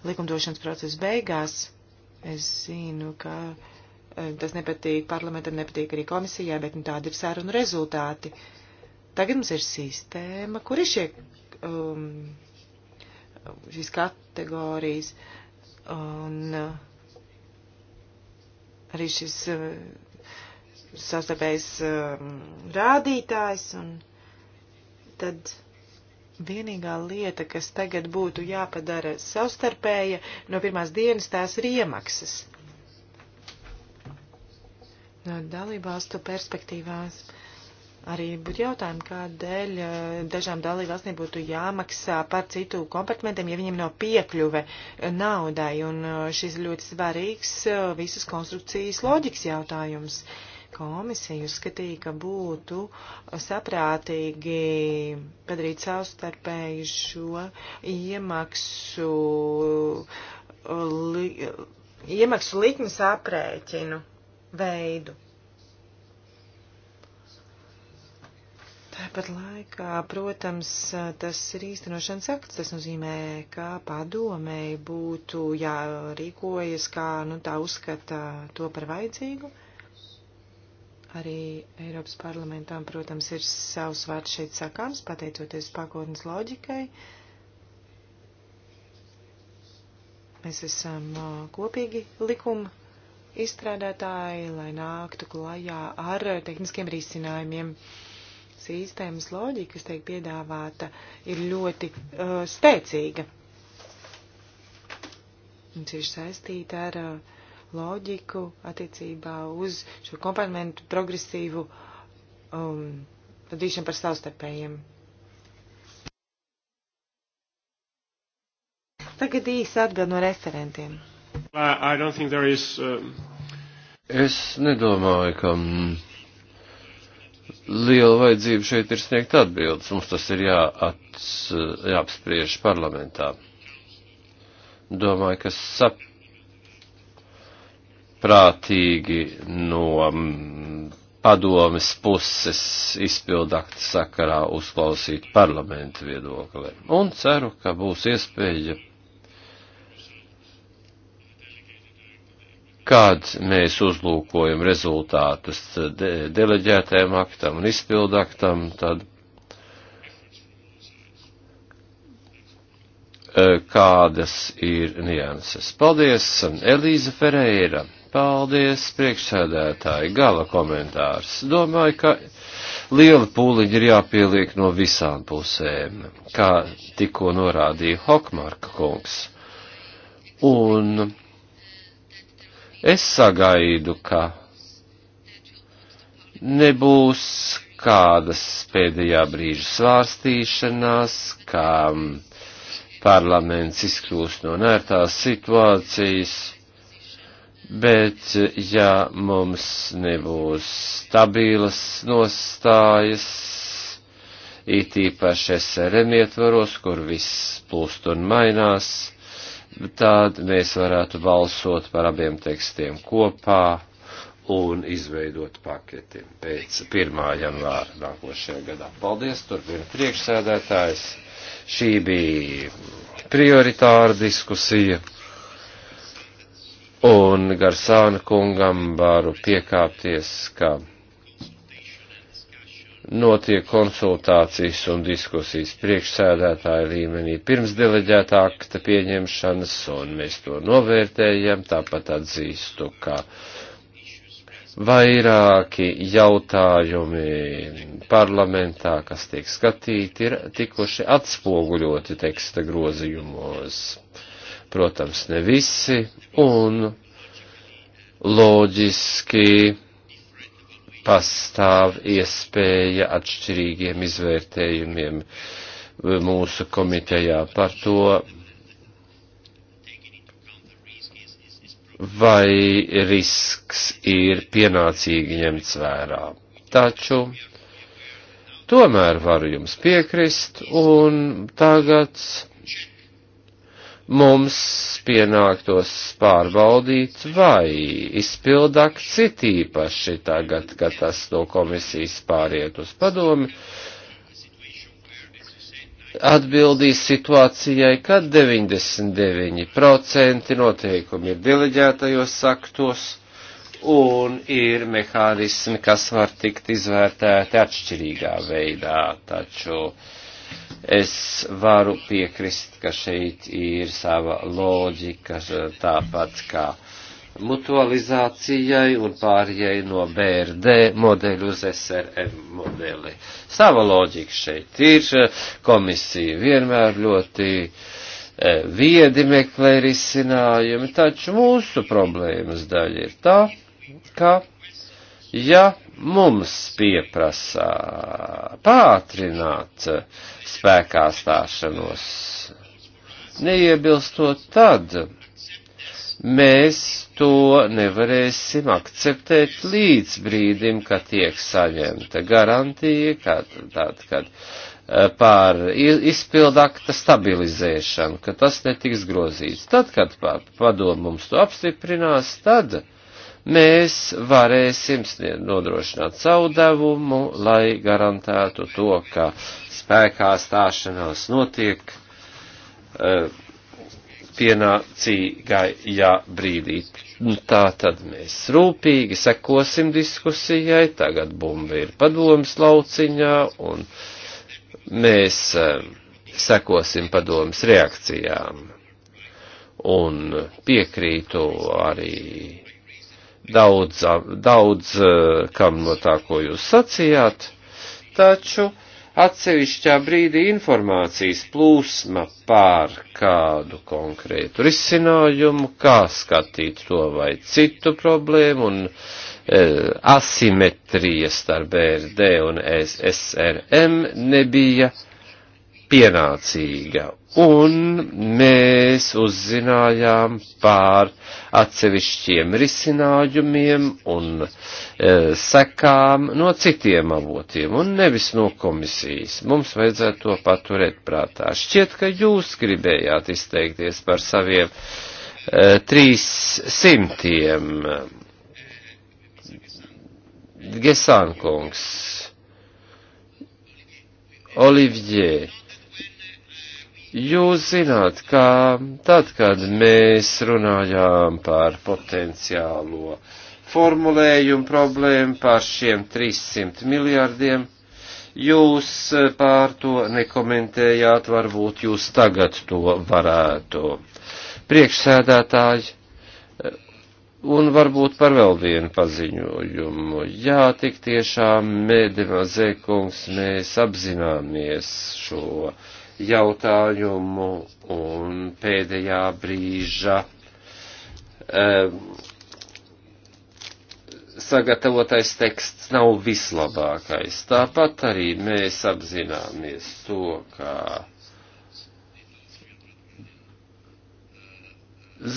Likumdošanas procesa beigās es zinu, ka eh, tas nepatīk parlamentam, nepatīk arī komisijai, bet nu, tādi ir sarunu rezultāti. Tagad mums ir sistēma, kur ir šie, um, šīs kategorijas un uh, arī šis. Uh, savstarpējs um, rādītājs, un tad vienīgā lieta, kas tagad būtu jāpadara savstarpēja no pirmās dienas, tās ir iemaksas. No dalībvalstu perspektīvās arī būtu jautājumi, kādēļ uh, dažām dalībvalstīm būtu jāmaksā par citu kompartmentiem, ja viņiem nav piekļuve uh, naudai, un uh, šis ļoti svarīgs visas konstrukcijas loģikas jautājums. Uh, Komisija uzskatīja, ka būtu saprātīgi padarīt savstarpēju šo iemaksu, li, iemaksu likmes aprēķinu veidu. Tāpat laikā, protams, tas ir īstenošanas akts. Tas nozīmē, ka padomēji būtu jārīkojas, kā nu, tā uzskata to par vajadzīgu. Arī Eiropas parlamentām, protams, ir savs vārds šeit sakāms, pateicoties pakotnes loģikai. Mēs esam kopīgi likuma izstrādātāji, lai nāktu klajā ar tehniskiem risinājumiem. Sistēmas loģika, kas tiek piedāvāta, ir ļoti uh, spēcīga. Viņš ir saistīta ar uh, loģiku attiecībā uz šo komponentu progresīvu um, padīšanu par savstarpējiem. Tagad īsi atbild no referentiem. I, I is, um... Es nedomāju, ka mm, liela vajadzība šeit ir sniegt atbildes. Mums tas ir jāats, jāapspriež parlamentā. Domāju, ka sap prātīgi no mm, padomes puses izpildakta sakarā uzklausīt parlamentu viedokli. Un ceru, ka būs iespēja, kad mēs uzlūkojam rezultātus de deleģētēm aktam un izpildaktam, tad eh, kādas ir nianses. Paldies, Elīza Ferreira! Paldies, priekšsēdētāji. Gala komentārs. Domāju, ka liela pūliņa ir jāpieliek no visām pusēm, kā tikko norādīja Hokmarka kungs. Un es sagaidu, ka nebūs kādas pēdējā brīža svārstīšanās, kā parlaments izkļūst no nērtās situācijas Bet, ja mums nebūs stabilas nostājas, it īpaši SRM ietvaros, kur viss plūst un mainās, tad mēs varētu balsot par abiem tekstiem kopā un izveidot paketi pēc 1. janvāra nākošajā gadā. Paldies, turpina priekšsēdētājs. Šī bija prioritāra diskusija. Un Garsāna kungam varu piekāpties, ka notiek konsultācijas un diskusijas priekšsēdētāja līmenī pirms deleģētā akta pieņemšanas, un mēs to novērtējam, tāpat atzīstu, ka vairāki jautājumi parlamentā, kas tiek skatīti, ir tikuši atspoguļoti teksta grozījumos protams, ne visi, un loģiski pastāv iespēja atšķirīgiem izvērtējumiem mūsu komitejā par to, vai risks ir pienācīgi ņemts vērā. Taču tomēr varu jums piekrist, un tagad mums pienāktos pārbaudīt, vai izpildakts ir īpaši tagad, kad tas no komisijas pāriet uz padomi, atbildīs situācijai, kad 99% noteikumi ir deleģētajos aktos un ir mehānismi, kas var tikt izvērtēti atšķirīgā veidā, taču uh, Es varu piekrist, ka šeit ir sava loģika, tāpat kā mutualizācijai un pārējai no BRD modeļu uz SRM modeli. Sava loģika šeit ir, komisija vienmēr ļoti e, viedi meklē risinājumi, taču mūsu problēmas daļa ir tā, ka ja mums pieprasā pātrināt spēkā stāšanos. Neiebilstot tad, mēs to nevarēsim akceptēt līdz brīdim, kad tiek saņemta garantija, kad, tad, kad eh, pār izpildakta stabilizēšanu, ka tas netiks grozīts. Tad, kad padomu mums to apstiprinās, tad mēs varēsim nodrošināt savu devumu, lai garantētu to, ka spēkā stāšanās notiek eh, pienācīgajā brīdī. Nu, tā tad mēs rūpīgi sekosim diskusijai, tagad bumba ir padomas lauciņā un mēs eh, sekosim padomas reakcijām. Un piekrītu arī daudz, daudz eh, kam no tā, ko jūs sacījāt, taču uh, atsevišķā brīdī informācijas plūsma pār kādu konkrētu risinājumu, kā skatīt to vai citu problēmu un e, asimetrija starp BRD un SRM nebija pienācīga. Un mēs uzzinājām pār atsevišķiem risinājumiem un e, sekām no citiem avotiem un nevis no komisijas. Mums vajadzētu to paturēt prātā. Šķiet, ka jūs gribējāt izteikties par saviem e, 300. Gesankungs, Olivier, Jūs zināt, kā tad, kad mēs runājām par potenciālo formulējumu problēmu par šiem 300 miljārdiem, jūs pār to nekomentējāt, varbūt jūs tagad to varētu. Priekšsēdētāji, Un varbūt par vēl vienu paziņojumu. Jā, tik tiešām, Mēdevā Zēkungs, mēs apzināmies šo uh, jautājumu un pēdējā brīža eh, sagatavotais teksts nav vislabākais. Tāpat arī mēs apzināmies to, ka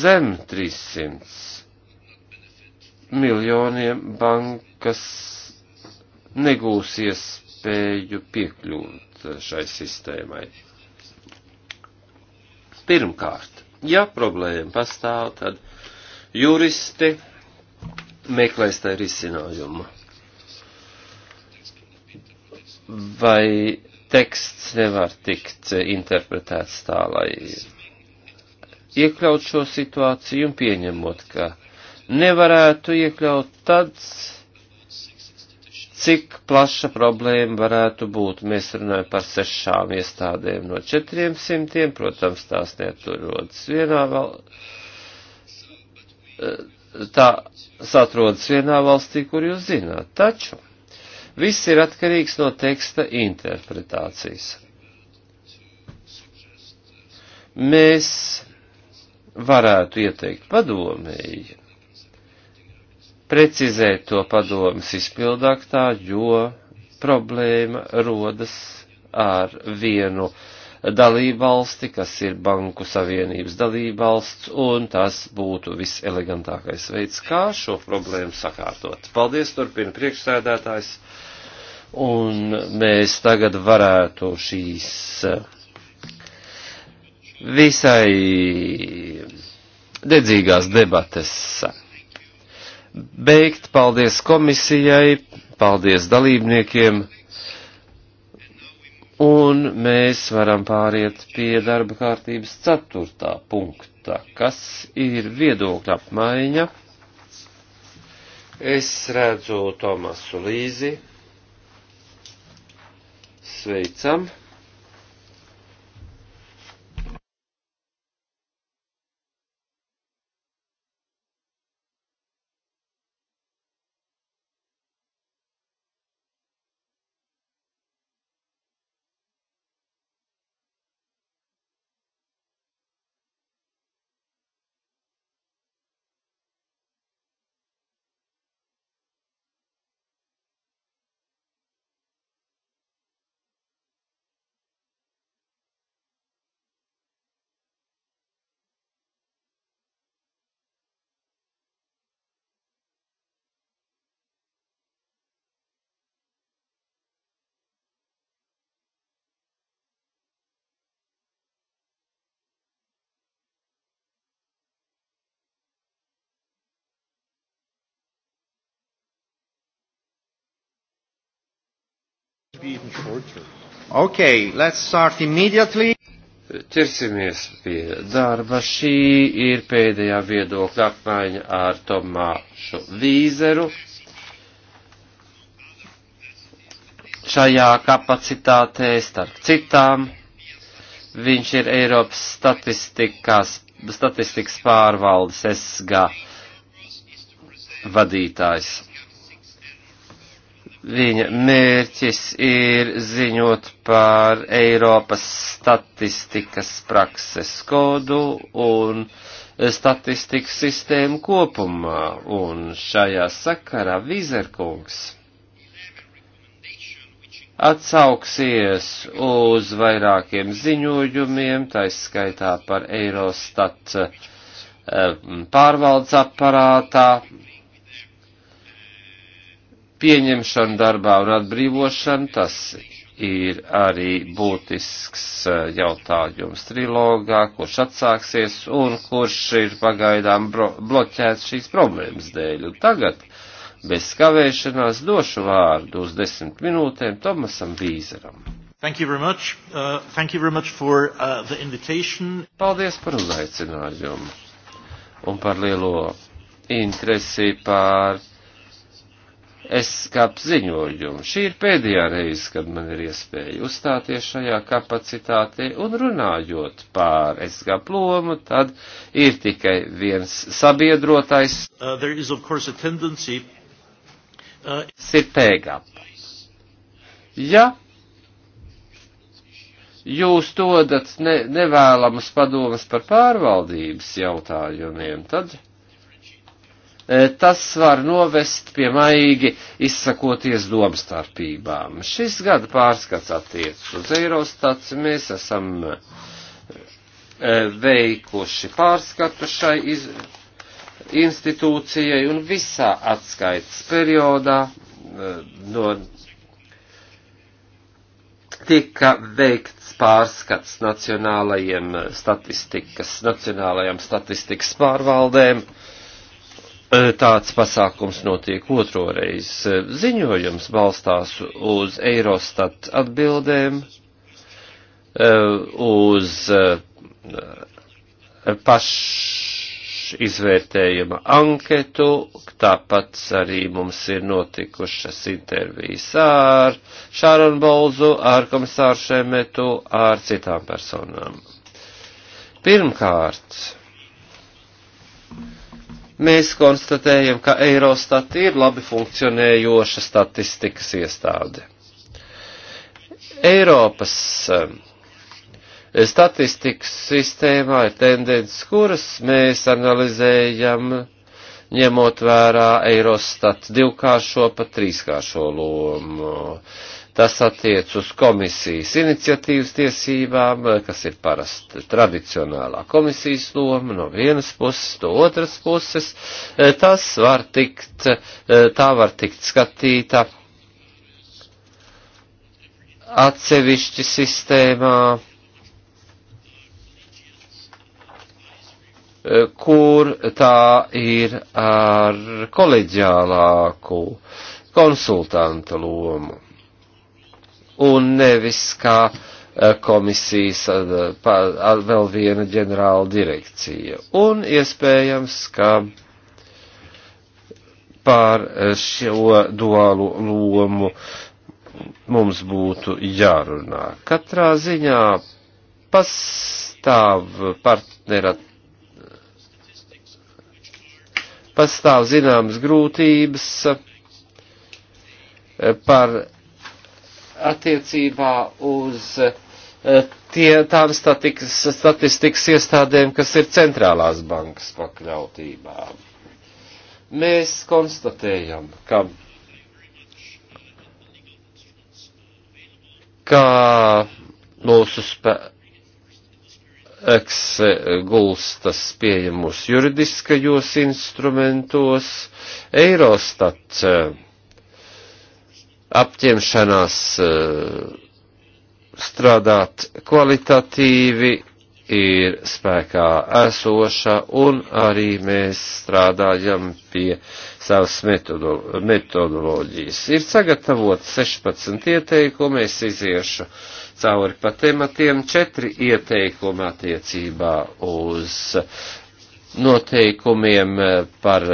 zem 300 miljoniem bankas negūs iespēju piekļūt šai sistēmai. Pirmkārt, ja problēma pastāv, tad juristi meklēs tai risinājumu. Vai teksts nevar tikt interpretēts tā, lai iekļaut šo situāciju un pieņemot, ka nevarētu iekļaut tāds cik plaša problēma varētu būt. Mēs runājam par sešām iestādēm no 400, protams, tās neatrodas vienā val... tā satrodas vienā valstī, kur jūs zināt. Taču viss ir atkarīgs no teksta interpretācijas. Mēs varētu ieteikt padomēji precizēt to padomas izpildaktā, jo problēma rodas ar vienu dalībvalsti, kas ir Banku Savienības dalībvalsts, un tas būtu viselegantākais veids, kā šo problēmu sakārtot. Paldies, turpina priekšsēdētājs, un mēs tagad varētu šīs eh, visai dedzīgās debates beigt. Paldies komisijai, paldies dalībniekiem. Un mēs varam pāriet pie darba kārtības ceturtā punkta, kas ir viedokļa apmaiņa. Es redzu Tomasu Līzi. Sveicam! Okay, let's start immediately. Ķersimies pie darba. Šī ir pēdējā viedokļa apmaiņa ar Tomāšu Vīzeru. Šajā kapacitātē starp citām viņš ir Eiropas statistikas, statistikas pārvaldes SG vadītājs Viņa mērķis ir ziņot par Eiropas statistikas prakses kodu un statistikas sistēmu kopumā, un šajā sakarā Vizerkungs atsauksies uz vairākiem ziņojumiem, taiskaitā par Eurostat eh, pārvaldes aparātā pieņemšana darbā un atbrīvošana, tas ir arī būtisks eh, jautājums trilogā, kurš atsāksies un kurš ir pagaidām bloķēts šīs problēmas dēļ. Un tagad bez kavēšanās došu vārdu uz desmit minūtēm Tomasam Vīzeram. Thank you very much. Uh, thank you very much for uh, the invitation. Paldies par uzaicinājumu un par lielo interesi par Es kāp ziņojumu. Šī ir pēdējā reize, kad man ir iespēja uzstāties šajā kapacitātē un runājot pār es kāp lomu, tad ir tikai viens sabiedrotais. Uh, uh... ir pēgap. Ja jūs dodat ne, nevēlamas padomas par pārvaldības jautājumiem, tad E, tas var novest pie maigi izsakoties domstarpībām. Šis gada pārskats attiec uz Eirostats, mēs esam e, veikuši pārskatu šai iz, institūcijai un visā atskaites periodā e, no, tika veikts pārskats nacionālajiem statistikas, nacionālajām statistikas pārvaldēm. Uh, Eh, tāds pasākums notiek otroreiz. Eh, ziņojums balstās uz Eirostat atbildēm, eh, uz pašizvērtējuma anketu, tāpat arī mums ir notikušas intervijas ar Šāronu Bolzu, ar komisāru Šemetu, ar citām personām. Pirmkārt, mēs konstatējam, ka Eurostat ir labi funkcionējoša statistikas iestāde. Eiropas um, statistikas sistēmā ir tendences, kuras mēs analizējam, ņemot vērā Eurostat divkāršo pa trīskāršo lomu. Tas attiec uz komisijas iniciatīvas tiesībām, kas ir parasti tradicionālā komisijas loma no vienas puses, no otras puses. Eh, tas var tikt, eh, tā var tikt skatīta atsevišķi sistēmā, eh, kur tā ir ar koleģiālāku konsultanta lomu un nevis kā eh, komisijas eh, vēl viena ģenerāla direkcija. Un iespējams, ka pār eh, šo duālu lomu mums būtu jārunā. Katrā ziņā pastāv partnera pastāv zināmas grūtības par attiecībā uz eh, tie, tām statikas, statistikas iestādēm, kas ir centrālās bankas pakļautībā. Mēs konstatējam, ka, ka mūsu spēks gulstas pieejamos juridiskajos instrumentos, Eirostats eh, apņemšanās eh, strādāt kvalitatīvi ir spēkā esoša, un arī mēs strādājam pie savas metodo metodoloģijas. Ir sagatavot 16 ieteikumi, es iziešu cauri pa tematiem, 4 ieteikumi attiecībā uz noteikumiem par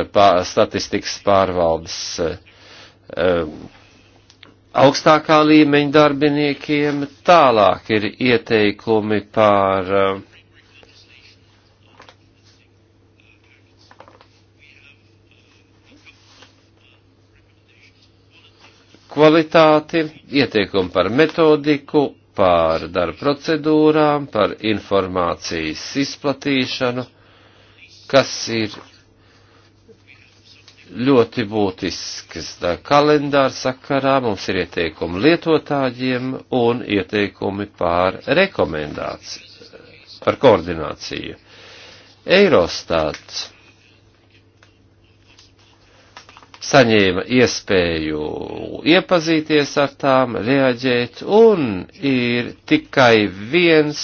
statistikas pārvaldes eh, augstākā līmeņa darbiniekiem, tālāk ir ieteikumi par eh, kvalitāti, ieteikumi par metodiku, par darba procedūrām, par informācijas izplatīšanu, kas ir ļoti būtisks kalendāra sakarā, mums ir ieteikumi lietotājiem un ieteikumi pār rekomendāciju, par koordināciju. Eirostāts saņēma iespēju iepazīties ar tām, reaģēt, un ir tikai viens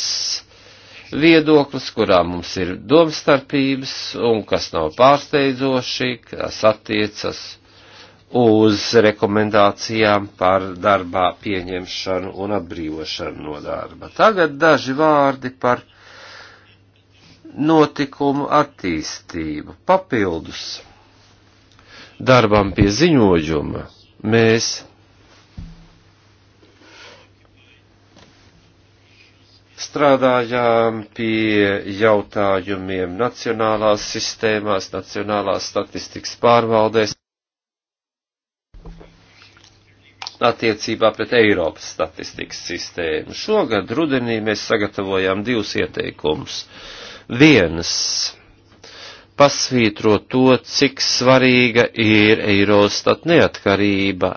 viedoklis, kurā mums ir domstarpības un kas nav pārsteidzoši, kas attiecas uz rekomendācijām par darbā pieņemšanu un atbrīvošanu no darba. Tagad daži vārdi par notikumu attīstību. Papildus darbam pie ziņojuma mēs strādājām pie jautājumiem nacionālās sistēmās, nacionālās statistikas pārvaldēs, attiecībā pret Eiropas statistikas sistēmu. Šogad rudenī mēs sagatavojām divus ieteikumus. Viens pasvītro to, cik svarīga ir Eirostat neatkarība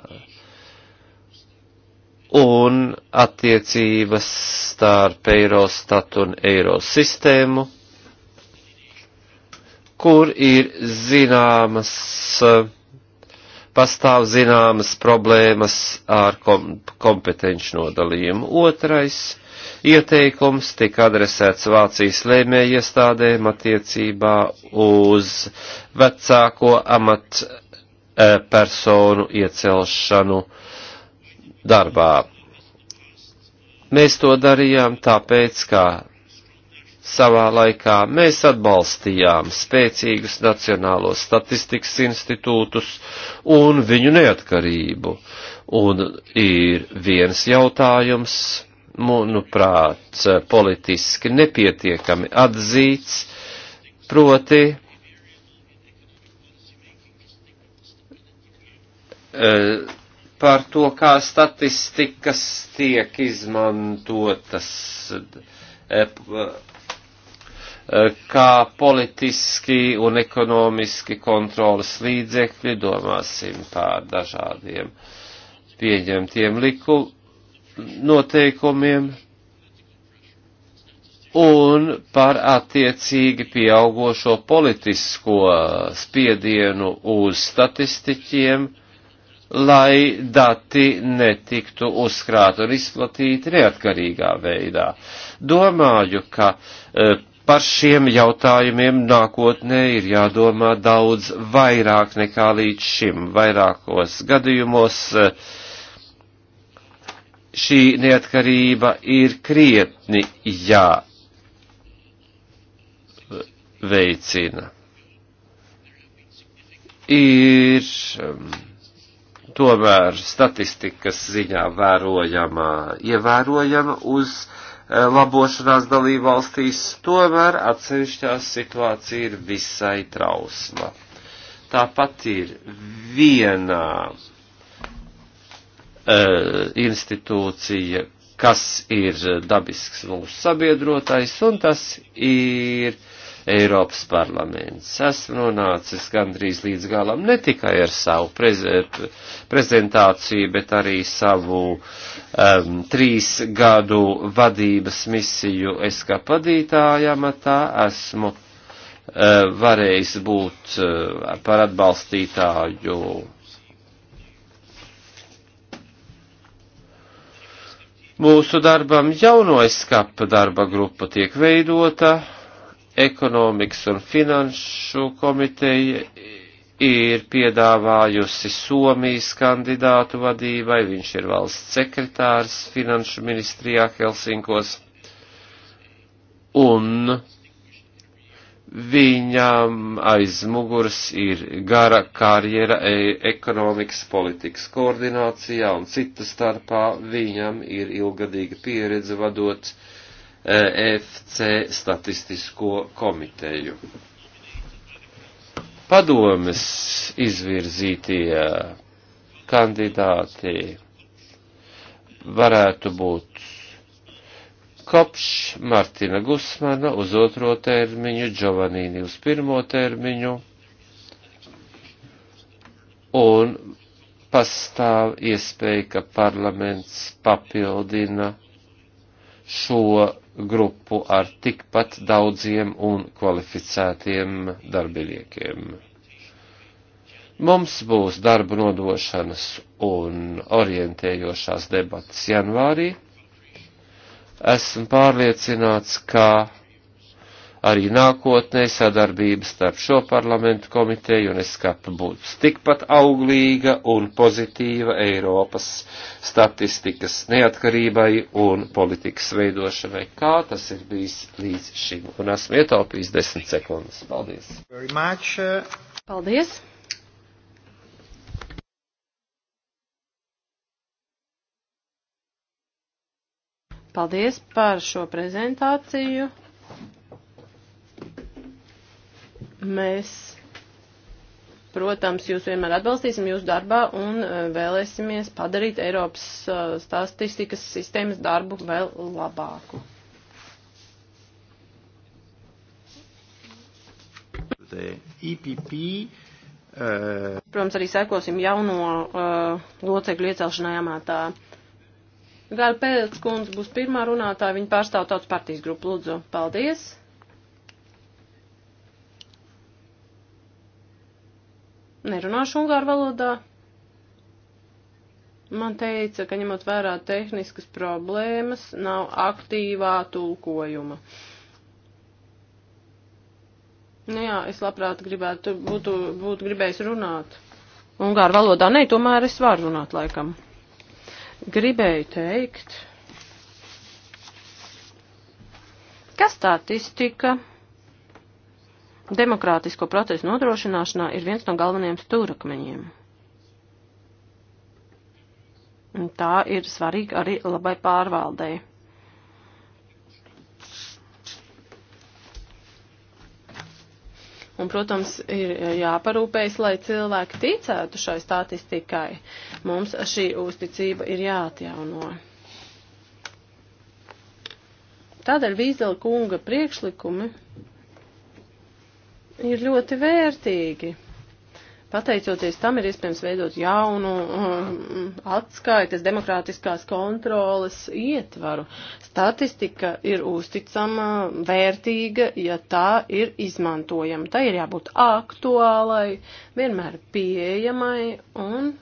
un attiecības starp Eirostat un Eirosistēmu, kur ir zināmas, pastāv zināmas problēmas ar kom kompetenci nodalījumu. Otrais ieteikums tika adresēts Vācijas lēmēja iestādēm attiecībā uz vecāko amatpersonu eh, iecelšanu uh, darbā. Mēs to darījām tāpēc, ka savā laikā mēs atbalstījām spēcīgus nacionālos statistikas institūtus un viņu neatkarību. Un ir viens jautājums, manuprāt, politiski nepietiekami atzīts, proti, uh, par to, kā statistikas tiek izmantotas e, e, kā politiski un ekonomiski kontrolas līdzekļi, domāsim pār dažādiem pieņemtiem likum, noteikumiem un par attiecīgi pieaugošo politisko spiedienu uz statistiķiem, lai dati netiktu uzkrāti un izplatīti neatkarīgā veidā. Domāju, ka e, par šiem jautājumiem nākotnē ir jādomā daudz vairāk nekā līdz šim. Vairākos gadījumos e, šī neatkarība ir krietni jāveicina. Ir um, tomēr statistikas ziņā vērojama, ievērojama uz e, labošanās dalībvalstīs, tomēr atsevišķās situācija ir visai trausla. Tāpat ir vienā uh, e, institūcija, kas ir dabisks mūsu sabiedrotais, un tas ir uh, Eiropas parlaments. Esmu nonācis gandrīz līdz galam ne tikai ar savu preze prezentāciju, bet arī savu um, trīs gadu vadības misiju es kā padītāja matā esmu uh, varējis būt uh, par atbalstītāju Mūsu darbam jauno eskapa darba grupa tiek veidota, ekonomikas un finanšu komiteja ir piedāvājusi Somijas kandidātu vadībai, viņš ir valsts sekretārs finanšu ministrijā Helsinkos, un viņam aiz muguras ir gara karjera e, ekonomikas politikas koordinācijā, un cita starpā viņam ir ilgadīga pieredze vadot uh, FC statistisko komiteju. Padomes izvirzītie kandidāti varētu būt Kopš, Martina Gusmana uz otro termiņu, Giovannini uz pirmo termiņu un pastāv iespēja, ka parlaments papildina šo grupu ar tikpat daudziem un kvalificētiem darbiniekiem. Mums būs darba nodošanas un orientējošās debatas janvārī. Esmu pārliecināts, ka arī nākotnē sadarbības starp šo parlamentu komiteju un es skatu būtu tikpat auglīga un pozitīva Eiropas statistikas neatkarībai un politikas veidošanai, kā tas ir bijis līdz šim. Un esmu ietaupījis desmit sekundes. Paldies! Paldies! Paldies par šo prezentāciju. Mēs, protams, jūs vienmēr atbalstīsim jūsu darbā un e, vēlēsimies padarīt Eiropas e, statistikas sistēmas darbu vēl labāku. EPP. E uh... Protams, arī sekosim jauno uh, locekļu iecelšanai amatā. Gāra Pēdēļas kundze būs pirmā runātāja, viņa pārstāv tautas partijas grupu. Lūdzu, paldies! nerunāšu ungāru valodā. Man teica, ka ņemot vērā tehniskas problēmas, nav aktīvā tulkojuma. Nu jā, es labprāt gribētu, būtu, būtu gribējis runāt. Ungāru valodā, nē, tomēr es varu runāt laikam. Gribēju teikt, ka statistika demokrātisko procesu nodrošināšanā ir viens no galvenajiem stūrakmeņiem. Un tā ir svarīga arī labai pārvaldei. Un, protams, ir jāparūpējas, lai cilvēki ticētu šai statistikai. Mums šī uzticība ir jāatjauno. Tādēļ Vīzela kunga priekšlikumi ir ļoti vērtīgi. Pateicoties tam, ir iespējams veidot jaunu um, atskaites, demokrātiskās kontroles ietvaru. Statistika ir uzticama, vērtīga, ja tā ir izmantojama. Tā ir jābūt aktuālai, vienmēr pieejamai un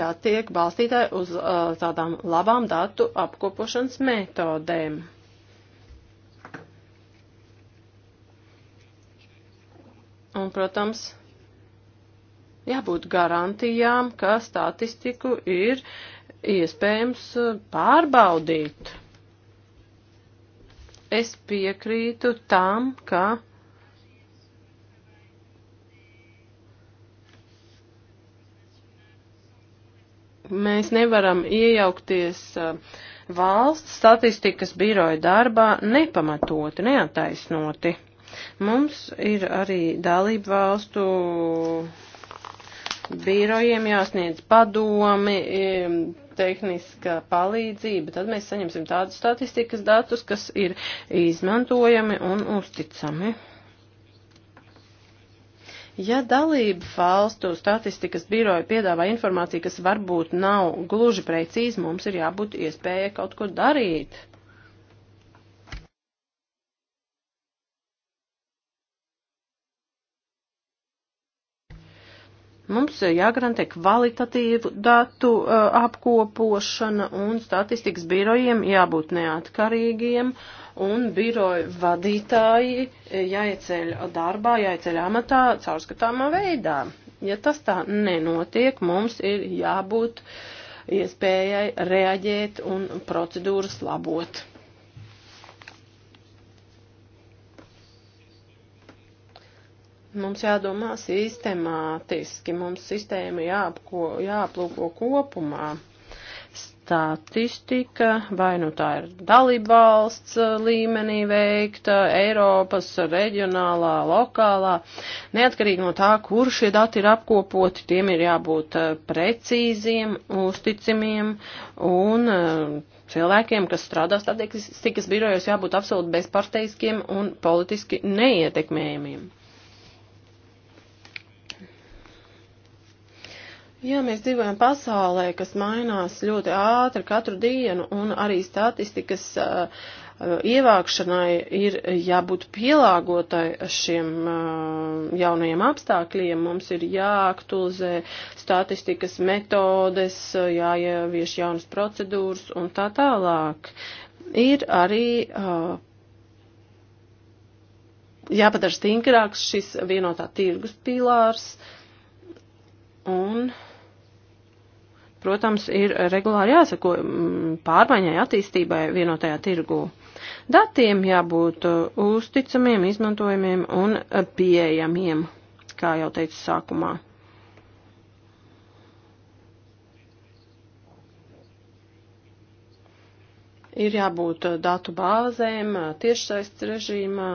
jātiek balstītāji uz uh, tādām labām datu apkopošanas metodēm. Un, protams, jābūt garantijām, ka statistiku ir iespējams uh, pārbaudīt. Es piekrītu tam, ka mēs nevaram iejaukties uh, valsts statistikas biroja darbā nepamatoti, neataisnoti. Mums ir arī dalību valstu birojiem jāsniedz padomi, tehniska palīdzība, tad mēs saņemsim tādus statistikas datus, kas ir izmantojami un uzticami. Ja dalība valstu statistikas biroja piedāvā informāciju, kas varbūt nav gluži precīzi, mums ir jābūt iespēja kaut ko darīt. Mums jāgarantē kvalitatīvu datu apkopošana un statistikas birojiem jābūt neatkarīgiem un biroju vadītāji jāieceļ darbā, jāieceļ amatā caurskatāmā veidā. Ja tas tā nenotiek, mums ir jābūt iespējai reaģēt un procedūras labot. Mums jādomā sistemātiski, mums sistēma jāapko, jāaplūko kopumā. Statistika, vai nu tā ir dalībvalsts uh, līmenī veikta, Eiropas, reģionālā, lokālā, neatkarīgi no tā, kur šie dati ir apkopoti, tiem ir jābūt uh, precīziem, uzticamiem un uh, cilvēkiem, kas strādā statistikas birojos, jābūt absolūti bezparteiskiem un politiski neietekmējumiem. Jā, mēs dzīvojam pasaulē, kas mainās ļoti ātri katru dienu, un arī statistikas uh, ievākšanai ir jābūt pielāgotai šiem uh, jaunajiem apstākļiem. Mums ir jāaktualizē statistikas metodes, jāievieš jaunas procedūras un tā tālāk. Ir arī uh, jāpadara stingrāks šis vienotā tirgus pilārs un. Uh, protams, ir regulāri jāsako mm, pārmaiņai, attīstībai vienotajā tirgū. Datiem jābūt uh, uzticamiem, izmantojamiem un uh, pieejamiem, kā jau teicu sākumā. Ir jābūt uh, datu bāzēm, tiešsaistes režīmā.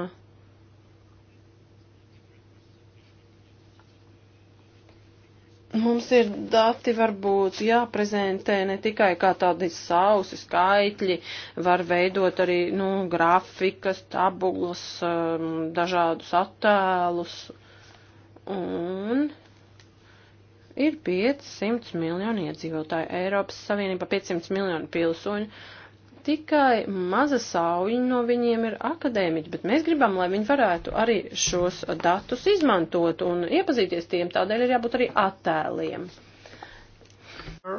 Mums ir dati varbūt jāprezentē ne tikai kā tādi sausi skaitļi, var veidot arī, nu, grafikas, tabulas, um, dažādus attēlus. Un ir 500 miljoni iedzīvotāji Eiropas Savienība, 500 miljoni pilsoņu tikai maza saujiņa no viņiem ir akadēmiķi, bet mēs gribam, lai viņi varētu arī šos datus izmantot un iepazīties tiem, tādēļ ir jābūt arī attēliem. The...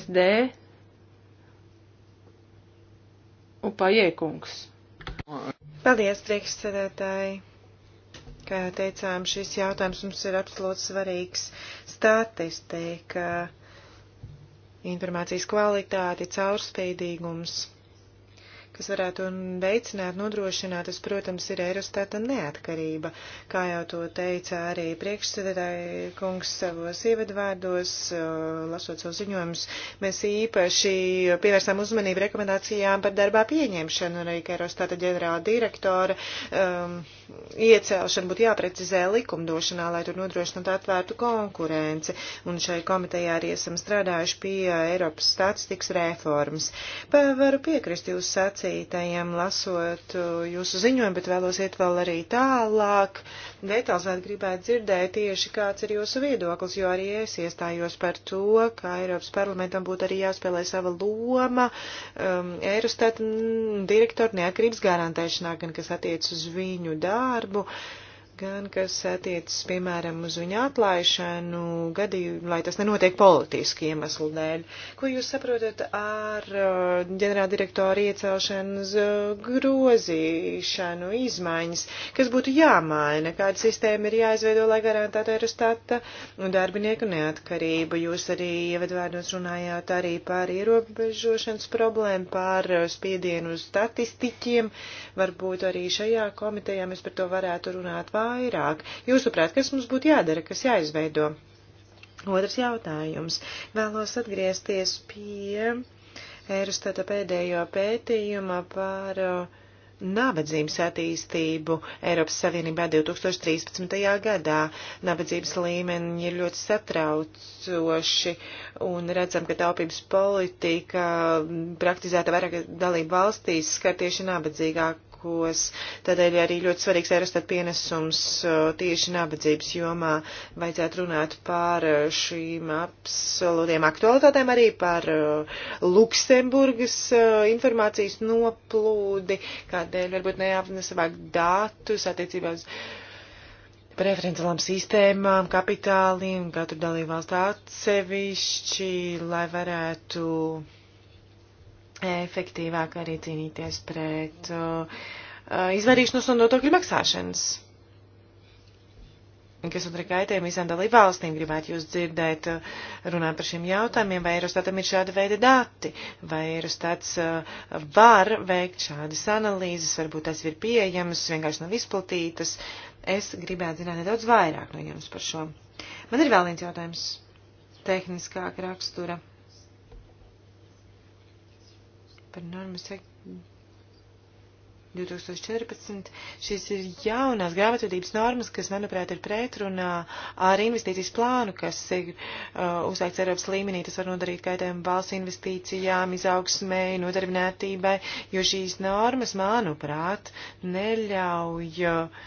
SD Upajiekungs. Paldies, priekšsēdētāji! Kā jau teicām, šis jautājums mums ir absolūti svarīgs. Statistika. Uh, informācijas kvalitāti, caurspīdīgums kas varētu veicināt, nodrošināt, tas, protams, ir Eirostata neatkarība. Kā jau to teica arī priekšsēdētāji kungs savos ievadvārdos, lasot savu ziņojumus, mēs īpaši pievērsām uzmanību rekomendācijām par darbā pieņemšanu, un arī, ka Eirostata ģenerāla direktora um, iecelšana būtu jāprecizē likumdošanā, lai tur nodrošinātu atvērtu konkurenci, un šai komitejā arī esam strādājuši pie Eiropas statistikas reformas. Pa, varu piekrist jūs sacīt vadītājiem lasot uh, jūsu ziņojumu, bet vēlos iet vēl arī tālāk. Detalizēt gribētu dzirdēt tieši, kāds ir jūsu viedoklis, jo arī es iestājos par to, ka Eiropas parlamentam būtu arī jāspēlē sava loma um, Eirostat mm, direktoru neatkarības garantēšanā, gan kas attiec uz viņu darbu. Uh, gan kas attiecas, piemēram, uz viņa atlaišanu gadījumu, lai tas nenotiek politiski iemeslu dēļ. Ko jūs saprotat ar uh, ģenerāldirektoru iecelšanas uh, grozīšanu, izmaiņas, kas būtu jāmaina, kāda sistēma ir jāizveido, lai garantētu aerostata un darbinieku neatkarību. Jūs arī ievadvārdos runājāt arī par ierobežošanas problēmu, par uh, spiedienu uz statistiķiem. Varbūt arī šajā komitejā mēs par to varētu runāt vēl vairāk. Jūsuprāt, kas mums būtu jādara, kas jāizveido? Otrs jautājums. Vēlos atgriezties pie Ērustata pēdējo pētījuma par uh, nabadzības attīstību Eiropas Savienībā 2013. gadā. Nabadzības līmeņi ir ļoti satraucoši un redzam, ka taupības politika praktizēta vairāk dalību valstīs skar tieši nabadzīgāk spēkos. Tādēļ arī ļoti svarīgs Eurostat pienesums tieši nabadzības jomā. Vajadzētu runāt par šīm absolūtiem aktualitātēm, arī par Luksemburgas informācijas noplūdi, kādēļ varbūt neapnesavāk datus attiecībā uz preferenciālām sistēmām, kapitāliem, katru dalībvalstu atsevišķi, lai varētu efektīvāk arī cīnīties pret uh, uh, izvairīšanos no nodokļu maksāšanas. Kas otrā kaitējuma visām dalību valstīm gribētu jūs dzirdēt uh, runāt par šiem jautājumiem, vai Eurostatam ir šāda veida dati, vai Eurostats uh, var veikt šādas analīzes, varbūt tās ir pieejamas, vienkārši nav izplatītas. Es gribētu zināt nedaudz vairāk no jums par šo. Man ir vēl viens jautājums tehniskāka rakstura par normas 2014. Šīs ir jaunās grāmatvedības normas, kas, manuprāt, ir pretrunā ar investīcijas plānu, kas ir uh, uzsākts Eiropas līmenī. Tas var nodarīt kaitējumu valsts investīcijām, izaugsmēji, nodarbinātībai, jo šīs normas, manuprāt, neļauj uh,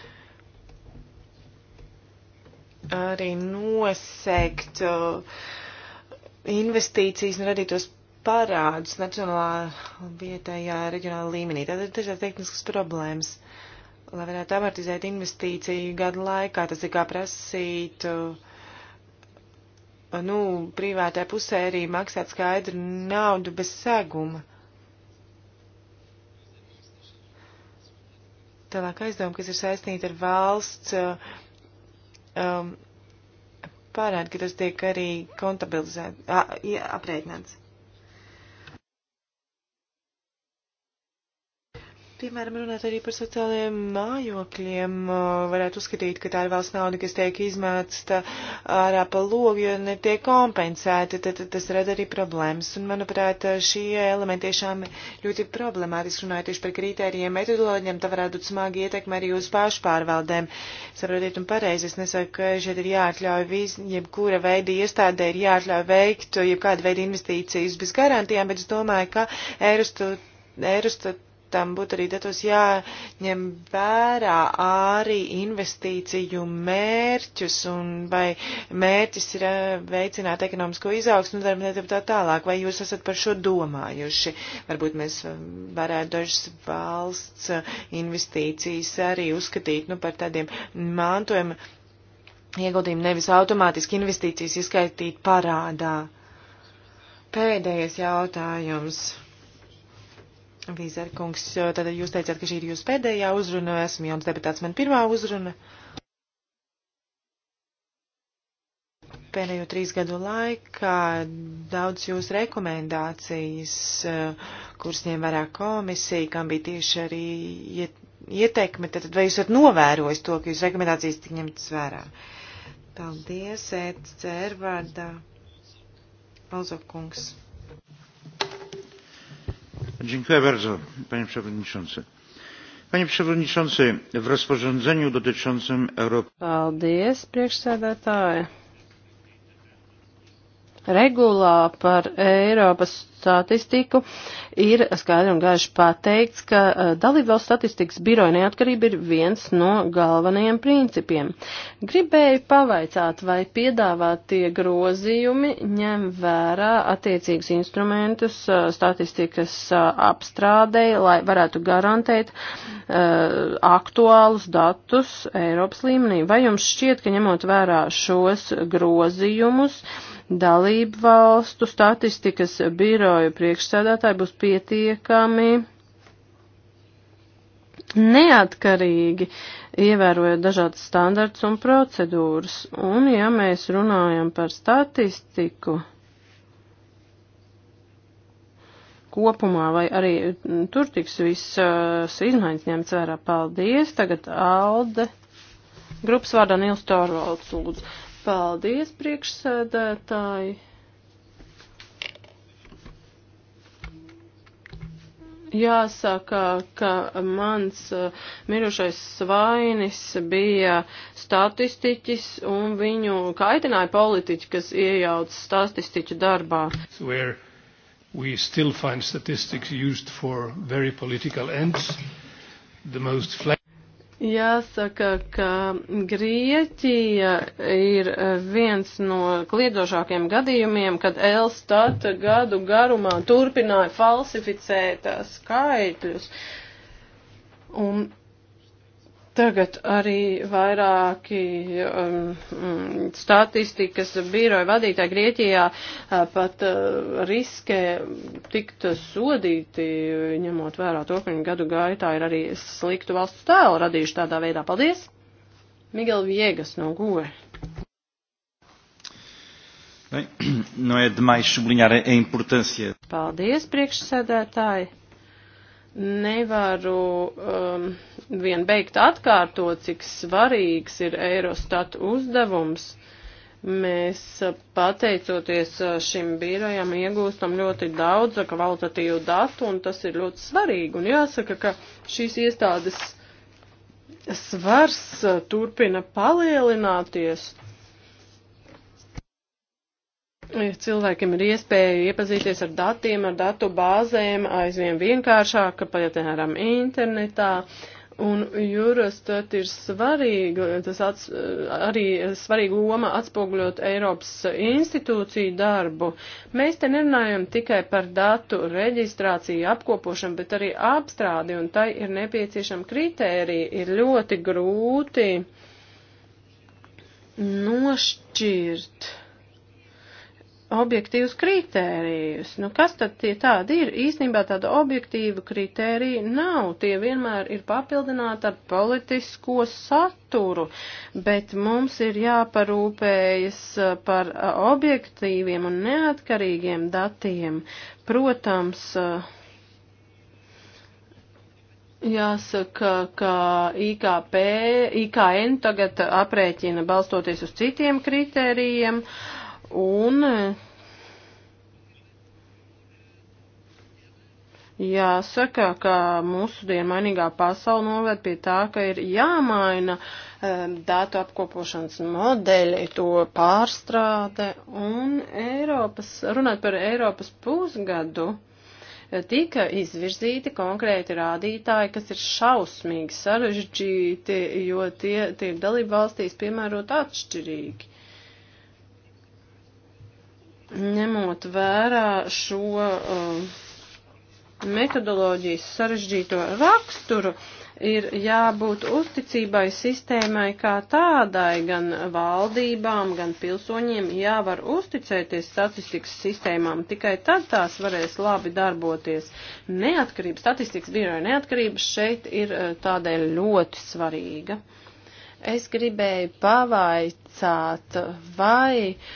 arī nosegt uh, investīcijas un radītos parādus nacionālā vietējā reģionāla līmenī. Tad ir dažādas tehniskas problēmas. Lai varētu amortizēt investīciju gadu laikā, tas ir kā prasīt, uh, nu, privātā pusē arī maksāt skaidru naudu bez seguma. Tālāk aizdevumi, kas ir saistīti ar valsts uh, um, parādu, ka tas tiek arī kontabilizēts, aprēķināts. Piemēram, runāt arī par sociālajiem mājokļiem. Varētu uzskatīt, ka tā ir valsts nauda, kas tiek izmēsta ārā pa logu, jo netiek kompensēta. Tad tas rada arī problēmas. Un, manuprāt, šie elementi tiešām ļoti problemātiski runājot tieši par kritērijiem, metodoloģiem. Tā varētu būt smagi ietekme arī uz pašpārvaldēm. Saprotiet, un pareizi es nesaku, ka šeit ir jāatļauj vis, jebkura veida iestādē ir jāatļauj veikt jebkāda veida investīcijas bez garantijām, bet es domāju, ka Eurostat tam būtu arī datos jāņem vērā arī investīciju mērķus un vai mērķis ir eh, veicināt ekonomisko izaugsmu, darbiniet tā tālāk, vai jūs esat par šo domājuši. Varbūt mēs eh, varētu dažas valsts eh, investīcijas arī uzskatīt nu, par tādiem mantojuma ieguldījumu, nevis automātiski investīcijas izskaitīt parādā. Pēdējais jautājums Vīzerkungs, tad jūs teicāt, ka šī ir jūsu pēdējā uzruna, esmu jauns deputāts, man pirmā uzruna. Pēdējo trīs gadu laikā daudz jūs rekomendācijas, kuras ņem vērā komisija, kam bija tieši arī ieteikumi, tad vai jūs esat novērojis to, ka jūs rekomendācijas tik ņemtas vērā? Paldies, Ed Cervarda, Alzokungs. Dziękuję bardzo, panie przewodniczący. Panie przewodniczący, w rozporządzeniu dotyczącym Europy. Paldies, priekšsēdētāji. Regulā par Eiropas statistiku, ir skaidri un gaiši pateikts, ka eh, dalībvalsts statistikas biroja neatkarība ir viens no galvenajiem principiem. Gribēju pavaicāt, vai piedāvātie grozījumi ņem vērā attiecīgus instrumentus eh, statistikas eh, apstrādei, lai varētu garantēt uh, aktuālus datus Eiropas līmenī. Vai jums šķiet, ka ņemot vērā šos grozījumus, dalību valstu statistikas biro biroju priekšsēdētāji būs pietiekami neatkarīgi, ievērojot dažādas standarts un procedūras. Un, ja mēs runājam par statistiku kopumā, vai arī tur tiks visas eh, izmaiņas ņemts vērā, paldies. Tagad Alde, grupas vārdā Nils Torvalds lūdzu. Paldies, priekšsēdētāji. Jāsaka, ka mans eh, mirušais svainis bija statistiķis un viņu kaitināja politiķi, kas iejauc statistiķu darbā. Where we still find statistics used for very political ends. The most flag Jāsaka, ka Grieķija ir viens no kliedošākiem gadījumiem, kad Elstat gadu garumā turpināja falsificēt skaitļus. Un Tagad arī vairāki um, mm, statistikas biroja vadītāji Grieķijā uh, pat uh, riskē tikt sodīti, ņemot vērā to, ka viņi gadu gaitā ir arī sliktu valsts tēlu radījuši tādā veidā. Paldies! Miguel Viegas no Goe. Não é demais sublinhar a importância. Paldies, priekšsēdētāji nevaru um, vien beigt atkārtot, cik svarīgs ir Eurostat uzdevums. Mēs, uh, pateicoties uh, šim birojam, iegūstam ļoti daudz uh, kvalitatīvu datu, un tas ir ļoti svarīgi. Un jāsaka, ka šīs iestādes svars turpina palielināties, Cilvēkiem ir iespēja iepazīties ar datiem, ar datu bāzēm aizvien vienkāršāk, piemēram, internetā. Un Eurostat ir svarīga, tas ats, arī svarīga loma atspoguļot Eiropas institūciju darbu. Mēs te nerunājam tikai par datu reģistrāciju, apkopošanu, bet arī apstrādi, un tai ir nepieciešama kritērija. Ir ļoti grūti nošķirt objektīvus kritērijus. Nu, kas tad tie tādi ir? Īstenībā tāda objektīva kritērija nav. Tie vienmēr ir papildināti ar politisko saturu, bet mums ir jāparūpējas uh, par uh, objektīviem un neatkarīgiem datiem. Protams, uh, Jāsaka, ka IKP, IKN tagad aprēķina balstoties uz citiem kritērijiem, uh, Un jāsaka, ka mūsu dienu mainīgā pasaule noved pie tā, ka ir jāmaina um, datu apkopošanas modeļi, to pārstrāde un Eiropas, runāt par Eiropas pusgadu eh, tika izvirzīti konkrēti rādītāji, kas ir šausmīgi sarežģīti, jo tie tiek dalību valstīs piemērot atšķirīgi ņemot vērā šo uh, metodoloģijas sarežģīto raksturu, ir jābūt uzticībai sistēmai kā tādai, gan valdībām, gan pilsoņiem jāvar uzticēties statistikas sistēmām, tikai tad tās varēs labi darboties. Neatkarība, statistikas biroja neatkarība šeit ir uh, tādēļ ļoti svarīga. Es gribēju pavaicāt, vai uh,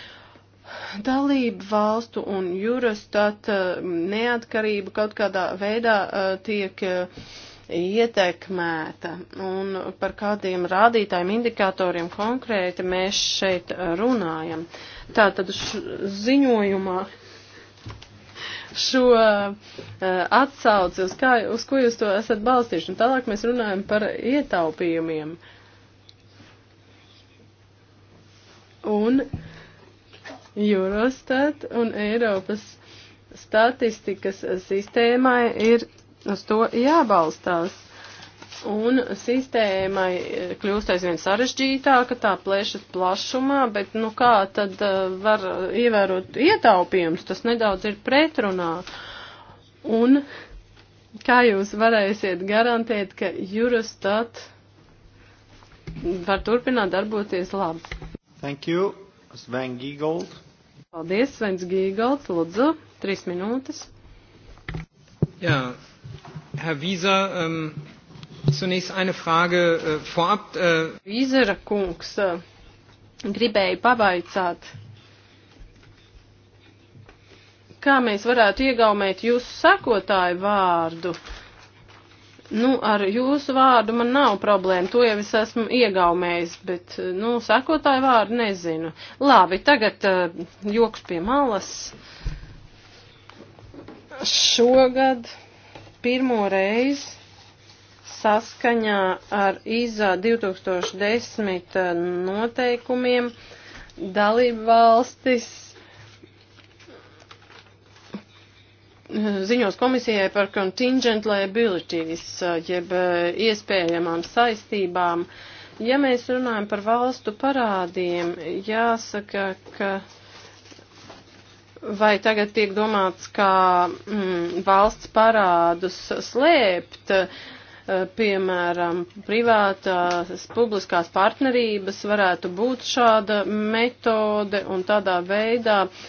dalību valstu un jurastat eh, neatkarība kaut kādā veidā eh, tiek eh, ietekmēta un par kādiem rādītājiem, indikatoriem konkrēti mēs šeit runājam. Tātad ziņojumā šo atsauci, uz, kā, uz ko jūs to esat balstījuši, un tālāk mēs runājam par ietaupījumiem. Un uh, Eurostat un Eiropas statistikas sistēmai ir uz to jābalstās. Un sistēmai kļūst aizvien sarežģītāka, tā plēšas plašumā, bet nu kā tad eh, var ievērot ietaupījums, tas nedaudz ir pretrunā. Un kā jūs varēsiet garantēt, ka Eurostat var turpināt darboties labi? Thank you. Sven Giegold. Paldies, Svens Gīgalds, lūdzu, trīs minūtes. Jā, Herr Vīza, um, ähm, zunächst eine Frage uh, vorab. Uh... Äh, Vīzera kungs uh, gribēja pavaicāt, kā mēs varētu iegaumēt jūsu sekotāju vārdu. Uh, Nu, ar jūsu vārdu man nav problēma, to jau es esmu iegaumējis, bet, eh, nu, sakotāju vārdu nezinu. Labi, tagad uh, joks pie malas. Šogad pirmo reizi saskaņā ar IZA 2010 eh, noteikumiem dalību valstis ziņos komisijai par contingent liabilities, uh, jeb uh, iespējamām saistībām. Ja mēs runājam par valstu parādiem, jāsaka, ka vai tagad tiek domāts, kā mm, valsts parādus slēpt, uh, piemēram, privātās publiskās partnerības varētu būt šāda metode un tādā veidā uh,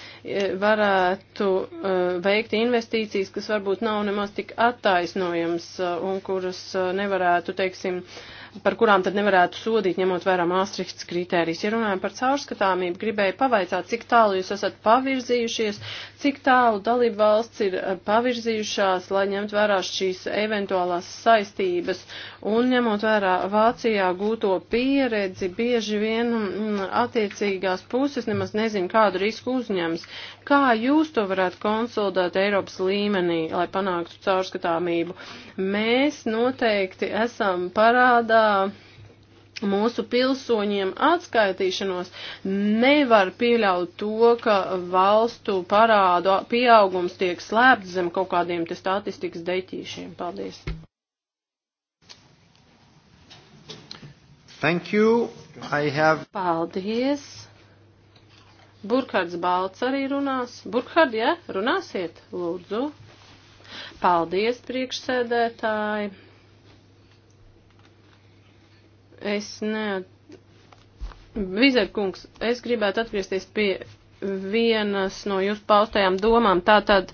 varētu uh, veikt investīcijas, kas varbūt nav nemaz tik attaisnojams uh, un kuras uh, nevarētu, teiksim, uh, par kurām tad nevarētu sodīt, ņemot vērā Māstrihts kritērijas. Ja runājam par caurskatāmību, gribēju pavaicāt, cik tālu jūs esat pavirzījušies, cik tālu dalību valsts ir eh, pavirzījušās, lai ņemt vērā šīs eventuālās saistības. Un ņemot vērā Vācijā gūto pieredzi, bieži vien mm, attiecīgās puses nemaz nezin, kādu risku uzņems. Kā jūs to varētu konsolidēt Eiropas līmenī, lai panāktu caurskatāmību? Mēs noteikti esam parādā mūsu pilsoņiem atskaitīšanos nevar pieļaut to, ka valstu parādu pieaugums tiek slēpts zem kaut kādiem te statistikas deķīšiem. Paldies. Thank you. I have... Paldies. Burkhards Balts arī runās. Burkhard, jā, ja? runāsiet, lūdzu. Paldies, priekšsēdētāji. Es ne... Vizerkungs, es gribētu atgriezties pie vienas no jūsu paustajām domām. Tātad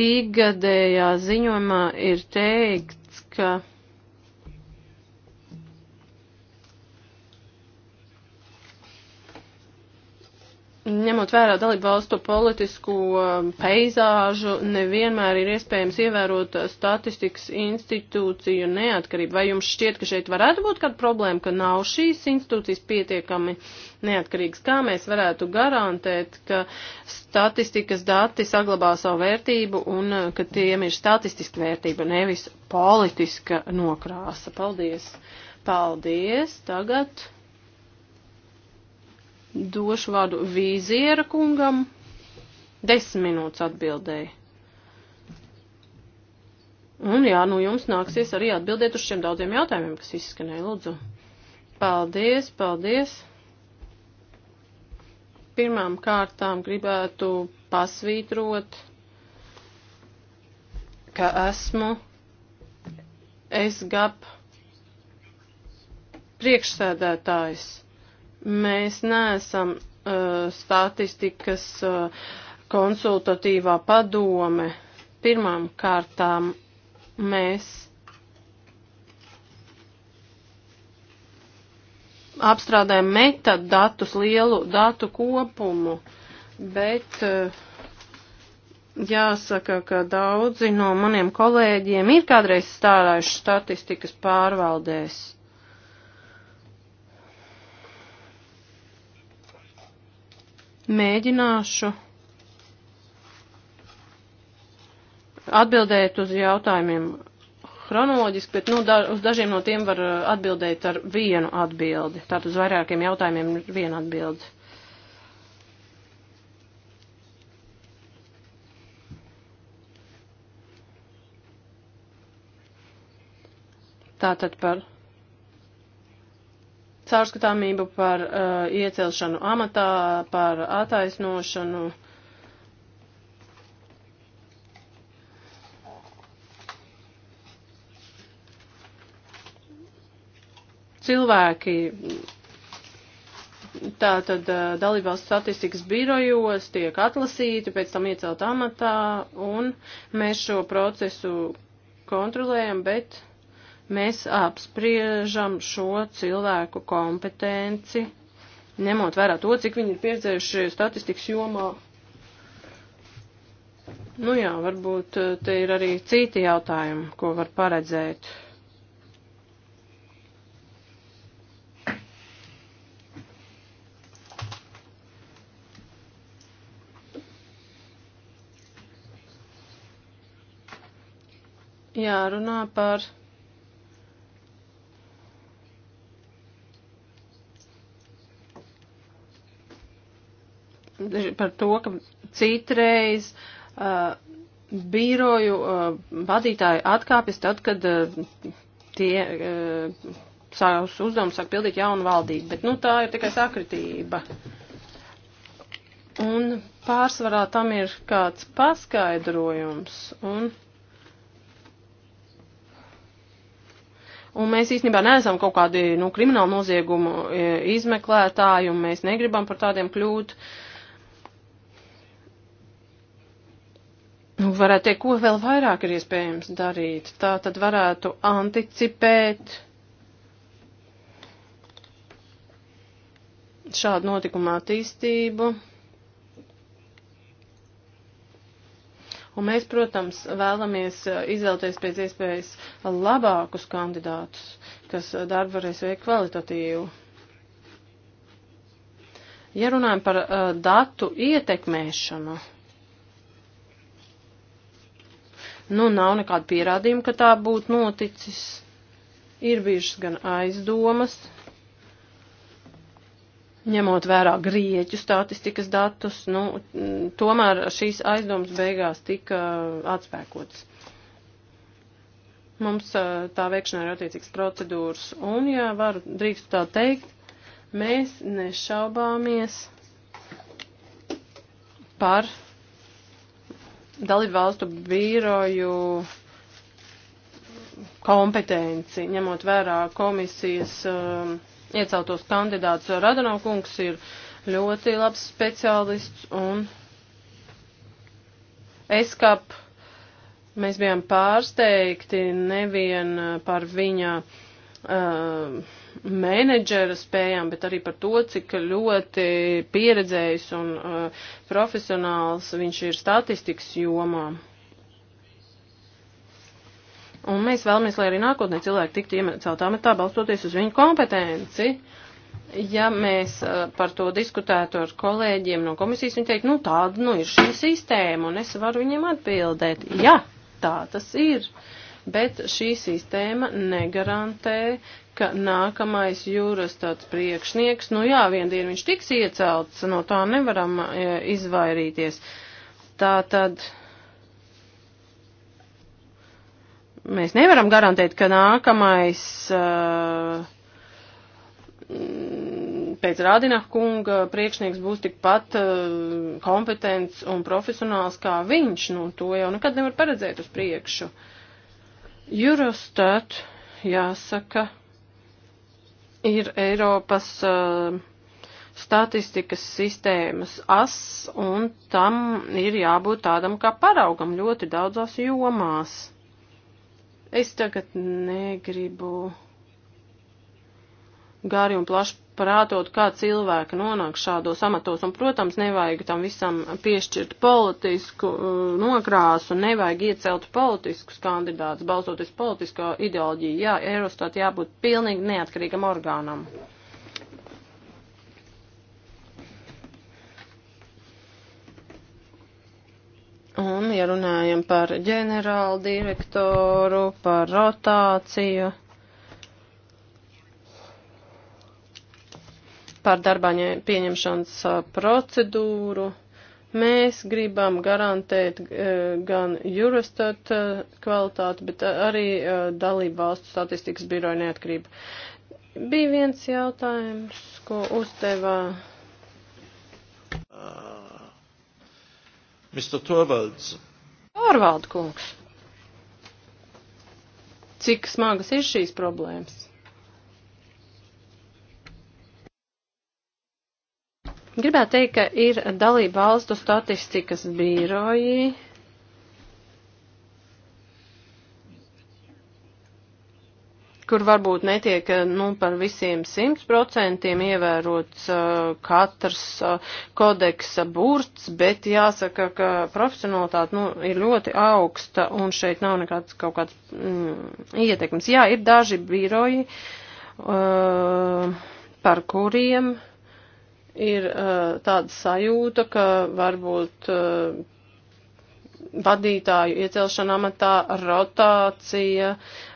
īgadējā ziņojumā ir teikts, ka. ņemot vērā dalību valstu politisko um, peizāžu, nevienmēr ir iespējams ievērot uh, statistikas institūciju neatkarību. Vai jums šķiet, ka šeit varētu būt kāda problēma, ka nav šīs institūcijas pietiekami neatkarīgas? Kā mēs varētu garantēt, ka statistikas dati saglabā savu vērtību un uh, ka tiem ir statistiska vērtība, nevis politiska nokrāsa? Paldies! Paldies! Tagad Došu vārdu vīziera kungam. Desmit minūtes atbildēja. Un jā, nu jums nāksies arī atbildēt uz šiem daudziem jautājumiem, kas izskanēja, lūdzu. Paldies, paldies. Pirmām kārtām gribētu pasvītrot, ka esmu SGAP priekšsēdētājs. Mēs neesam uh, statistikas uh, konsultatīvā padome. Pirmām kārtām mēs apstrādājam metadatus, lielu datu kopumu, bet uh, jāsaka, ka daudzi no maniem kolēģiem ir kādreiz strādājuši statistikas pārvaldēs. Mēģināšu atbildēt uz jautājumiem chronoloģiski, bet nu, da, uz dažiem no tiem var uh, atbildēt ar vienu atbildi. Tātad uz vairākiem jautājumiem ir viena atbildi. Tātad par caurskatāmību par uh, iecelšanu amatā, par attaisnošanu. Cilvēki tātad uh, dalībvalsts statistikas birojos tiek atlasīti, pēc tam iecelt amatā, un mēs šo procesu kontrolējam, bet mēs apspriežam šo cilvēku kompetenci, ņemot vērā to, cik viņi ir pieredzējuši statistikas jomā. Nu jā, varbūt eh, te ir arī citi jautājumi, ko var paredzēt. Jārunā par par to, ka citreiz uh, bīroju uh, vadītāji atkāpjas tad, kad uh, tie uh, savus uzdevumus sāk pildīt jaunu valdību, bet nu tā ir tikai sakritība. Un pārsvarā tam ir kāds paskaidrojums. Un Un mēs īstenībā neesam kaut kādi nu, kriminālu noziegumu e, izmeklētāji, un mēs negribam par tādiem kļūt. Uh, Nu, varētu teikt, ko vēl vairāk ir iespējams darīt. Tā tad varētu anticipēt šādu notikumu attīstību. Un mēs, protams, vēlamies uh, izvēlēties pēc iespējas labākus kandidātus, kas uh, darbu varēs veikt kvalitatīvu. Ja runājam par uh, datu ietekmēšanu, Nu, nav nekāda pierādījuma, ka tā būtu noticis. Ir bijušas gan aizdomas, ņemot vērā grieķu statistikas datus, nu, tomēr šīs aizdomas beigās tika atspēkotas. Mums tā veikšanā ir attiecīgs procedūras, un, ja varu drīkstu tā teikt, mēs nešaubāmies par dalību valstu bīroju kompetenci, ņemot vērā komisijas um, ieceltos kandidātus. Radanov kungs ir ļoti labs speciālists un es kāp, mēs bijām pārsteigti nevien par viņa uh, uh, menedžera spējām, bet arī par to, cik ļoti pieredzējis un uh, profesionāls viņš ir statistikas jomā. Un mēs vēlamies, lai arī nākotnē cilvēki tiktu iemecelt amatā, balstoties uz viņu kompetenci. Ja mēs uh, par to diskutētu ar kolēģiem no komisijas, viņi teikt, nu tāda, nu ir šī sistēma, un es varu viņiem atbildēt, jā, tā tas ir. Uh, bet šī sistēma negarantē, ka nākamais jūras tāds priekšnieks, nu jā, vien dienu viņš tiks iecelts, no tā nevaram e, izvairīties. Tā tad mēs nevaram garantēt, ka nākamais uh, pēc Rādinah kunga priekšnieks būs tikpat uh, kompetents un profesionāls kā viņš, nu to jau nekad nevar paredzēt uz priekšu. Uh, Eurostat, jāsaka, ir Eiropas uh, statistikas sistēmas as, un tam ir jābūt tādam kā paraugam ļoti daudzās jomās. Es tagad negribu gāri un plaši prātot, kā cilvēki nonāk šādos amatos. Un, protams, nevajag tam visam piešķirt politisku uh, nokrāsu, nevajag iecelt politiskus kandidātus, balstoties politiskā ideoloģija. Jā, Eurostat jābūt pilnīgi neatkarīgam orgānam. Un, ja runājam par ģenerālu direktoru, par rotāciju. par darbā pieņemšanas procedūru. Mēs gribam garantēt gan Eurostat kvalitāti, bet arī dalību valstu statistikas biroja neatkarību. Bija viens jautājums, ko uzdevā. Uh, Mr. Torvalds. Torvald kungs. Cik smagas ir šīs problēmas? Gribētu teikt, ka ir dalība valstu statistikas bīroji. kur varbūt netiek nu, par visiem simt procentiem ievērots uh, katrs uh, kodeksa burts, bet jāsaka, ka profesionalitāte nu, ir ļoti augsta un šeit nav nekāds kaut kāds mm, ietekmes. Jā, ir daži biroji, uh, par kuriem. Uh, ir uh, tāda sajūta, ka varbūt uh, vadītāju iecelšana amatā, rotācija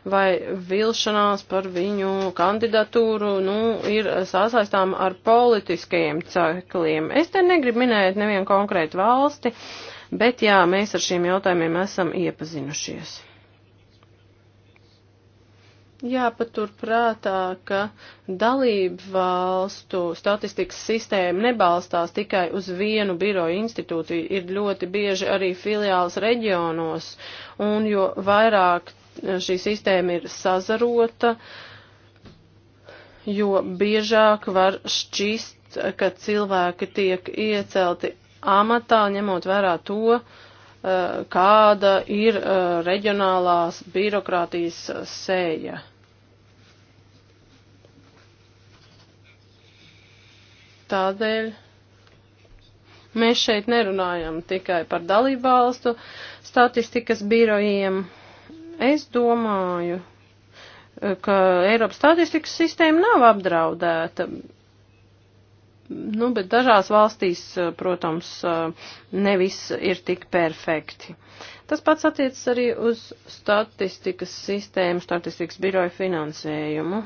vai vilšanās par viņu kandidatūru, nu, ir sasaistām ar politiskajiem cekliem. Es te negribu minēt nevienu konkrētu valsti, bet jā, mēs ar šiem jautājumiem esam iepazinušies. Jāpatur prātā, ka dalību valstu statistikas sistēma nebalstās tikai uz vienu biroju institūciju, ir ļoti bieži arī filiāls reģionos, un jo vairāk e, šī sistēma ir sazarota, jo biežāk var šķist, ka cilvēki tiek iecelti amatā, ņemot vērā to, uh, Eh, kāda ir eh, reģionālās birokrātijas sēja. Tādēļ mēs šeit nerunājam tikai par dalībvalstu statistikas birojiem. Es domāju, eh, ka Eiropas statistikas sistēma nav apdraudēta, Nu, bet dažās valstīs, eh, protams, eh, nevis ir tik perfekti. Tas pats attiecas arī uz statistikas sistēmu, statistikas biroju finansējumu.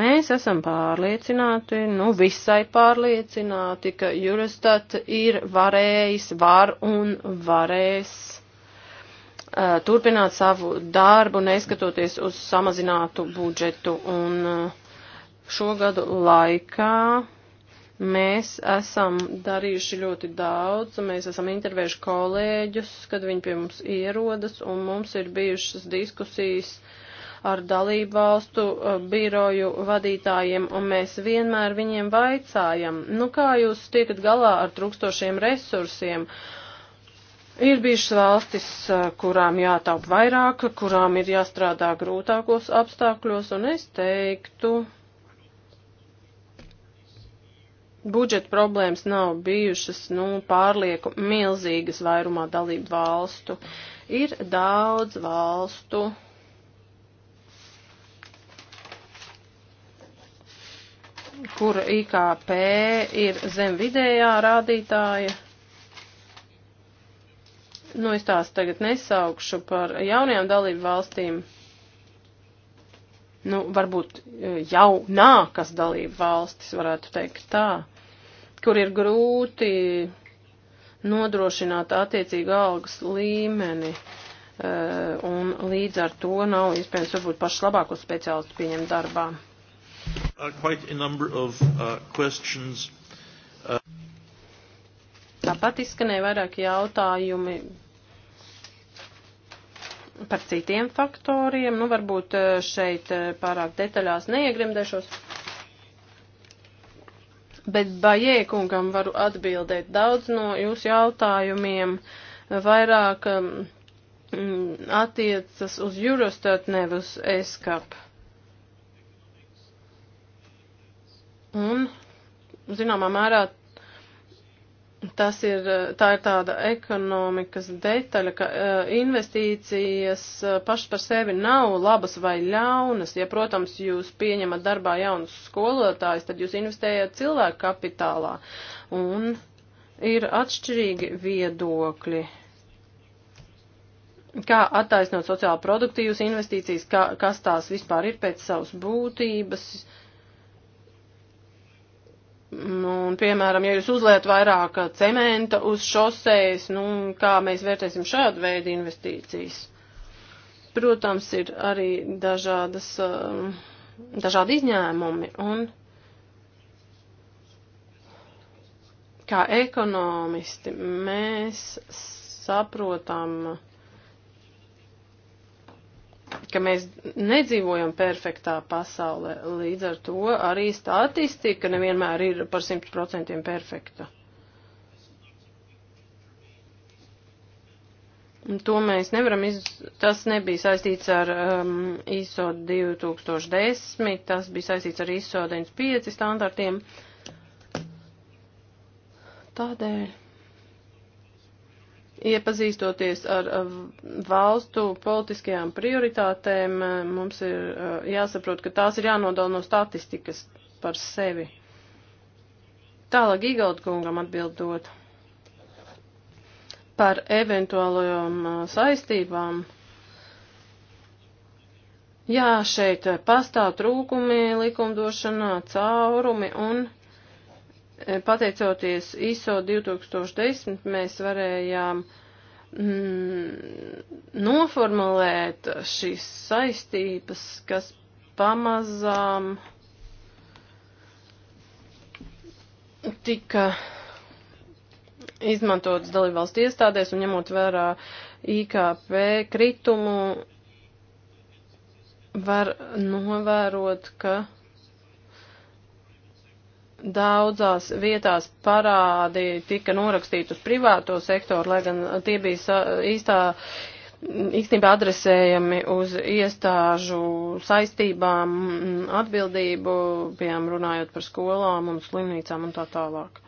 Mēs esam pārliecināti, nu visai pārliecināti, ka Jurastat ir varējis, var un varēs uh, turpināt savu darbu, neskatoties uz samazinātu budžetu un uh, šo gadu laikā mēs esam darījuši ļoti daudz, mēs esam intervējuši kolēģus, kad viņi pie mums ierodas, un mums ir bijušas diskusijas ar dalību valstu uh, biroju vadītājiem, un mēs vienmēr viņiem vaicājam, nu kā jūs tiekat galā ar trūkstošiem resursiem, Ir bijušas valstis, uh, kurām jātaup vairāk, kurām ir jāstrādā grūtākos apstākļos, un es teiktu, budžeta problēmas nav bijušas nu, pārlieku milzīgas vairumā dalību valstu. Ir daudz valstu. kur IKP ir zem vidējā rādītāja. Nu, es tās tagad nesaukšu par jaunajām dalību valstīm, nu, varbūt e, jaunākas dalību valstis, varētu teikt tā kur ir grūti nodrošināt attiecīgu algas līmeni, eh, un līdz ar to nav iespējams varbūt pašus labākos speciālistus pieņemt darbā. Uh, of, uh, uh... Tāpat izskanēja vairāk jautājumi par citiem faktoriem. Nu, varbūt eh, šeit eh, pārāk detaļās neiegrimdēšos bet Bajēkungam varu atbildēt daudz no jūsu jautājumiem, vairāk um, mm, attiecas uz Eurostat, nevis ESCAP. Un, zināmā mērā, Tas ir, eh, tā ir tāda ekonomikas detaļa, ka eh, investīcijas eh, pašas par sevi nav labas vai ļaunas. Ja, protams, jūs pieņemat darbā jaunus skolotājus, tad jūs investējat cilvēku kapitālā. Un ir atšķirīgi viedokļi kā attaisnot sociāli produktīvas investīcijas, kā, kas tās vispār ir pēc savas būtības, uh, Nu, un, piemēram, ja jūs uzliet vairāk cementa uz šosejas, nu, kā mēs vērtēsim šādu veidu investīcijas? Protams, ir arī dažādas, eh, dažādi izņēmumi, un kā ekonomisti mēs saprotam, ka mēs nedzīvojam perfektā pasaulē. Līdz ar to arī statistika nevienmēr ir par 100% perfekta. Un to mēs nevaram, iz... tas nebija saistīts ar um, ISO 2010, tas bija saistīts ar ISO 95 standartiem. Tādēļ Iepazīstoties ar eh, valstu politiskajām prioritātēm, eh, mums ir eh, jāsaprot, ka tās ir jānodala no statistikas par sevi. Tālāk Igaldkungam atbildot par eventuālajām saistībām. Jā, šeit pastāv trūkumi likumdošanā, caurumi un Eh, pateicoties ISO 2010, mēs varējām mm, noformulēt šīs saistības, kas pamazām tika izmantotas dalībvalstu iestādēs un ņemot vērā IKP kritumu, var novērot, ka daudzās vietās parādi tika norakstīti uz privāto sektoru, lai gan tie bija īstā, īstenībā adresējami uz iestāžu saistībām, atbildību, piemēram, runājot par skolām un slimnīcām un tā tālāk.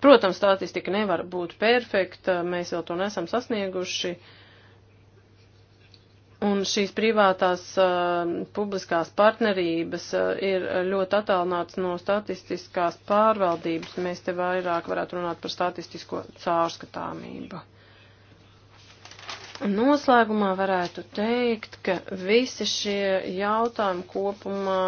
Protams, statistika nevar būt perfekta, mēs vēl to nesam sasnieguši. Uh, Un šīs privātās uh, publiskās partnerības uh, ir ļoti attālināts no statistiskās pārvaldības. Mēs te vairāk varētu runāt par statistisko cārskatāmību. Noslēgumā varētu teikt, ka visi šie jautājumi kopumā,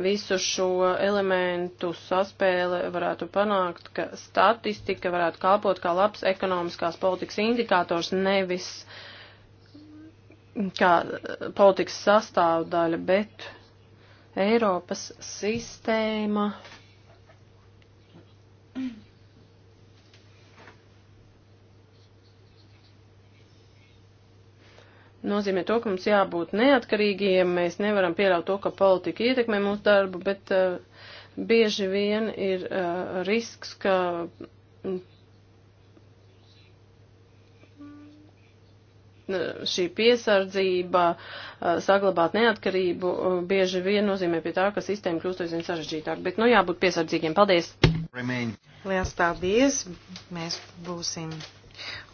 visu šo elementu saspēle varētu panākt, ka statistika varētu kalpot kā labs ekonomiskās politikas indikators, nevis uh, kā eh, politikas sastāvdaļa, bet Eiropas sistēma. nozīmē to, ka mums jābūt neatkarīgiem, mēs nevaram pieļaut to, ka politika ietekmē mūsu darbu, bet uh, bieži vien ir uh, risks, ka šī piesardzība, eh, saglabāt neatkarību, eh, bieži vien nozīmē pie tā, ka sistēma kļūst aizvien sarežģītāk. Bet, nu, jābūt piesardzīgiem. Paldies! Remain. Liels paldies! Mēs būsim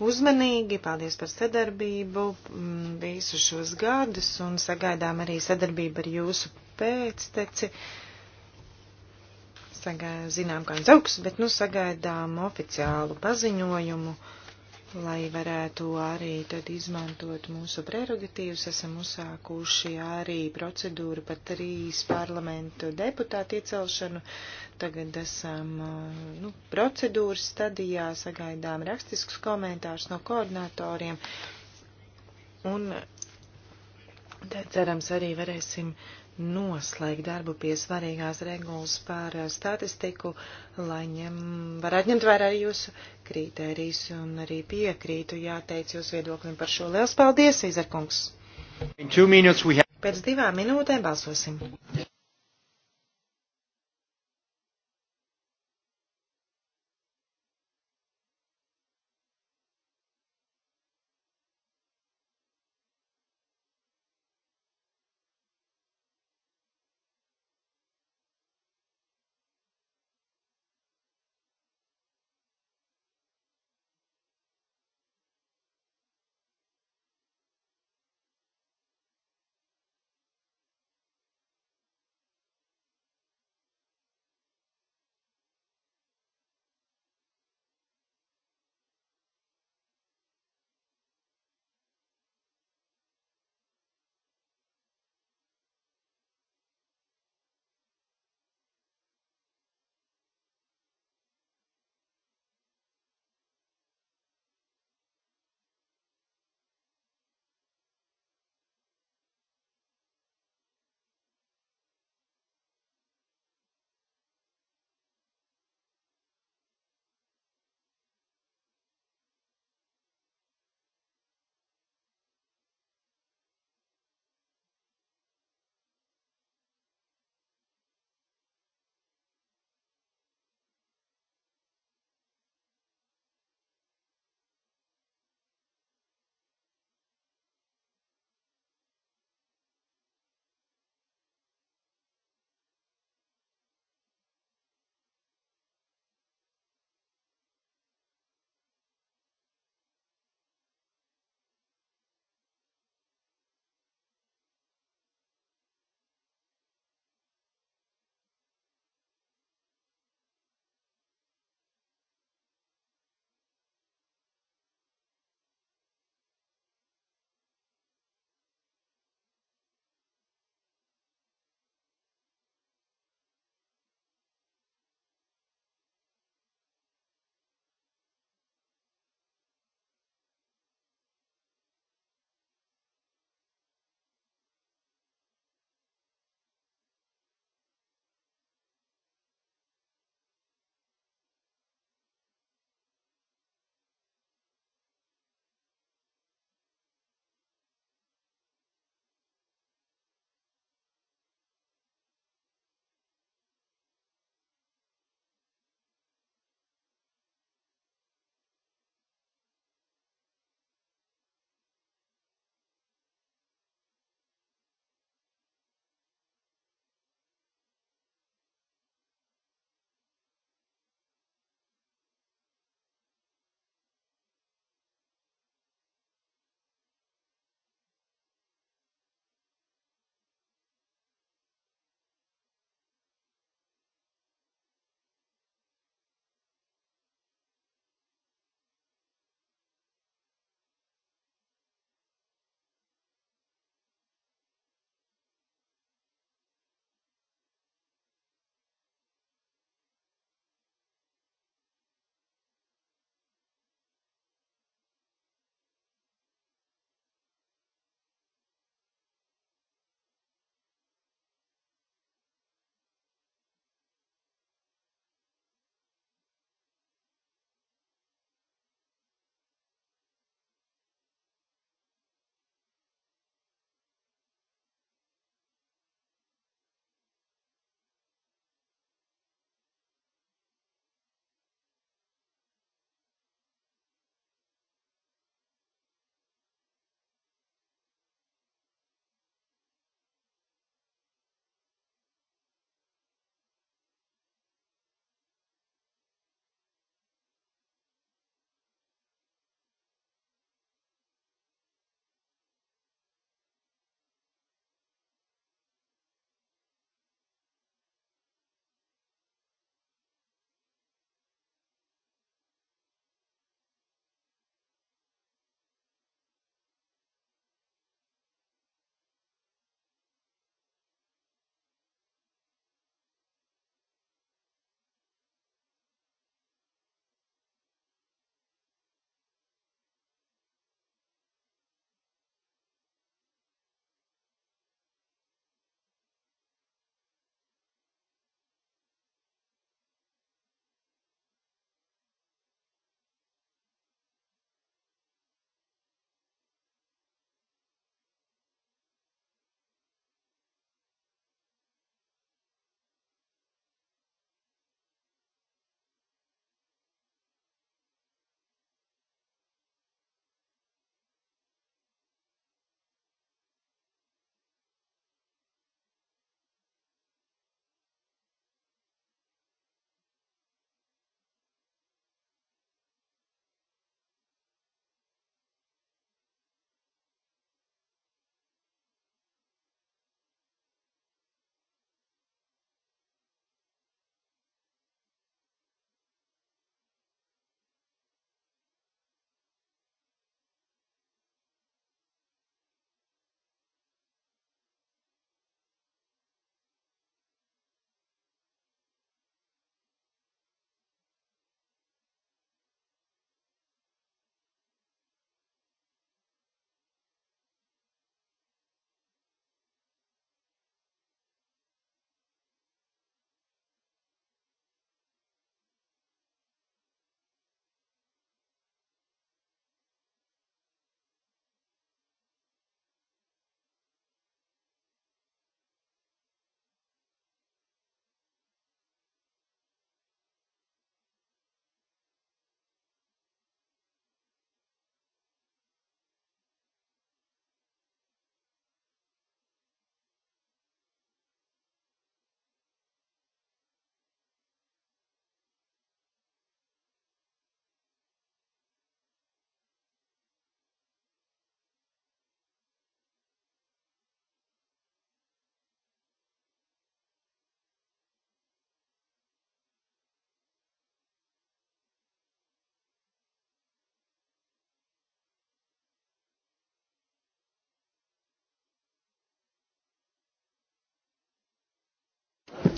uzmanīgi, paldies par sadarbību mm, visu šos gadus un sagaidām arī sadarbību ar jūsu pēcteci. Sagā, zinām, kā viņš augs, bet nu sagaidām oficiālu paziņojumu lai varētu arī tad izmantot mūsu prerogatīvas, esam uzsākuši arī procedūru par trīs parlamentu deputātu iecelšanu. Tagad esam eh, nu, procedūras stadijā, sagaidām rakstiskus komentārus no koordinatoriem. Un tad cerams arī varēsim noslēgt darbu pie svarīgās regulas par eh, statistiku, lai ņem, varētu ņemt vērā jūsu kriterijus un arī piekrītu, jāteic jūsu viedoklim par šo. Liels paldies, Izarkungs! Have... Pēc divām minūtēm balsosim.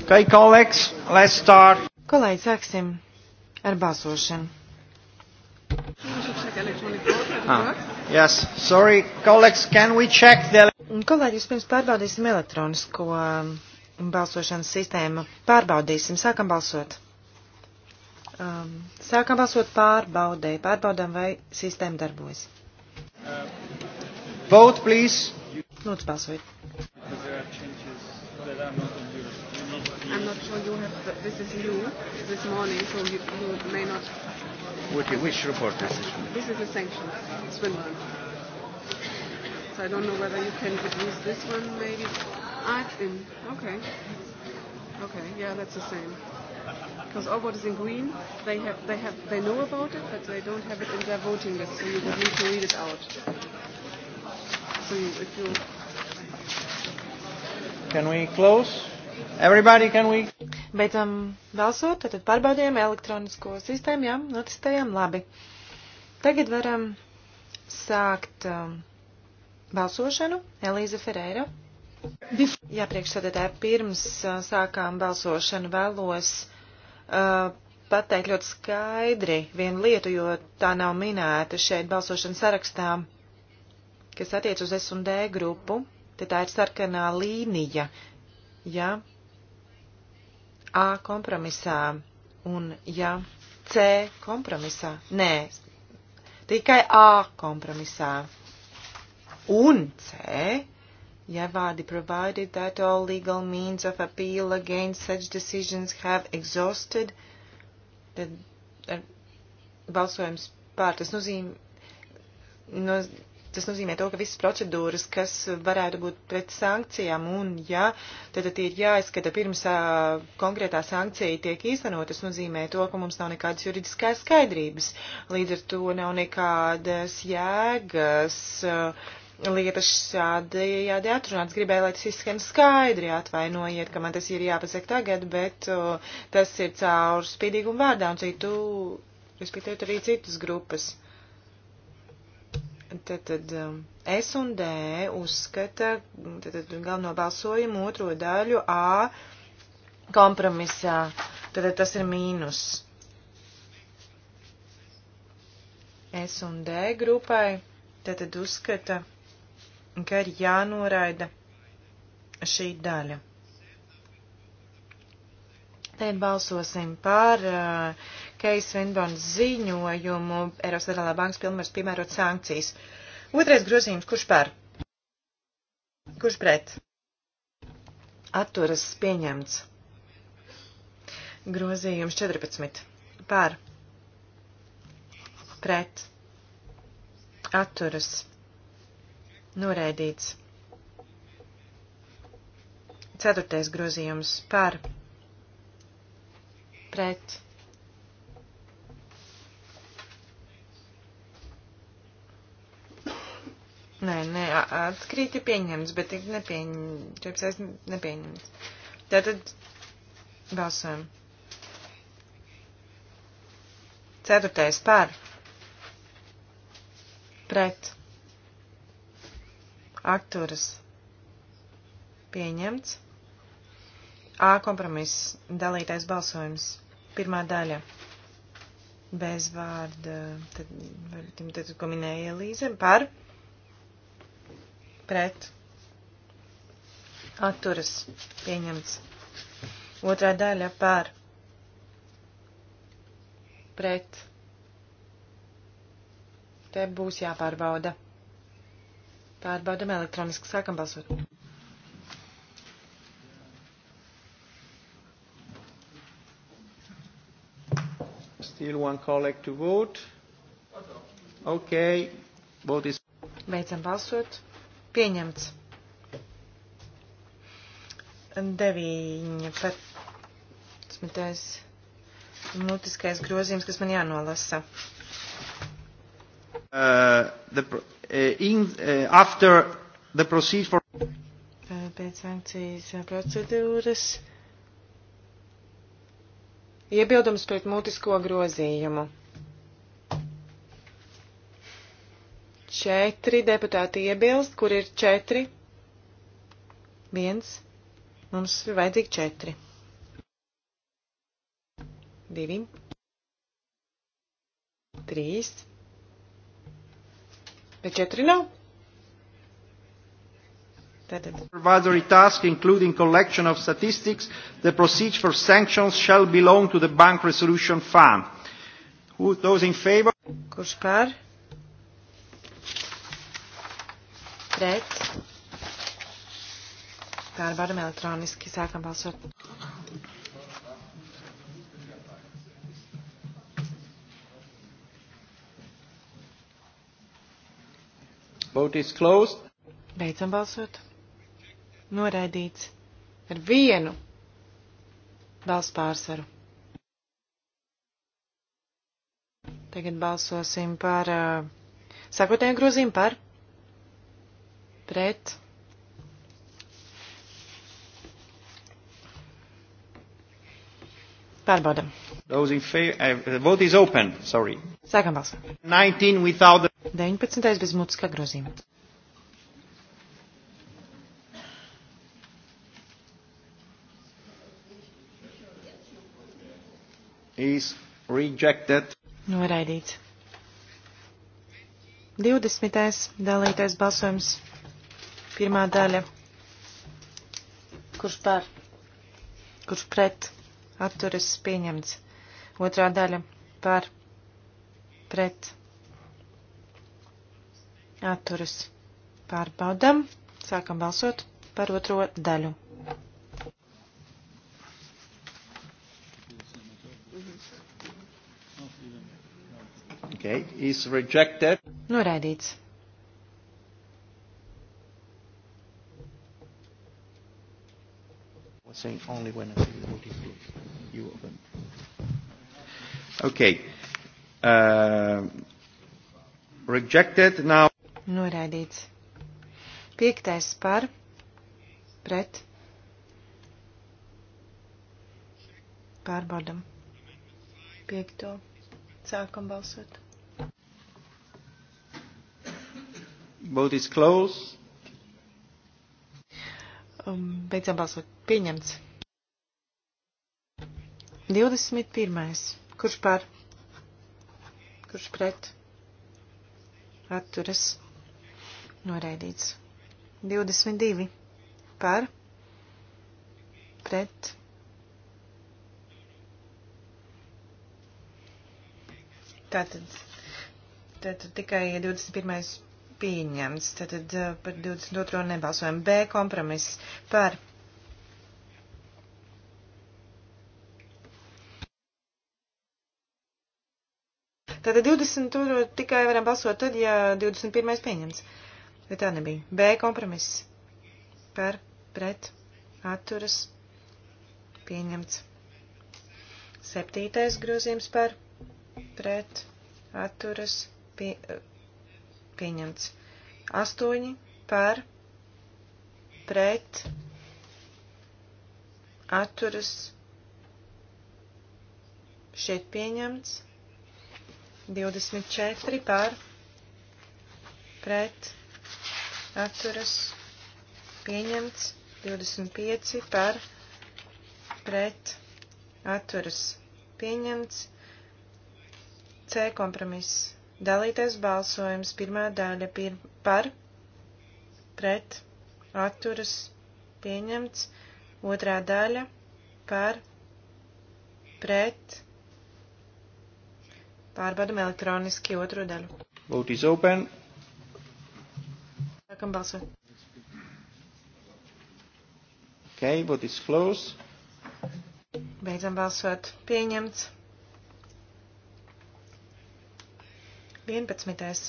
Okay, colleagues, let's start. Kolēģi, sāksim ar balsošanu. Ah, yes, sorry, colleagues, can we check the... Kolēģi, vispirms pārbaudīsim elektronisko um, balsošanas sistēmu. Pārbaudīsim, sākam balsot. Um, sākam balsot pārbaudē. Pārbaudām, vai sistēma darbojas. Vote, please. Lūdzu, balsojiet. sure you have, the, this is you this morning, so you, you may not. Which, which report this is? This is the sanctions, Swinburne. So I don't know whether you can use this one, maybe. Ah, it's in. Okay. Okay, yeah, that's the same. Because all what is in green, they have, they have, they know about it, but they don't have it in their voting list, so you would need to read it out. So you, if you. Can we close? Everybody, can we? Beidzam balsot, tad pārbaudījām elektronisko sistēmu, jā, notestējām, labi. Tagad varam sākt um, balsošanu. Elīza Ferreira. Jā, priekšsēdētāji, pirms uh, sākām balsošanu vēlos uh, pateikt ļoti skaidri vienu lietu, jo tā nav minēta šeit balsošanas sarakstā, kas attiec uz S&D grupu. Tad tā ir sarkanā līnija, ja A kompromisā un ja C kompromisā, nē, tikai A kompromisā un C Yavadi provided that all legal means of appeal against such decisions have exhausted. Tad eh, balsojums pār tas nozīm, no, tas nozīmē to, ka visas procedūras, kas varētu būt pret sankcijām, un ja tad ir jāizskata pirms uh, konkrētā sankcija tiek īstenot, tas nozīmē to, ka mums nav nekādas juridiskās skaidrības. Līdz ar to nav nekādas jēgas. Uh, lietas šādi jādi atrunāts. Gribēju, lai tas izskan skaidri, atvainojiet, ka man tas ir jāpasaka tagad, bet uh, tas ir caur spīdīgumu vārdā un citu, respektīvi arī citas grupas. Tātad um, S un D uzskata tātad, galveno balsojumu otro daļu A kompromisā. Tātad tas ir mīnus. S un D grupai tātad uzskata, ka ir jānoraida šī daļa. Tad balsosim par uh, Keis Vinbons ziņojumu Eiropas Federālā bankas pilnvars piemērot sankcijas. Otrais grozījums, kurš par? Kurš pret? Atturas pieņemts. Grozījums 14. Par. Pret. Atturas. Noraidīts. Ceturtais grozījums par pret Nē, nē, atkrīt ir pieņemts, bet ir nepieņ... 14. nepieņemts. Tātad balsojam. Ceturtais par. Pret. Akturas. Pieņemts. A kompromiss. Dalītais balsojums. Pirmā daļa bez vārda, tad, tad, ko minēja Elīze, par pret atturas pieņemts. Otrā daļa par pret. Te būs jāpārbauda. Pārbaudam elektroniski, sākam balsot. Still one colleague to vote. Okay. Vote is. Beidzam balsot. Pieņemts. 9. 15. Mutiskais grozījums, kas man jānolasa. Uh, the, uh, in, uh, after the proceed for uh, pēc sankcijas procedūras. Iebildums pret mutisko grozījumu. Četri deputāti iebilst, kur ir četri? Viens. Mums ir vajadzīgi četri. Divi. Trīs. Bet četri nav. Supervisory task, including collection of statistics, the procedure for sanctions shall belong to the Bank Resolution Fund. Who, those in favor? Kurš par? pret. Pārbaudam elektroniski, sākam balsot. Vote is closed. Beidzam balsot. Noraidīts. Ar vienu balsu pārsvaru. Tagad balsosim par uh, sakotēju grozījumu par pret pārbaudam. Those in favor, uh, eh, vote is open, sorry. Sākam balsot. 19 without the... 19. bez mutiskā grozījuma. Is rejected. Noraidīts. 20. dalītais balsojums Pirmā daļa. Kurš par? Kurš pret? Atturas pieņemts. Otrā daļa. Par? Pret? Atturas. Pārbaudam. Sākam balsot par otro daļu. Okay, is rejected. Noraidīts. saying only when I see the voting list. You open. Okay. Uh, rejected now. Noraidīts. Piektais par. Pret. Pārbaudam. Piekto. Sākam balsot. Vote is closed. Um, beidzam balsot. Pieņemts. 21. Kurš par? Kurš pret? Atturas. Noraidīts. 22. Par? Pret? Tātad, tātad tikai 21. pieņemts, tātad eh, par 22. nebalsojam. B kompromiss par? Tātad 20 tur tikai varam balsot tad, ja 21. pieņems. Bet tā nebija. B kompromiss. Par, pret, atturas, pieņemts. Septītais grozījums par, pret, atturas, pie, pieņemts. Astoņi par, pret, atturas, šeit pieņemts. 24 par pret atturas pieņemts, 25 par pret atturas pieņemts, C kompromiss. Dalīties balsojums pirmā daļa pir par pret atturas pieņemts, otrā daļa par pret atturas Pārbaudam elektroniski otro daļu. Vote is open. Sākam balsot. Okay, vote is closed. Beidzam balsot. Pieņemts. 11.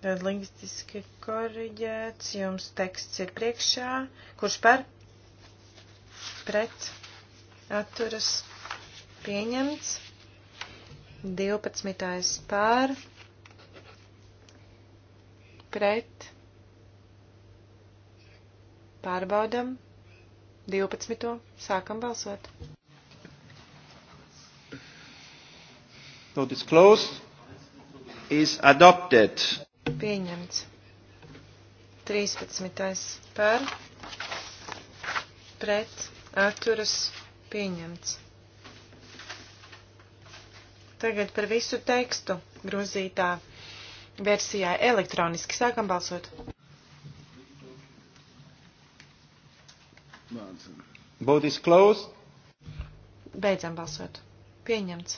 Tad lingvistiski koriģēts, jums teksts ir priekšā, kurš par pret atturas pieņemts. 12. pār pret pārbaudam 12. sākam balsot. Vote is closed. Is adopted. Pieņemts. 13. par pret atturas pieņemts. Tagad par visu tekstu grozītā versijā elektroniski sākam balsot. Vote is closed. Beidzam balsot. Pieņemts.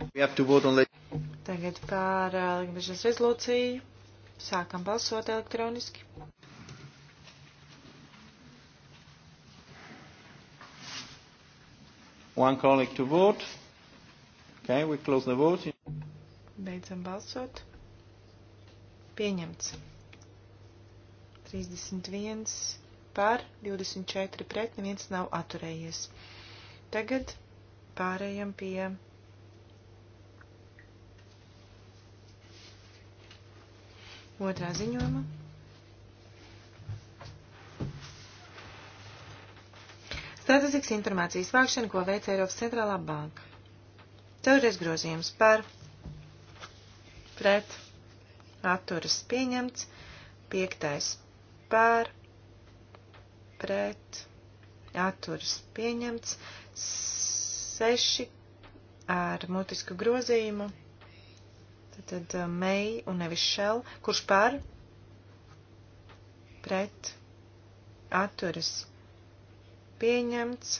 On... Tagad par uh, likumdošanas rezolūciju. Sākam balsot elektroniski. One colleague to vote. Okay, we close the vote. Beidzam balsot. Pieņemts. 31 pār, 24 pret, neviens nav atturējies. Tagad pārējam pie otrā ziņojuma. Statistikas informācijas vākšana, ko veica Eiropas centrālā banka. Ceturtais grozījums par pret atturas pieņemts. Piektais par pret atturas pieņemts. Seši ar mutisku grozījumu. Tad uh, mei un nevis šel, kurš par pret atturas pieņemts pieņemts,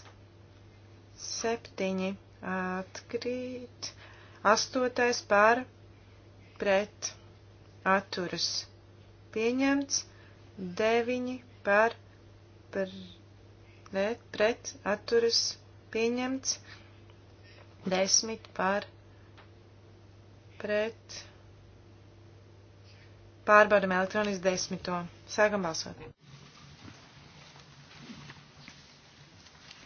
septiņi atkrīt, astotais par pret atturas pieņemts, deviņi par pret, pret atturas pieņemts, desmit par pret. Pārbaudam elektronisku desmito. Sākam balsot.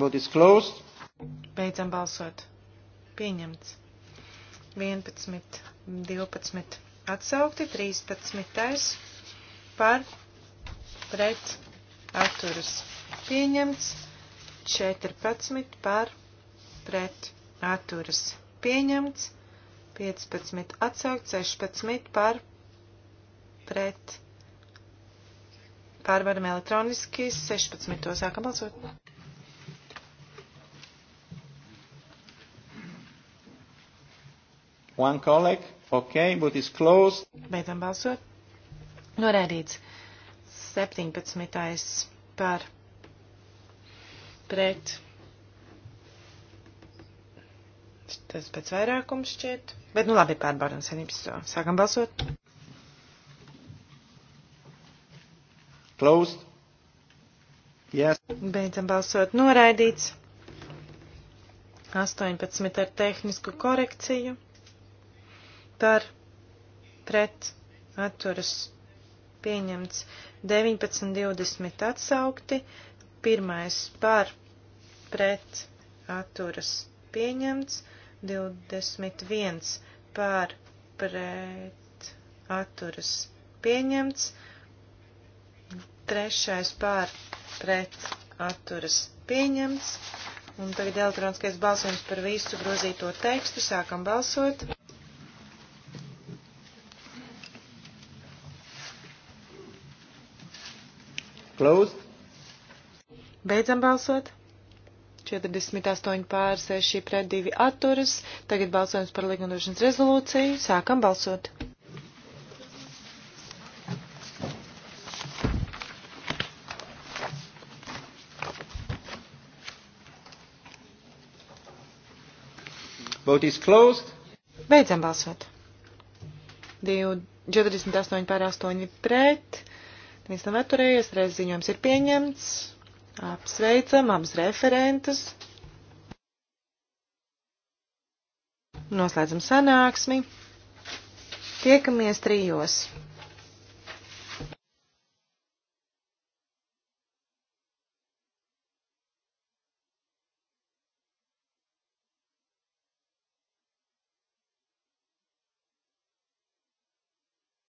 Vote is closed. Beidzam balsot. Pieņemts. 11, 12 atsaukti, 13 par pret atturas. Pieņemts. 14 par pret atturas. Pieņemts. 15 atsaukt, 16 par pret. Pārvaram elektroniski 16. sākam balsot. One colleague. Okay, but it's closed. Beidzam balsot. Norēdīts. 17. par. Pret. Tas pēc vairākums šķiet. Bet nu labi, pārbaudam senības. Sākam balsot. Closed. Yes. Beidzam balsot. Noraidīts. 18 ar tehnisku korekciju par pret atturas pieņemts 19.20 atsaukti, pirmais par pret atturas pieņemts 21 par pret atturas pieņemts, trešais par pret atturas pieņemts, un tagad elektroniskais balsojums par visu grozīto tekstu, sākam balsot. Closed. Beidzam balsot. 48 pār 6 pret 2 atturas. Tagad balsojums par likumdošanas rezolūciju. Sākam balsot. Vote is closed. Beidzam balsot. 48 pār 8 pret. Viens nav atturējies, reiz ziņojums ir pieņemts. Apsveicam abas referentes. Noslēdzam sanāksmi. Tiekamies trijos.